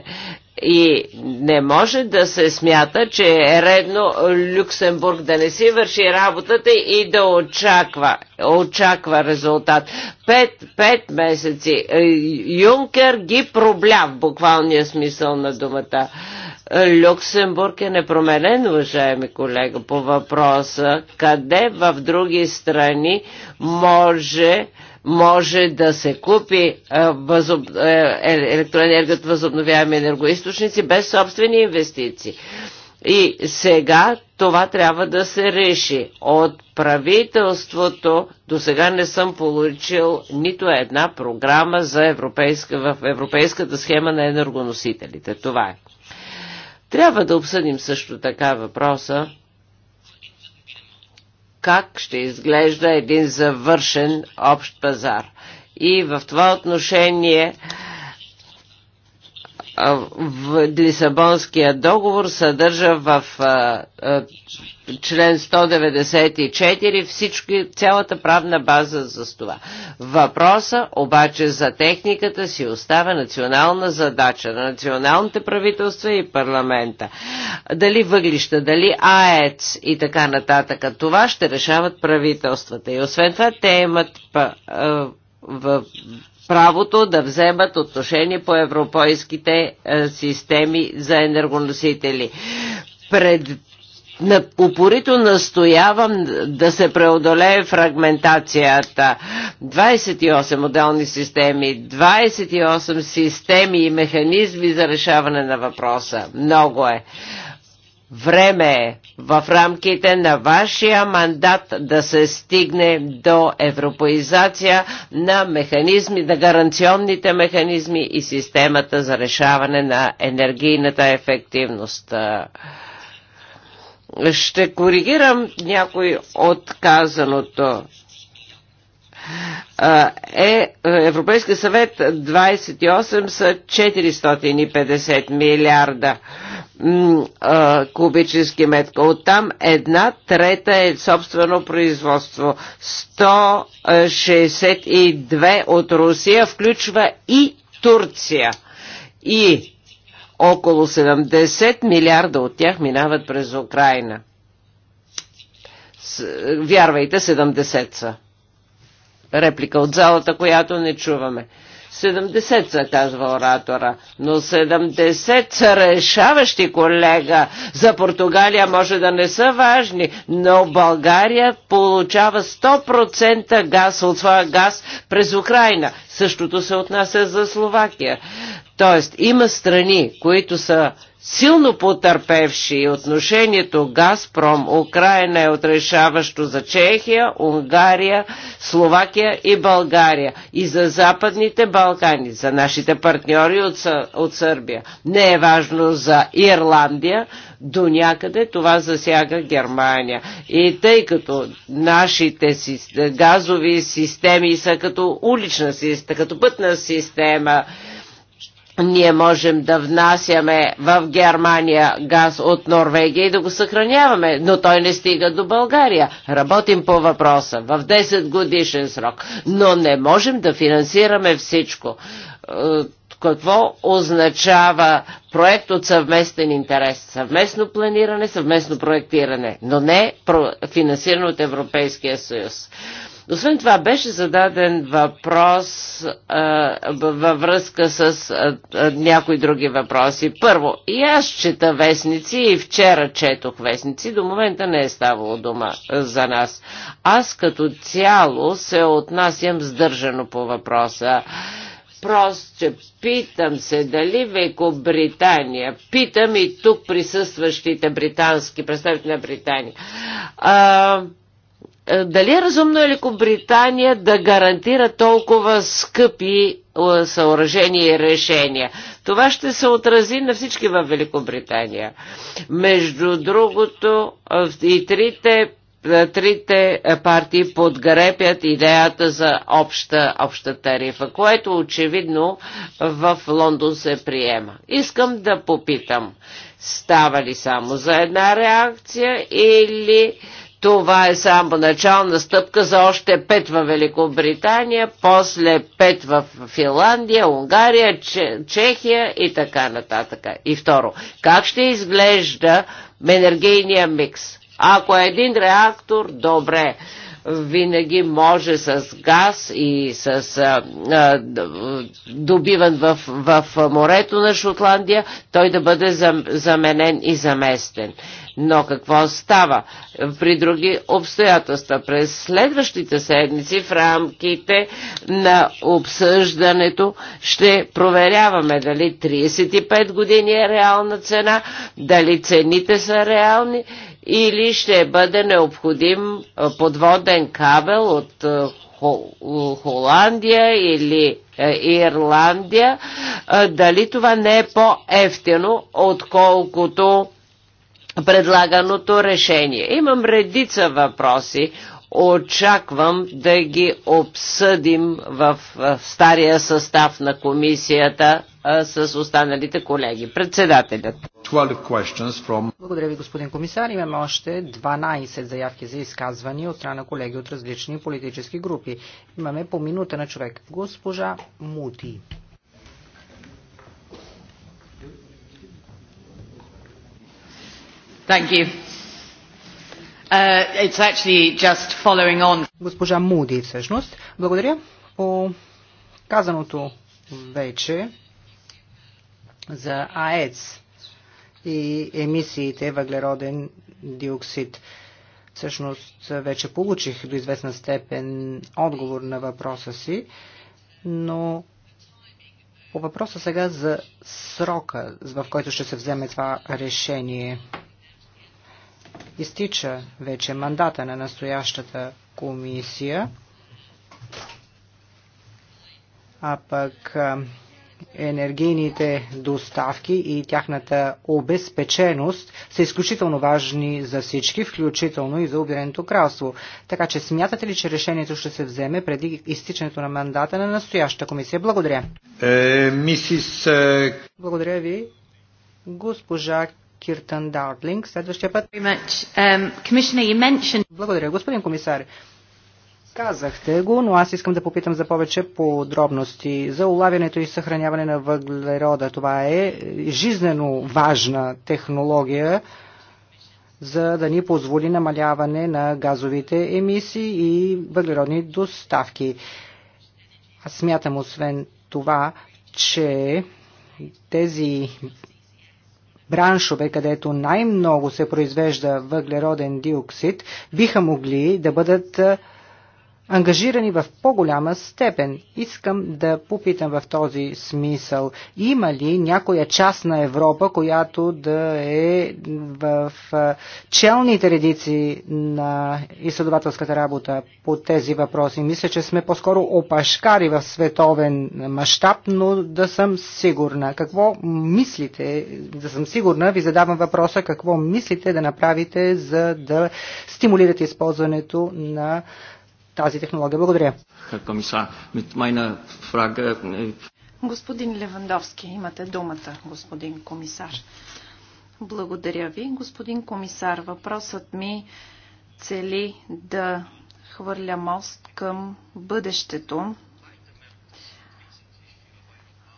S4: И не може да се смята, че е редно Люксембург да не си върши работата и да очаква, очаква резултат. Пет, пет месеци. Е, Юнкер ги пробля в буквалния смисъл на думата. Е, Люксембург е непроменен, уважаеми колега, по въпроса къде в други страни може може да се купи е, възоб... Е, е, електроенергия от възобновяеми енергоисточници без собствени инвестиции. И сега това трябва да се реши. От правителството до сега не съм получил нито една програма за европейска, в европейската схема на енергоносителите. Това е. Трябва да обсъдим също така въпроса как ще изглежда един завършен общ пазар. И в това отношение в Лисабонския договор съдържа в член 194, всички, цялата правна база за това. Въпроса обаче за техниката си остава национална задача на националните правителства и парламента. Дали въглища, дали АЕЦ и така нататък. Това ще решават правителствата. И освен това те имат в правото да вземат отношение по европейските системи за енергоносители. Пред, Упорито настоявам да се преодолее фрагментацията. 28 отделни системи, 28 системи и механизми за решаване на въпроса. Много е. Време е в рамките на вашия мандат да се стигне до европеизация на механизми, на гаранционните механизми и системата за решаване на енергийната ефективност. Ще коригирам някой от казаното е Европейски съвет 28 са 450 милиарда кубически метка. Оттам една трета е собствено производство. 162 от Русия включва и Турция. И около 70 милиарда от тях минават през Украина. Е, вярвайте, 70 са. Реплика от залата, която не чуваме. 70 са, казва оратора, но 70 са решаващи, колега. За Португалия може да не са важни, но България получава 100% газ от своя газ през Украина. Същото се отнася за Словакия. Тоест, има страни, които са силно потърпевши отношението Газпром Украина е отрешаващо за Чехия, Унгария, Словакия и България и за Западните Балкани, за нашите партньори от, от Сърбия. Не е важно за Ирландия, до някъде това засяга Германия. И тъй като нашите си, газови системи са като улична система, като пътна система, ние можем да внасяме в Германия газ от Норвегия и да го съхраняваме, но той не стига до България. Работим по въпроса в 10 годишен срок, но не можем да финансираме всичко. Е, какво означава проект от съвместен интерес? Съвместно планиране, съвместно проектиране, но не финансиране от Европейския съюз. Освен това беше зададен въпрос а, във връзка с а, а, някои други въпроси. Първо, и аз чета вестници и вчера четох вестници, до момента не е ставало дума за нас. Аз като цяло се отнасям сдържано по въпроса. Просто питам се дали Великобритания, питам и тук присъстващите британски представители на Британия. А, е, дали е разумно е Великобритания да гарантира толкова скъпи е, съоръжения и решения? Това ще се отрази на всички в Великобритания. Между другото, и трите трите партии подгрепят идеята за обща, обща тарифа, което очевидно в Лондон се приема. Искам да попитам, става ли само за една реакция или това е само начална стъпка за още пет в Великобритания, после пет в Финландия, Унгария, Чехия и така нататък. И второ, как ще изглежда енергийния микс? Ако е един реактор, добре винаги може с газ и с а, добиван в, в морето на Шотландия, той да бъде заменен и заместен. Но какво става при други обстоятелства? През следващите седмици в рамките на обсъждането ще проверяваме дали 35 години е реална цена, дали цените са реални или ще бъде необходим подводен кабел от Холандия или Ирландия, дали това не е по-ефтино, отколкото предлаганото решение. Имам редица въпроси. Очаквам да ги обсъдим в стария състав на комисията а, с останалите колеги. Председателят.
S3: Благодаря ви, господин комисар. Имаме още 12 заявки за изказвани от страна колеги от различни политически групи. Имаме по минута на човек. Госпожа Мути. Thank you. Uh, it's actually just following on. Госпожа Муди, всъщност. Благодаря. По казаното вече за АЕЦ и емисиите въглероден диоксид. Всъщност вече получих до известна степен отговор на въпроса си, но по въпроса сега за срока, в който ще се вземе това решение. Изтича вече мандата на настоящата комисия, а пък енергийните доставки и тяхната обезпеченост са изключително важни за всички, включително и за Обединеното кралство. Така че смятате ли, че решението ще се вземе преди изтичането на мандата на настоящата комисия? Благодаря.
S1: Е, мисис... Е,
S3: Благодаря ви, госпожа Киртан Дартлинг. Следващия път. Um, Благодаря, господин комисар. Казахте го, но аз искам да попитам за повече подробности. За улавянето и съхраняване на въглерода. Това е жизнено важна технология, за да ни позволи намаляване на газовите емисии и въглеродни доставки. Аз смятам освен това, че тези браншове, където най-много се произвежда въглероден диоксид, биха могли да бъдат ангажирани в по-голяма степен. Искам да попитам в този смисъл, има ли някоя част на Европа, която да е в челните редици на изследователската работа по тези въпроси? Мисля, че сме по-скоро опашкари в световен мащаб, но да съм сигурна. Какво мислите, да съм сигурна, ви задавам въпроса, какво мислите да направите, за да стимулирате използването на тази технология. Благодаря.
S2: Комисар, майна фрага... Е, господин Левандовски, имате думата, господин комисар. Благодаря ви, господин комисар. Въпросът ми цели да хвърля мост към бъдещето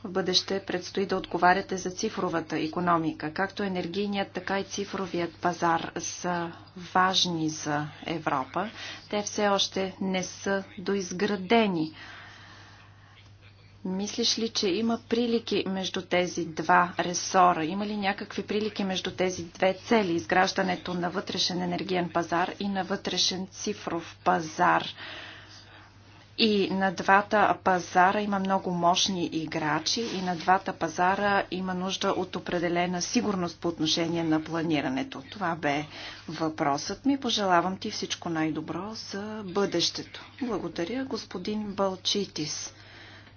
S2: в бъдеще предстои да отговаряте за цифровата економика. Както енергийният, така и цифровият пазар са важни за Европа. Те все още не са доизградени. Мислиш ли, че има прилики между тези два ресора? Има ли някакви прилики между тези две цели? Изграждането на вътрешен енергиен пазар и на вътрешен цифров пазар – и на двата пазара има много мощни играчи и на двата пазара има нужда от определена сигурност по отношение на планирането. Това бе въпросът ми. Пожелавам ти всичко най-добро за бъдещето. Благодаря, господин Балчитис.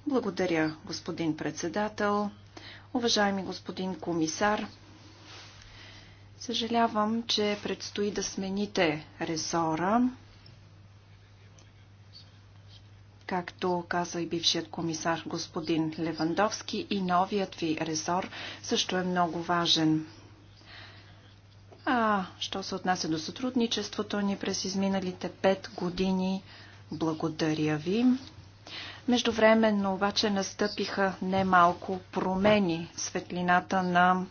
S2: Благодаря, господин председател. Уважаеми господин комисар, съжалявам, че предстои да смените ресора. Както каза и бившият комисар господин Левандовски, и новият ви резор също е много важен. А, що се отнася до сътрудничеството ни през изминалите пет години, благодаря ви. Междувременно обаче настъпиха немалко промени светлината на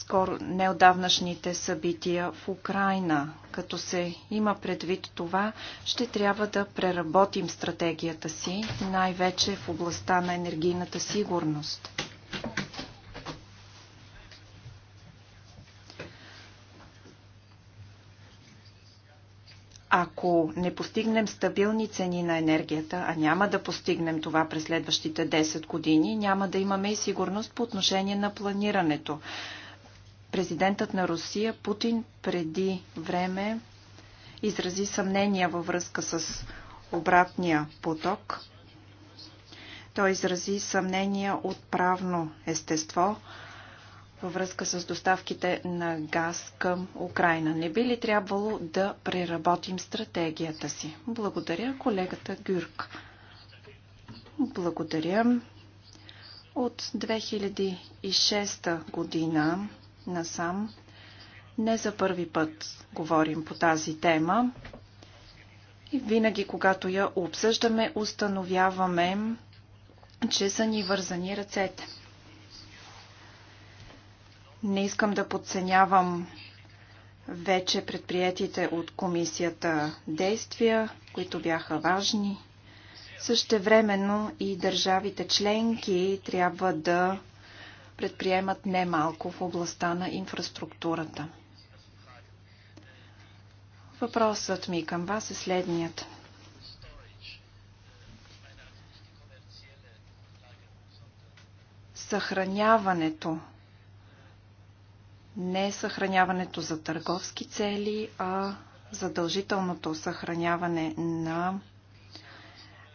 S2: скоро неодавнашните събития в Украина. Като се има предвид това, ще трябва да преработим стратегията си, най-вече в областта на енергийната сигурност. ако не постигнем стабилни цени на енергията, а няма да постигнем това през следващите 10 години, няма да имаме и сигурност по отношение на планирането. Президентът на Русия Путин преди време изрази съмнения във връзка с обратния поток. Той изрази съмнения от правно естество във връзка с доставките на газ към Украина. Не би ли трябвало да преработим стратегията си? Благодаря, колегата Гюрк. Благодаря. От 2006 година насам. Не за първи път говорим по тази тема. И винаги, когато я обсъждаме, установяваме, че са ни вързани ръцете. Не искам да подценявам вече предприятите от комисията действия, които бяха важни. Същевременно и държавите членки трябва да предприемат немалко в областта на инфраструктурата. Въпросът ми към вас е следният. Съхраняването не съхраняването за търговски цели, а задължителното съхраняване на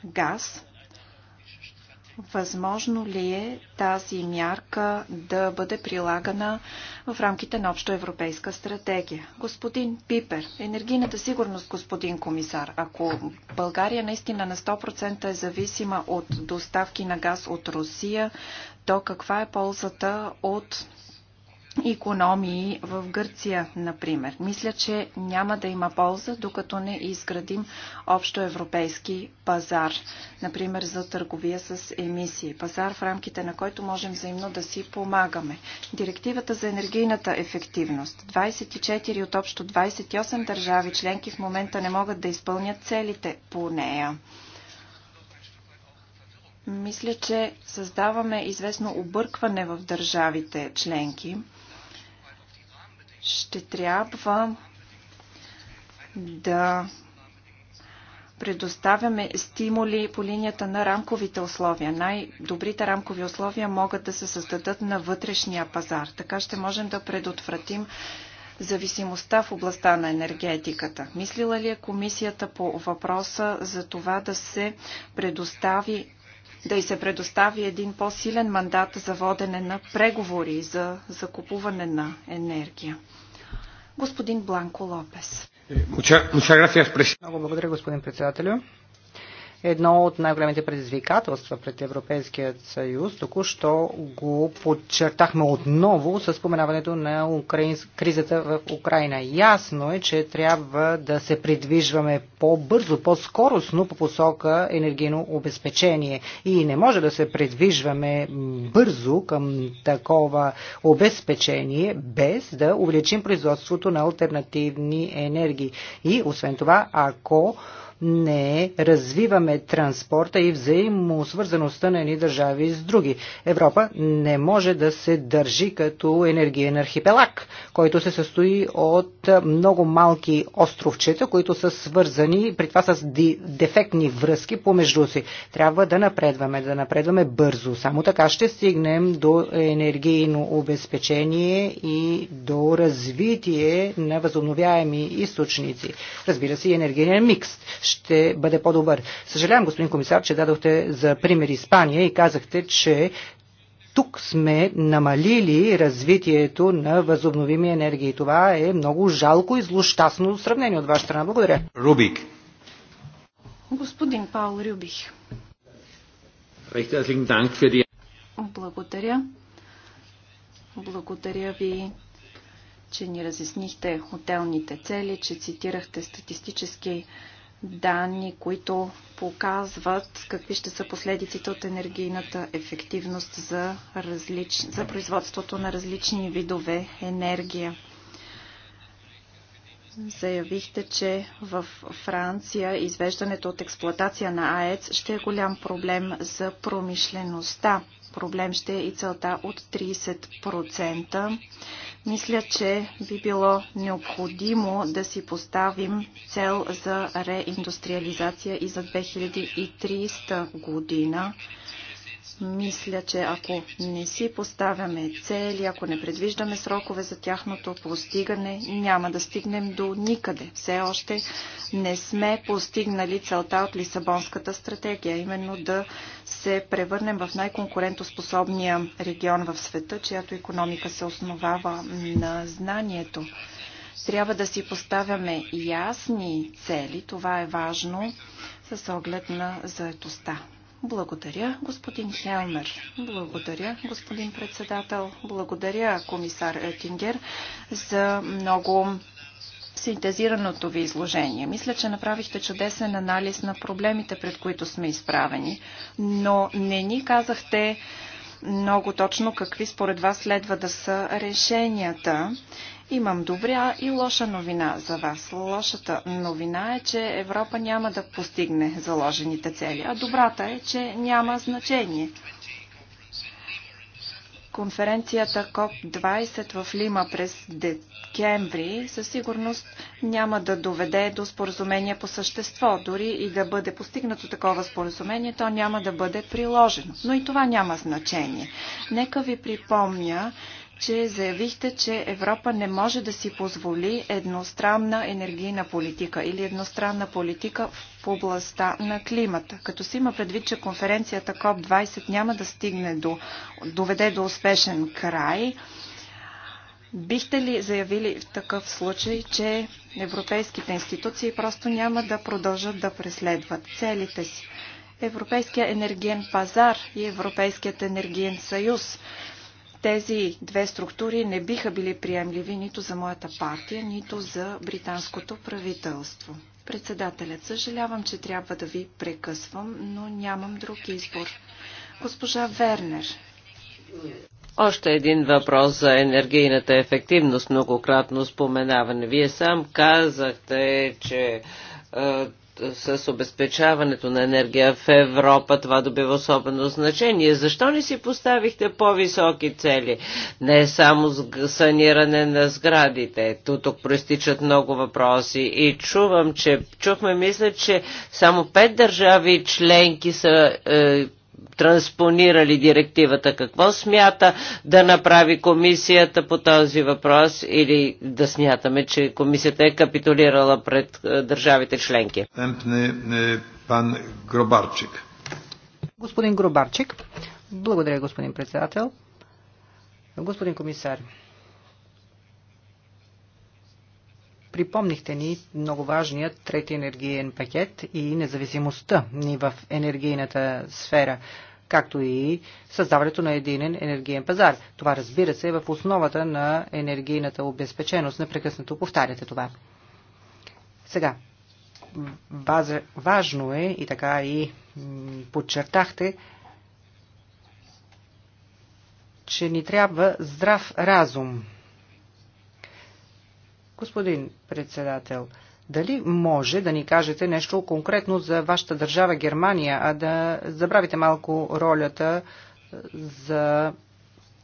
S2: газ Възможно ли е тази мярка да бъде прилагана в рамките на общо европейска стратегия? Господин Пипер, енергийната сигурност, господин комисар, ако България наистина на 100% е зависима от доставки на газ от Русия, то каква е ползата от економии в Гърция, например. Мисля, че няма да има полза, докато не изградим общо европейски пазар, например за търговия с емисии. Пазар в рамките на който можем взаимно да си помагаме. Директивата за енергийната ефективност. 24 от общо 28 държави членки в момента не могат да изпълнят целите по нея. Мисля, че създаваме известно объркване в държавите членки ще трябва да предоставяме стимули по линията на рамковите условия. Най-добрите рамкови условия могат да се създадат на вътрешния пазар. Така ще можем да предотвратим зависимостта в областта на енергетиката. Мислила ли е комисията по въпроса за това да се предостави да й се предостави един по-силен мандат за водене на преговори за закупуване на енергия. Господин Бланко Лопес.
S3: Е, Много благодаря, господин председателю едно от най-големите предизвикателства пред Европейският съюз. Току-що го подчертахме отново с споменаването на украинс... кризата в Украина. Ясно е, че трябва да се придвижваме по-бързо, по-скоростно по посока енергийно обезпечение. И не може да се придвижваме бързо към такова обезпечение, без да увеличим производството на альтернативни енергии. И освен това, ако не развиваме транспорта и взаимосвързаността на едни държави с други. Европа не може да се държи като енергиен архипелаг, който се състои от много малки островчета, които са свързани при това с дефектни връзки помежду си. Трябва да напредваме, да напредваме бързо. Само така ще стигнем до енергийно обезпечение и до развитие на възобновяеми източници. Разбира се, и енергиен микс ще бъде по-добър. Съжалявам, господин комисар, че дадохте за пример Испания и казахте, че тук сме намалили развитието на възобновими енергии. Това е много жалко и злощастно сравнение от ваша страна. Благодаря.
S1: Рубик.
S2: Господин Паул Рюбих. Благодаря. Благодаря ви, че ни разяснихте отделните цели, че цитирахте статистически данни, които показват какви ще са последиците от енергийната ефективност за, различ... за производството на различни видове енергия. Заявихте, че в Франция извеждането от експлоатация на АЕЦ ще е голям проблем за промишлеността. Проблем ще е и целта от 30%. Мисля, че би било необходимо да си поставим цел за реиндустриализация и за 2030 година. Мисля, че ако не си поставяме цели, ако не предвиждаме срокове за тяхното постигане, няма да стигнем до никъде. Все още не сме постигнали целта от Лисабонската стратегия, именно да се превърнем в най-конкурентоспособния регион в света, чиято економика се основава на знанието. Трябва да си поставяме ясни цели, това е важно с оглед на заетостта. Благодаря, господин Хелмер. Благодаря, господин председател. Благодаря, комисар Етингер, за много синтезираното ви изложение. Мисля, че направихте чудесен анализ на проблемите, пред които сме изправени, но не ни казахте много точно какви според вас следва да са решенията Имам добра и лоша новина за вас. Лошата новина е, че Европа няма да постигне заложените цели, а добрата е, че няма значение. Конференцията КОП-20 в Лима през декември със сигурност няма да доведе до споразумение по същество. Дори и да бъде постигнато такова споразумение, то няма да бъде приложено. Но и това няма значение. Нека ви припомня, че заявихте, че Европа не може да си позволи едностранна енергийна политика или едностранна политика в областта на климата. Като си има предвид, че конференцията КОП-20 няма да стигне до, доведе до успешен край, Бихте ли заявили в такъв случай, че европейските институции просто няма да продължат да преследват целите си? Европейския енергиен пазар и Европейският енергиен съюз тези две структури не биха били приемливи нито за моята партия, нито за британското правителство. Председателят, съжалявам, че трябва да ви прекъсвам, но нямам друг избор. Госпожа Вернер.
S4: Още един въпрос за енергийната ефективност, многократно споменаване. Вие сам казахте, че е, с обезпечаването на енергия в Европа това добива особено значение. Защо не си поставихте по-високи цели? Не само саниране на сградите. Тук, тук проистичат много въпроси и чувам, че чухме, мисля, че само пет държави членки са е, транспонирали директивата, какво смята да направи комисията по този въпрос или да смятаме, че комисията е капитулирала пред е, държавите членки? Е,
S1: пан Гробарчик.
S3: Господин Гробарчик. Благодаря, господин председател. Господин комисар, Припомнихте ни много важният трети енергиен пакет и независимостта ни в енергийната сфера както и създаването на единен енергиен пазар. Това разбира се е в основата на енергийната обезпеченост. Непрекъснато повтаряте това. Сега, база, важно е и така и подчертахте, че ни трябва здрав разум Господин председател, дали може да ни кажете нещо конкретно за вашата държава Германия, а да забравите малко ролята е, за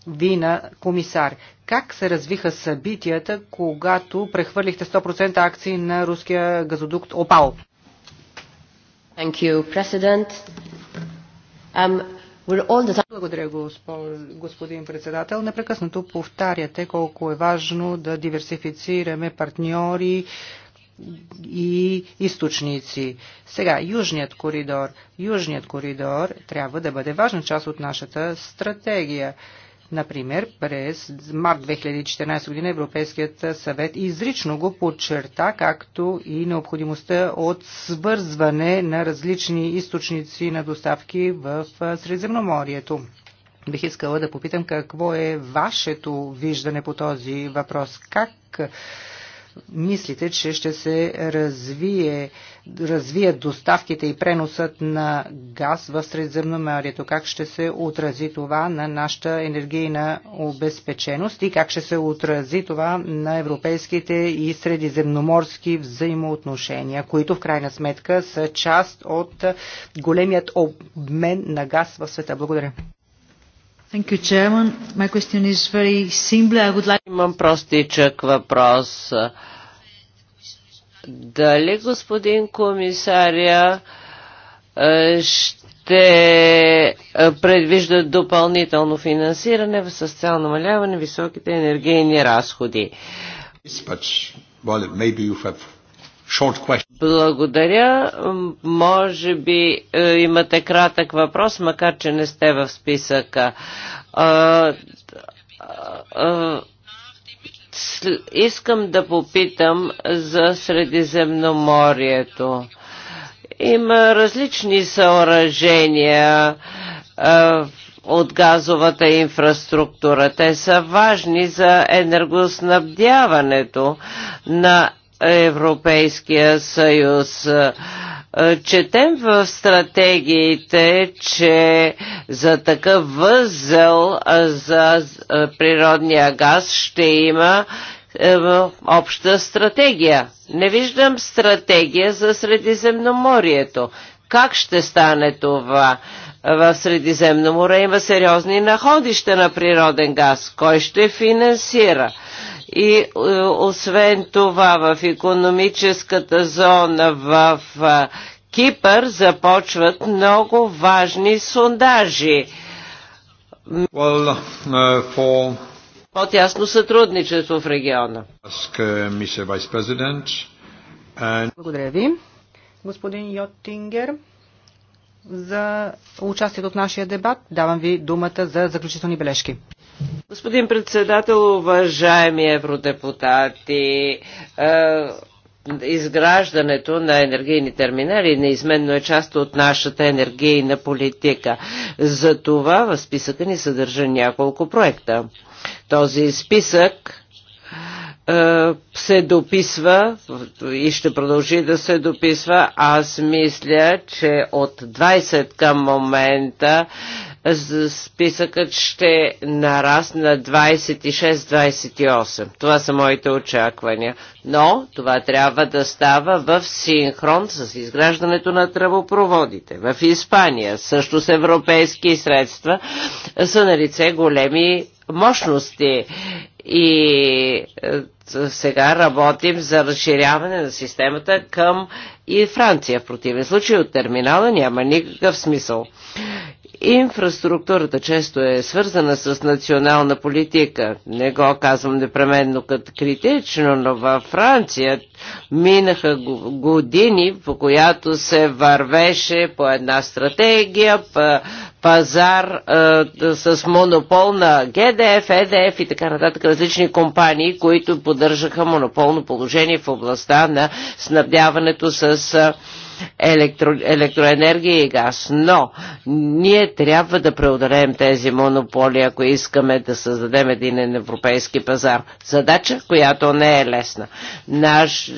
S3: вина комисар? Как се развиха събитията, когато прехвърлихте 100% акции на руския газодукт ОПАО? Thank you, President. Um, благодаря, господин председател. Непрекъснато повтаряте колко е важно да диверсифицираме партньори и източници. Сега, Южният коридор. Южният коридор трябва да бъде важна част от нашата стратегия. Например, през март 2014 година Европейският съвет изрично го подчерта, както и необходимостта от свързване на различни източници на доставки в Средиземноморието. Бих искала да попитам какво е вашето виждане по този въпрос. Как мислите, че ще се развие, развият доставките и преносът на газ в Средземноморието? Как ще се отрази това на нашата енергийна обезпеченост и как ще се отрази това на европейските и средиземноморски взаимоотношения, които в крайна сметка са част от големият обмен на газ в света? Благодаря.
S4: Имам простичък въпрос. Дали господин комисаря е, ще е, предвижда допълнително финансиране с цел намаляване високите енергийни разходи? But, well, maybe you have благодаря. Може би е, имате кратък въпрос, макар че не сте в списъка. А, а, искам да попитам за Средиземноморието. Има различни съоръжения от газовата инфраструктура. Те са важни за енергоснабдяването на Европейския съюз. Е, четем в стратегиите, че за такъв възел е, за е, природния газ ще има обща стратегия. Не виждам стратегия за Средиземноморието. Как ще стане това? В Средиземно море има сериозни находища на природен газ. Кой ще финансира? И е, освен това в економическата зона в е, Кипър започват много важни сондажи. Well, uh, for... По-тясно сътрудничество в региона.
S1: Uh, and...
S3: Благодаря ви, господин Йоттингер, за участието в нашия дебат. Давам ви думата за заключителни бележки.
S4: Господин председател, уважаеми евродепутати, е, изграждането на енергийни терминали неизменно е част от нашата енергийна политика. За това в списъка ни съдържа няколко проекта. Този списък е, се дописва и ще продължи да се дописва. Аз мисля, че от 20 към момента списъкът ще нарасне на 26-28. Това са моите очаквания. Но това трябва да става в синхрон с изграждането на тръбопроводите. В Испания, също с европейски средства, са на лице големи мощности и е, сега работим за разширяване на системата към и Франция. В противен случай от терминала няма никакъв смисъл. Инфраструктурата често е свързана с национална политика. Не го казвам непременно като критично, но във Франция минаха години, по която се вървеше по една стратегия, пазар с монопол на ГДФ, ЕДФ и така нататък различни компании, които поддържаха монополно положение в областта на снабдяването с електро, електроенергия и газ. Но ние трябва да преодолеем тези монополи, ако искаме да създадем един европейски пазар. Задача, която не е лесна. Наш...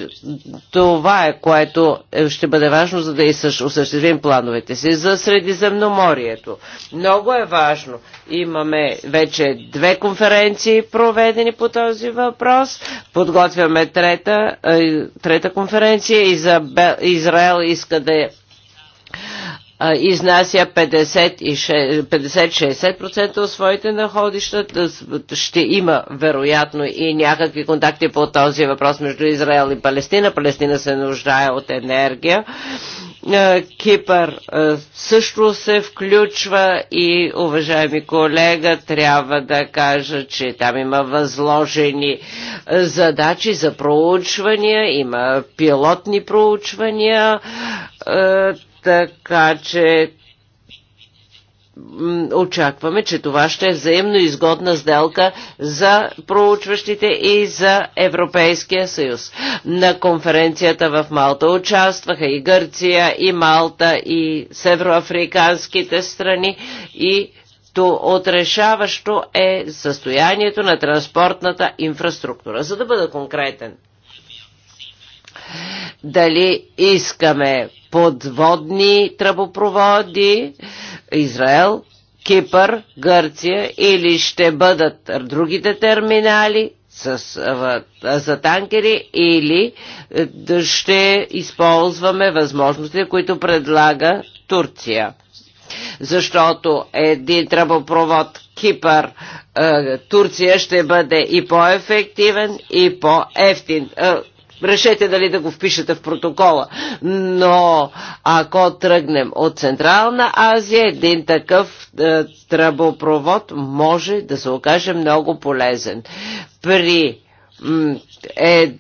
S4: Това е, което ще бъде важно, за да и осъществим плановете си за Средиземноморието. Много е важно Имаме вече две конференции проведени по този въпрос. Подготвяме трета, е, трета конференция. Израел иска да е, изнася 50-60% от своите находища. Ще има вероятно и някакви контакти по този въпрос между Израел и Палестина. Палестина се нуждае от енергия е, Кипър е, също се включва и, уважаеми колега, трябва да кажа, че там има възложени е, задачи за проучвания, има пилотни проучвания, така че очакваме, че това ще е взаимно изгодна сделка за проучващите и за Европейския съюз. На конференцията в Малта участваха и Гърция, и Малта, и североафриканските страни, и то отрешаващо е състоянието на транспортната инфраструктура. За да бъда конкретен, дали искаме подводни тръбопроводи, Израел, Кипър, Гърция или ще бъдат другите терминали с, а, за танкери или е, ще използваме възможностите, които предлага Турция. Защото един тръбопровод Кипър, е, Турция ще бъде и по-ефективен, и по-ефтин. Е, решете дали да го впишете в протокола. Но ако тръгнем от Централна Азия, един такъв е, тръбопровод може да се окаже много полезен. При, е,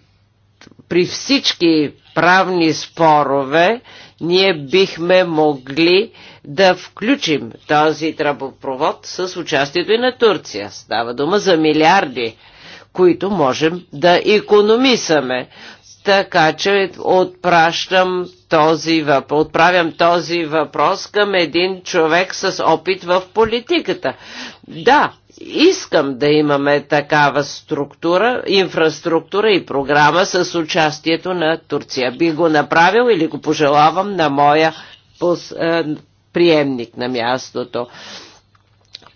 S4: при всички правни спорове ние бихме могли да включим този тръбопровод с участието и на Турция. Става дума за милиарди които можем да економисаме. Така че отпращам този въпрос. отправям този въпрос към един човек с опит в политиката. Да, искам да имаме такава структура, инфраструктура и програма с участието на Турция. Би го направил или го пожелавам на моя е, приемник на мястото.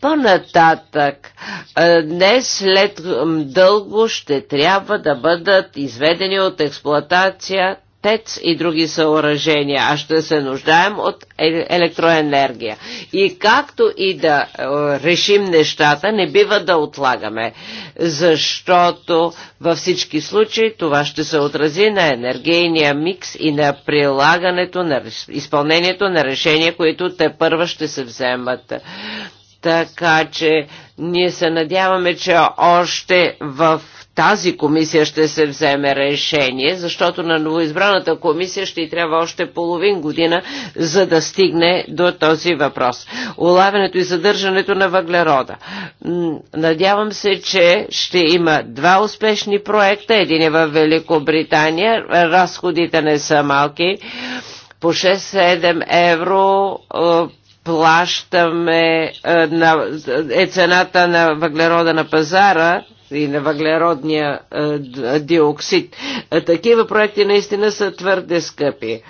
S4: По-нататък, е, днес след дълго ще трябва да бъдат изведени от експлоатация ТЕЦ и други съоръжения, а ще се нуждаем от е, електроенергия. И както и да е, решим нещата, не бива да отлагаме, защото във всички случаи това ще се отрази на енергийния микс и на прилагането, на изпълнението на решения, които те първа ще се вземат. Така че ние се надяваме, че още в тази комисия ще се вземе решение, защото на новоизбраната комисия ще и трябва още половин година, за да стигне до този въпрос. Улавянето и задържането на въглерода. Надявам се, че ще има два успешни проекта. Един е в Великобритания. Разходите не са малки. По 6-7 евро е, плащаме е, на, е цената на въглерода на пазара и на въглеродния е, диоксид. Е, такива проекти наистина са твърде скъпи.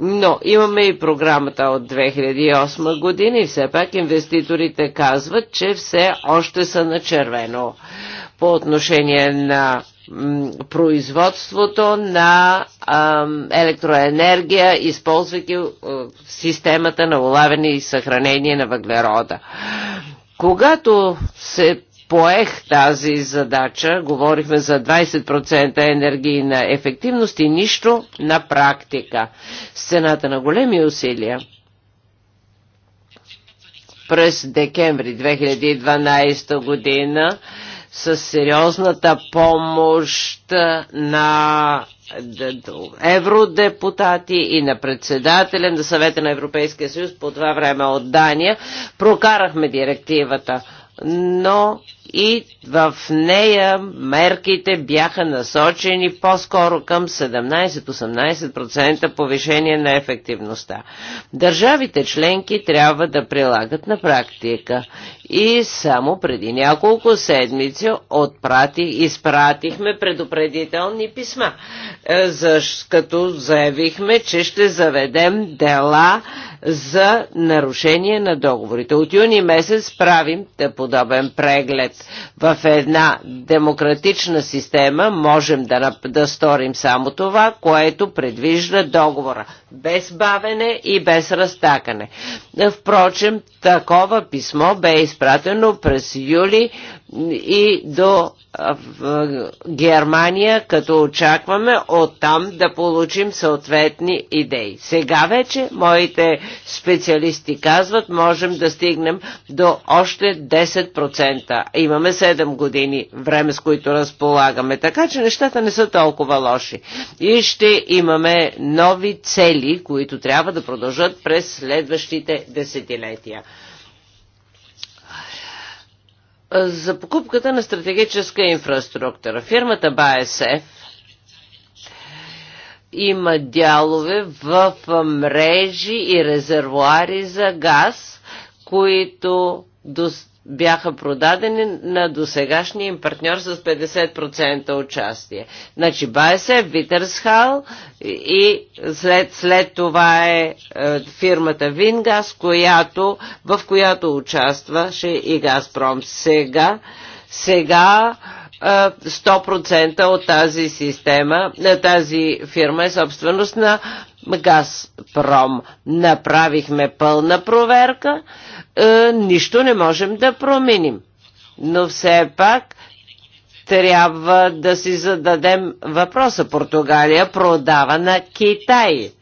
S4: Но имаме и програмата от 2008 година и все пак инвеститорите казват, че все още са на червено. По отношение на производството на а, електроенергия, използвайки а, е, системата на улавяне и съхранение на въглерода. Когато се поех тази задача, говорихме за 20% енергийна ефективност и нищо на практика. Сцената на големи усилия през декември 2012 година с сериозната помощ на евродепутати и на председателя на съвета на Европейския съюз по това време от Дания. Прокарахме директивата, но и в нея мерките бяха насочени по-скоро към 17-18% повишение на ефективността. Държавите членки трябва да прилагат на практика и само преди няколко седмици отпрати, изпратихме предупредителни писма, е, като заявихме, че ще заведем дела за нарушение на договорите. От юни месец правим подобен преглед. В една демократична система можем да, да сторим само това, което предвижда договора без бавене и без разтакане. Впрочем, такова писмо бе изпратено през юли и до Германия, като очакваме оттам да получим съответни идеи. Сега вече моите специалисти казват, можем да стигнем до още 10%. Имаме 7 години време, с които разполагаме, така че нещата не са толкова лоши. И ще имаме нови цели сили, които трябва да продължат през следващите десетилетия. За покупката на стратегическа инфраструктура фирмата BASF има дялове в мрежи и резервуари за газ, които бяха продадени на досегашния им партньор с 50% участие. Значи Байсе Витерсхал и след, след това е, е фирмата Вингаз, която, в която участваше и Газпром. Сега, сега 100% е, от тази система, тази фирма е собственост на Газпром. Направихме пълна проверка е, нищо не можем да променим. Но все пак трябва да си зададем въпроса. Португалия продава на Китай.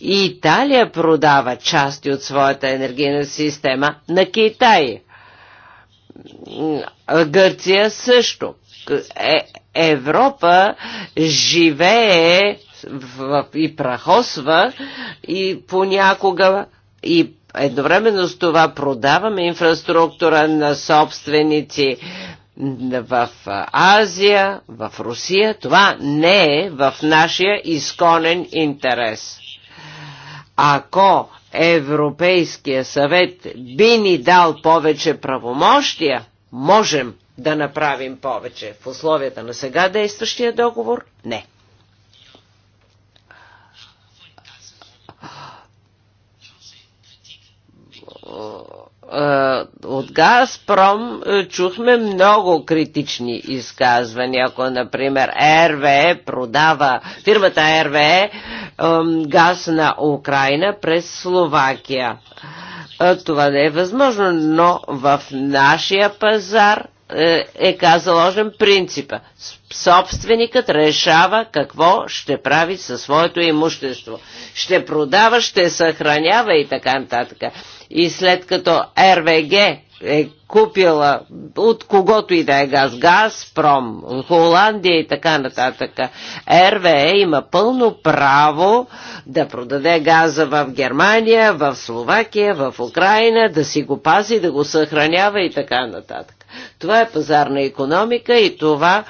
S4: Италия продава части от своята енергийна система на Китай. Гърция също. Е, Европа живее в, в, и прахосва и понякога и едновременно с това продаваме инфраструктура на собственици в Азия, в Русия. Това не е в нашия изконен интерес. Ако Европейския съвет би ни дал повече правомощия, можем да направим повече. В условията на сега действащия договор – не. Е, от Газпром е, чухме много критични изказвания. Ако, например, РВЕ продава, фирмата РВЕ газ на Украина през Словакия. Е, това не е възможно, но в нашия пазар е заложен принципа. Собственикът решава какво ще прави със своето имущество. Ще продава, ще съхранява и така нататък. И след като РВГ е купила от когото и да е газ, Газпром, Холандия и така нататък. РВЕ има пълно право да продаде газа в Германия, в Словакия, в Украина, да си го пази, да го съхранява и така нататък. Това е пазарна економика и това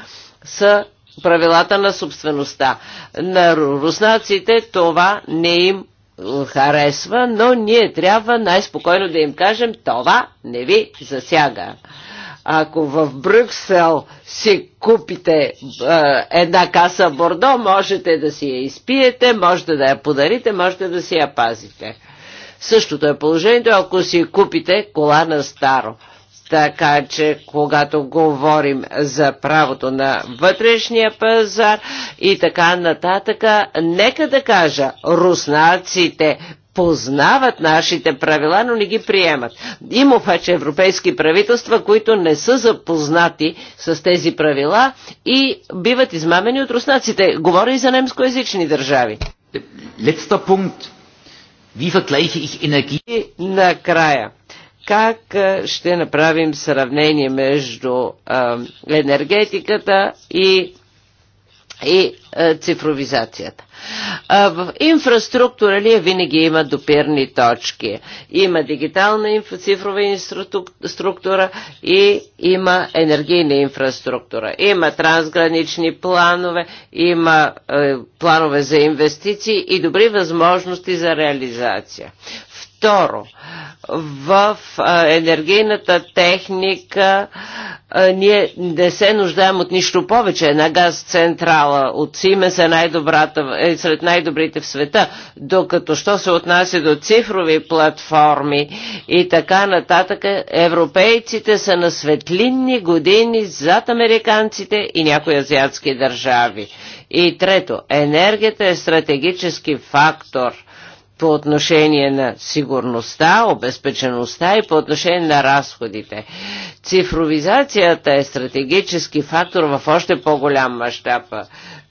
S4: са правилата на собствеността. На руснаците това не им харесва, но ние трябва най-спокойно да им кажем, това не ви засяга. Ако в Брюксел си купите е, една каса бордо, можете да си я изпиете, можете да я подарите, можете да си я пазите. Същото е положението, ако си купите кола на старо. Така че, когато говорим за правото на вътрешния пазар и така нататък, нека да кажа, руснаците познават нашите правила, но не ги приемат. Има обаче европейски правителства, които не са запознати с тези правила и биват измамени от руснаците. Говоря и за немскоязични държави. Летста пункт. Wie vergleiche И накрая как ще направим сравнение между енергетиката и и цифровизацията. В инфраструктура ли е, винаги има допирни точки? Има дигитална цифрова инфраструктура и има енергийна инфраструктура. Има трансгранични планове, има е, планове за инвестиции и добри възможности за реализация. Второ, в енергийната техника ние не се нуждаем от нищо повече. Една газ централа от Сименс е най-добрата, е сред най-добрите в света, докато що се отнася до цифрови платформи и така нататък, европейците са на светлинни години зад американците и някои азиатски държави. И трето, енергията е стратегически фактор – по отношение на сигурността, обезпечеността и по отношение на разходите. Цифровизацията е стратегически фактор в още по-голям мащаб.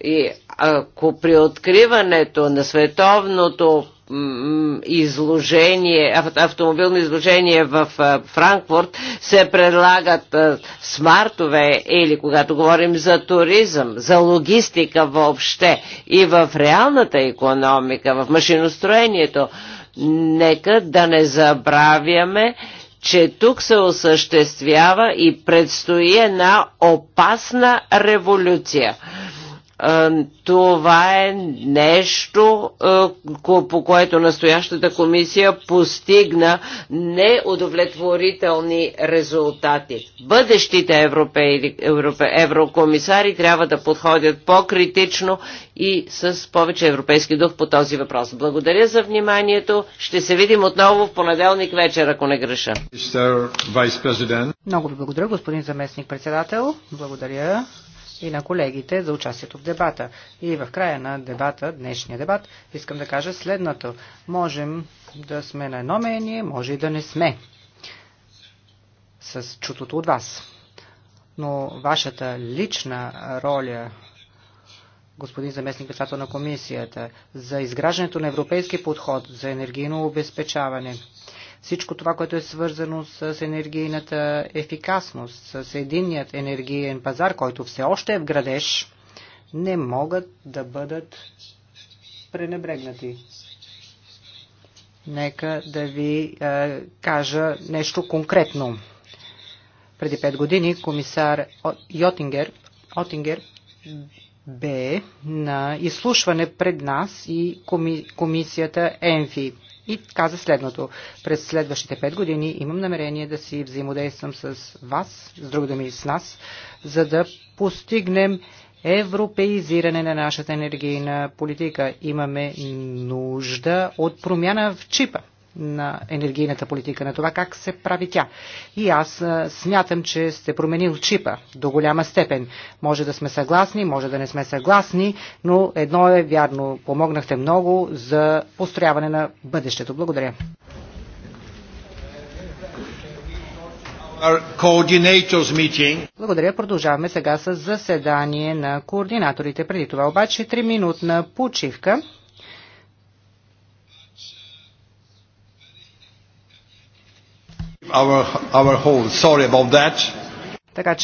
S4: И ако при откриването на световното изложение, автомобилно изложение в Франкфурт се предлагат смартове или когато говорим за туризъм, за логистика въобще и в реалната економика, в машиностроението, нека да не забравяме, че тук се осъществява и предстои една опасна революция – това е нещо, по което настоящата комисия постигна неудовлетворителни резултати. Бъдещите еврокомисари трябва да подходят по-критично и с повече европейски дух по този въпрос. Благодаря за вниманието. Ще се видим отново в понеделник вечер, ако не греша.
S3: Много ви благодаря, господин заместник председател. Благодаря и на колегите за участието в дебата. И в края на дебата, днешния дебат, искам да кажа следното. Можем да сме на едно мнение, може и да не сме с чутото от вас. Но вашата лична роля господин заместник председател на комисията, за изграждането на европейски подход за енергийно обезпечаване всичко това, което е свързано с енергийната ефикасност, с единният енергиен пазар, който все още е в градеж, не могат да бъдат пренебрегнати. Нека да ви е, кажа нещо конкретно. Преди 5 години комисар Йотингер, Отингер бе на изслушване пред нас и комисията ЕНФИ и каза следното. През следващите пет години имам намерение да си взаимодействам с вас, с да думи с нас, за да постигнем европеизиране на нашата енергийна политика. Имаме нужда от промяна в чипа на енергийната политика, на това как се прави тя. И аз смятам, че сте променил чипа до голяма степен. Може да сме съгласни, може да не сме съгласни, но едно е вярно. Помогнахте много за построяване на бъдещето. Благодаря. Благодаря. Продължаваме сега с заседание на координаторите. Преди това обаче 3-минутна почивка.
S1: our, our Sorry about that.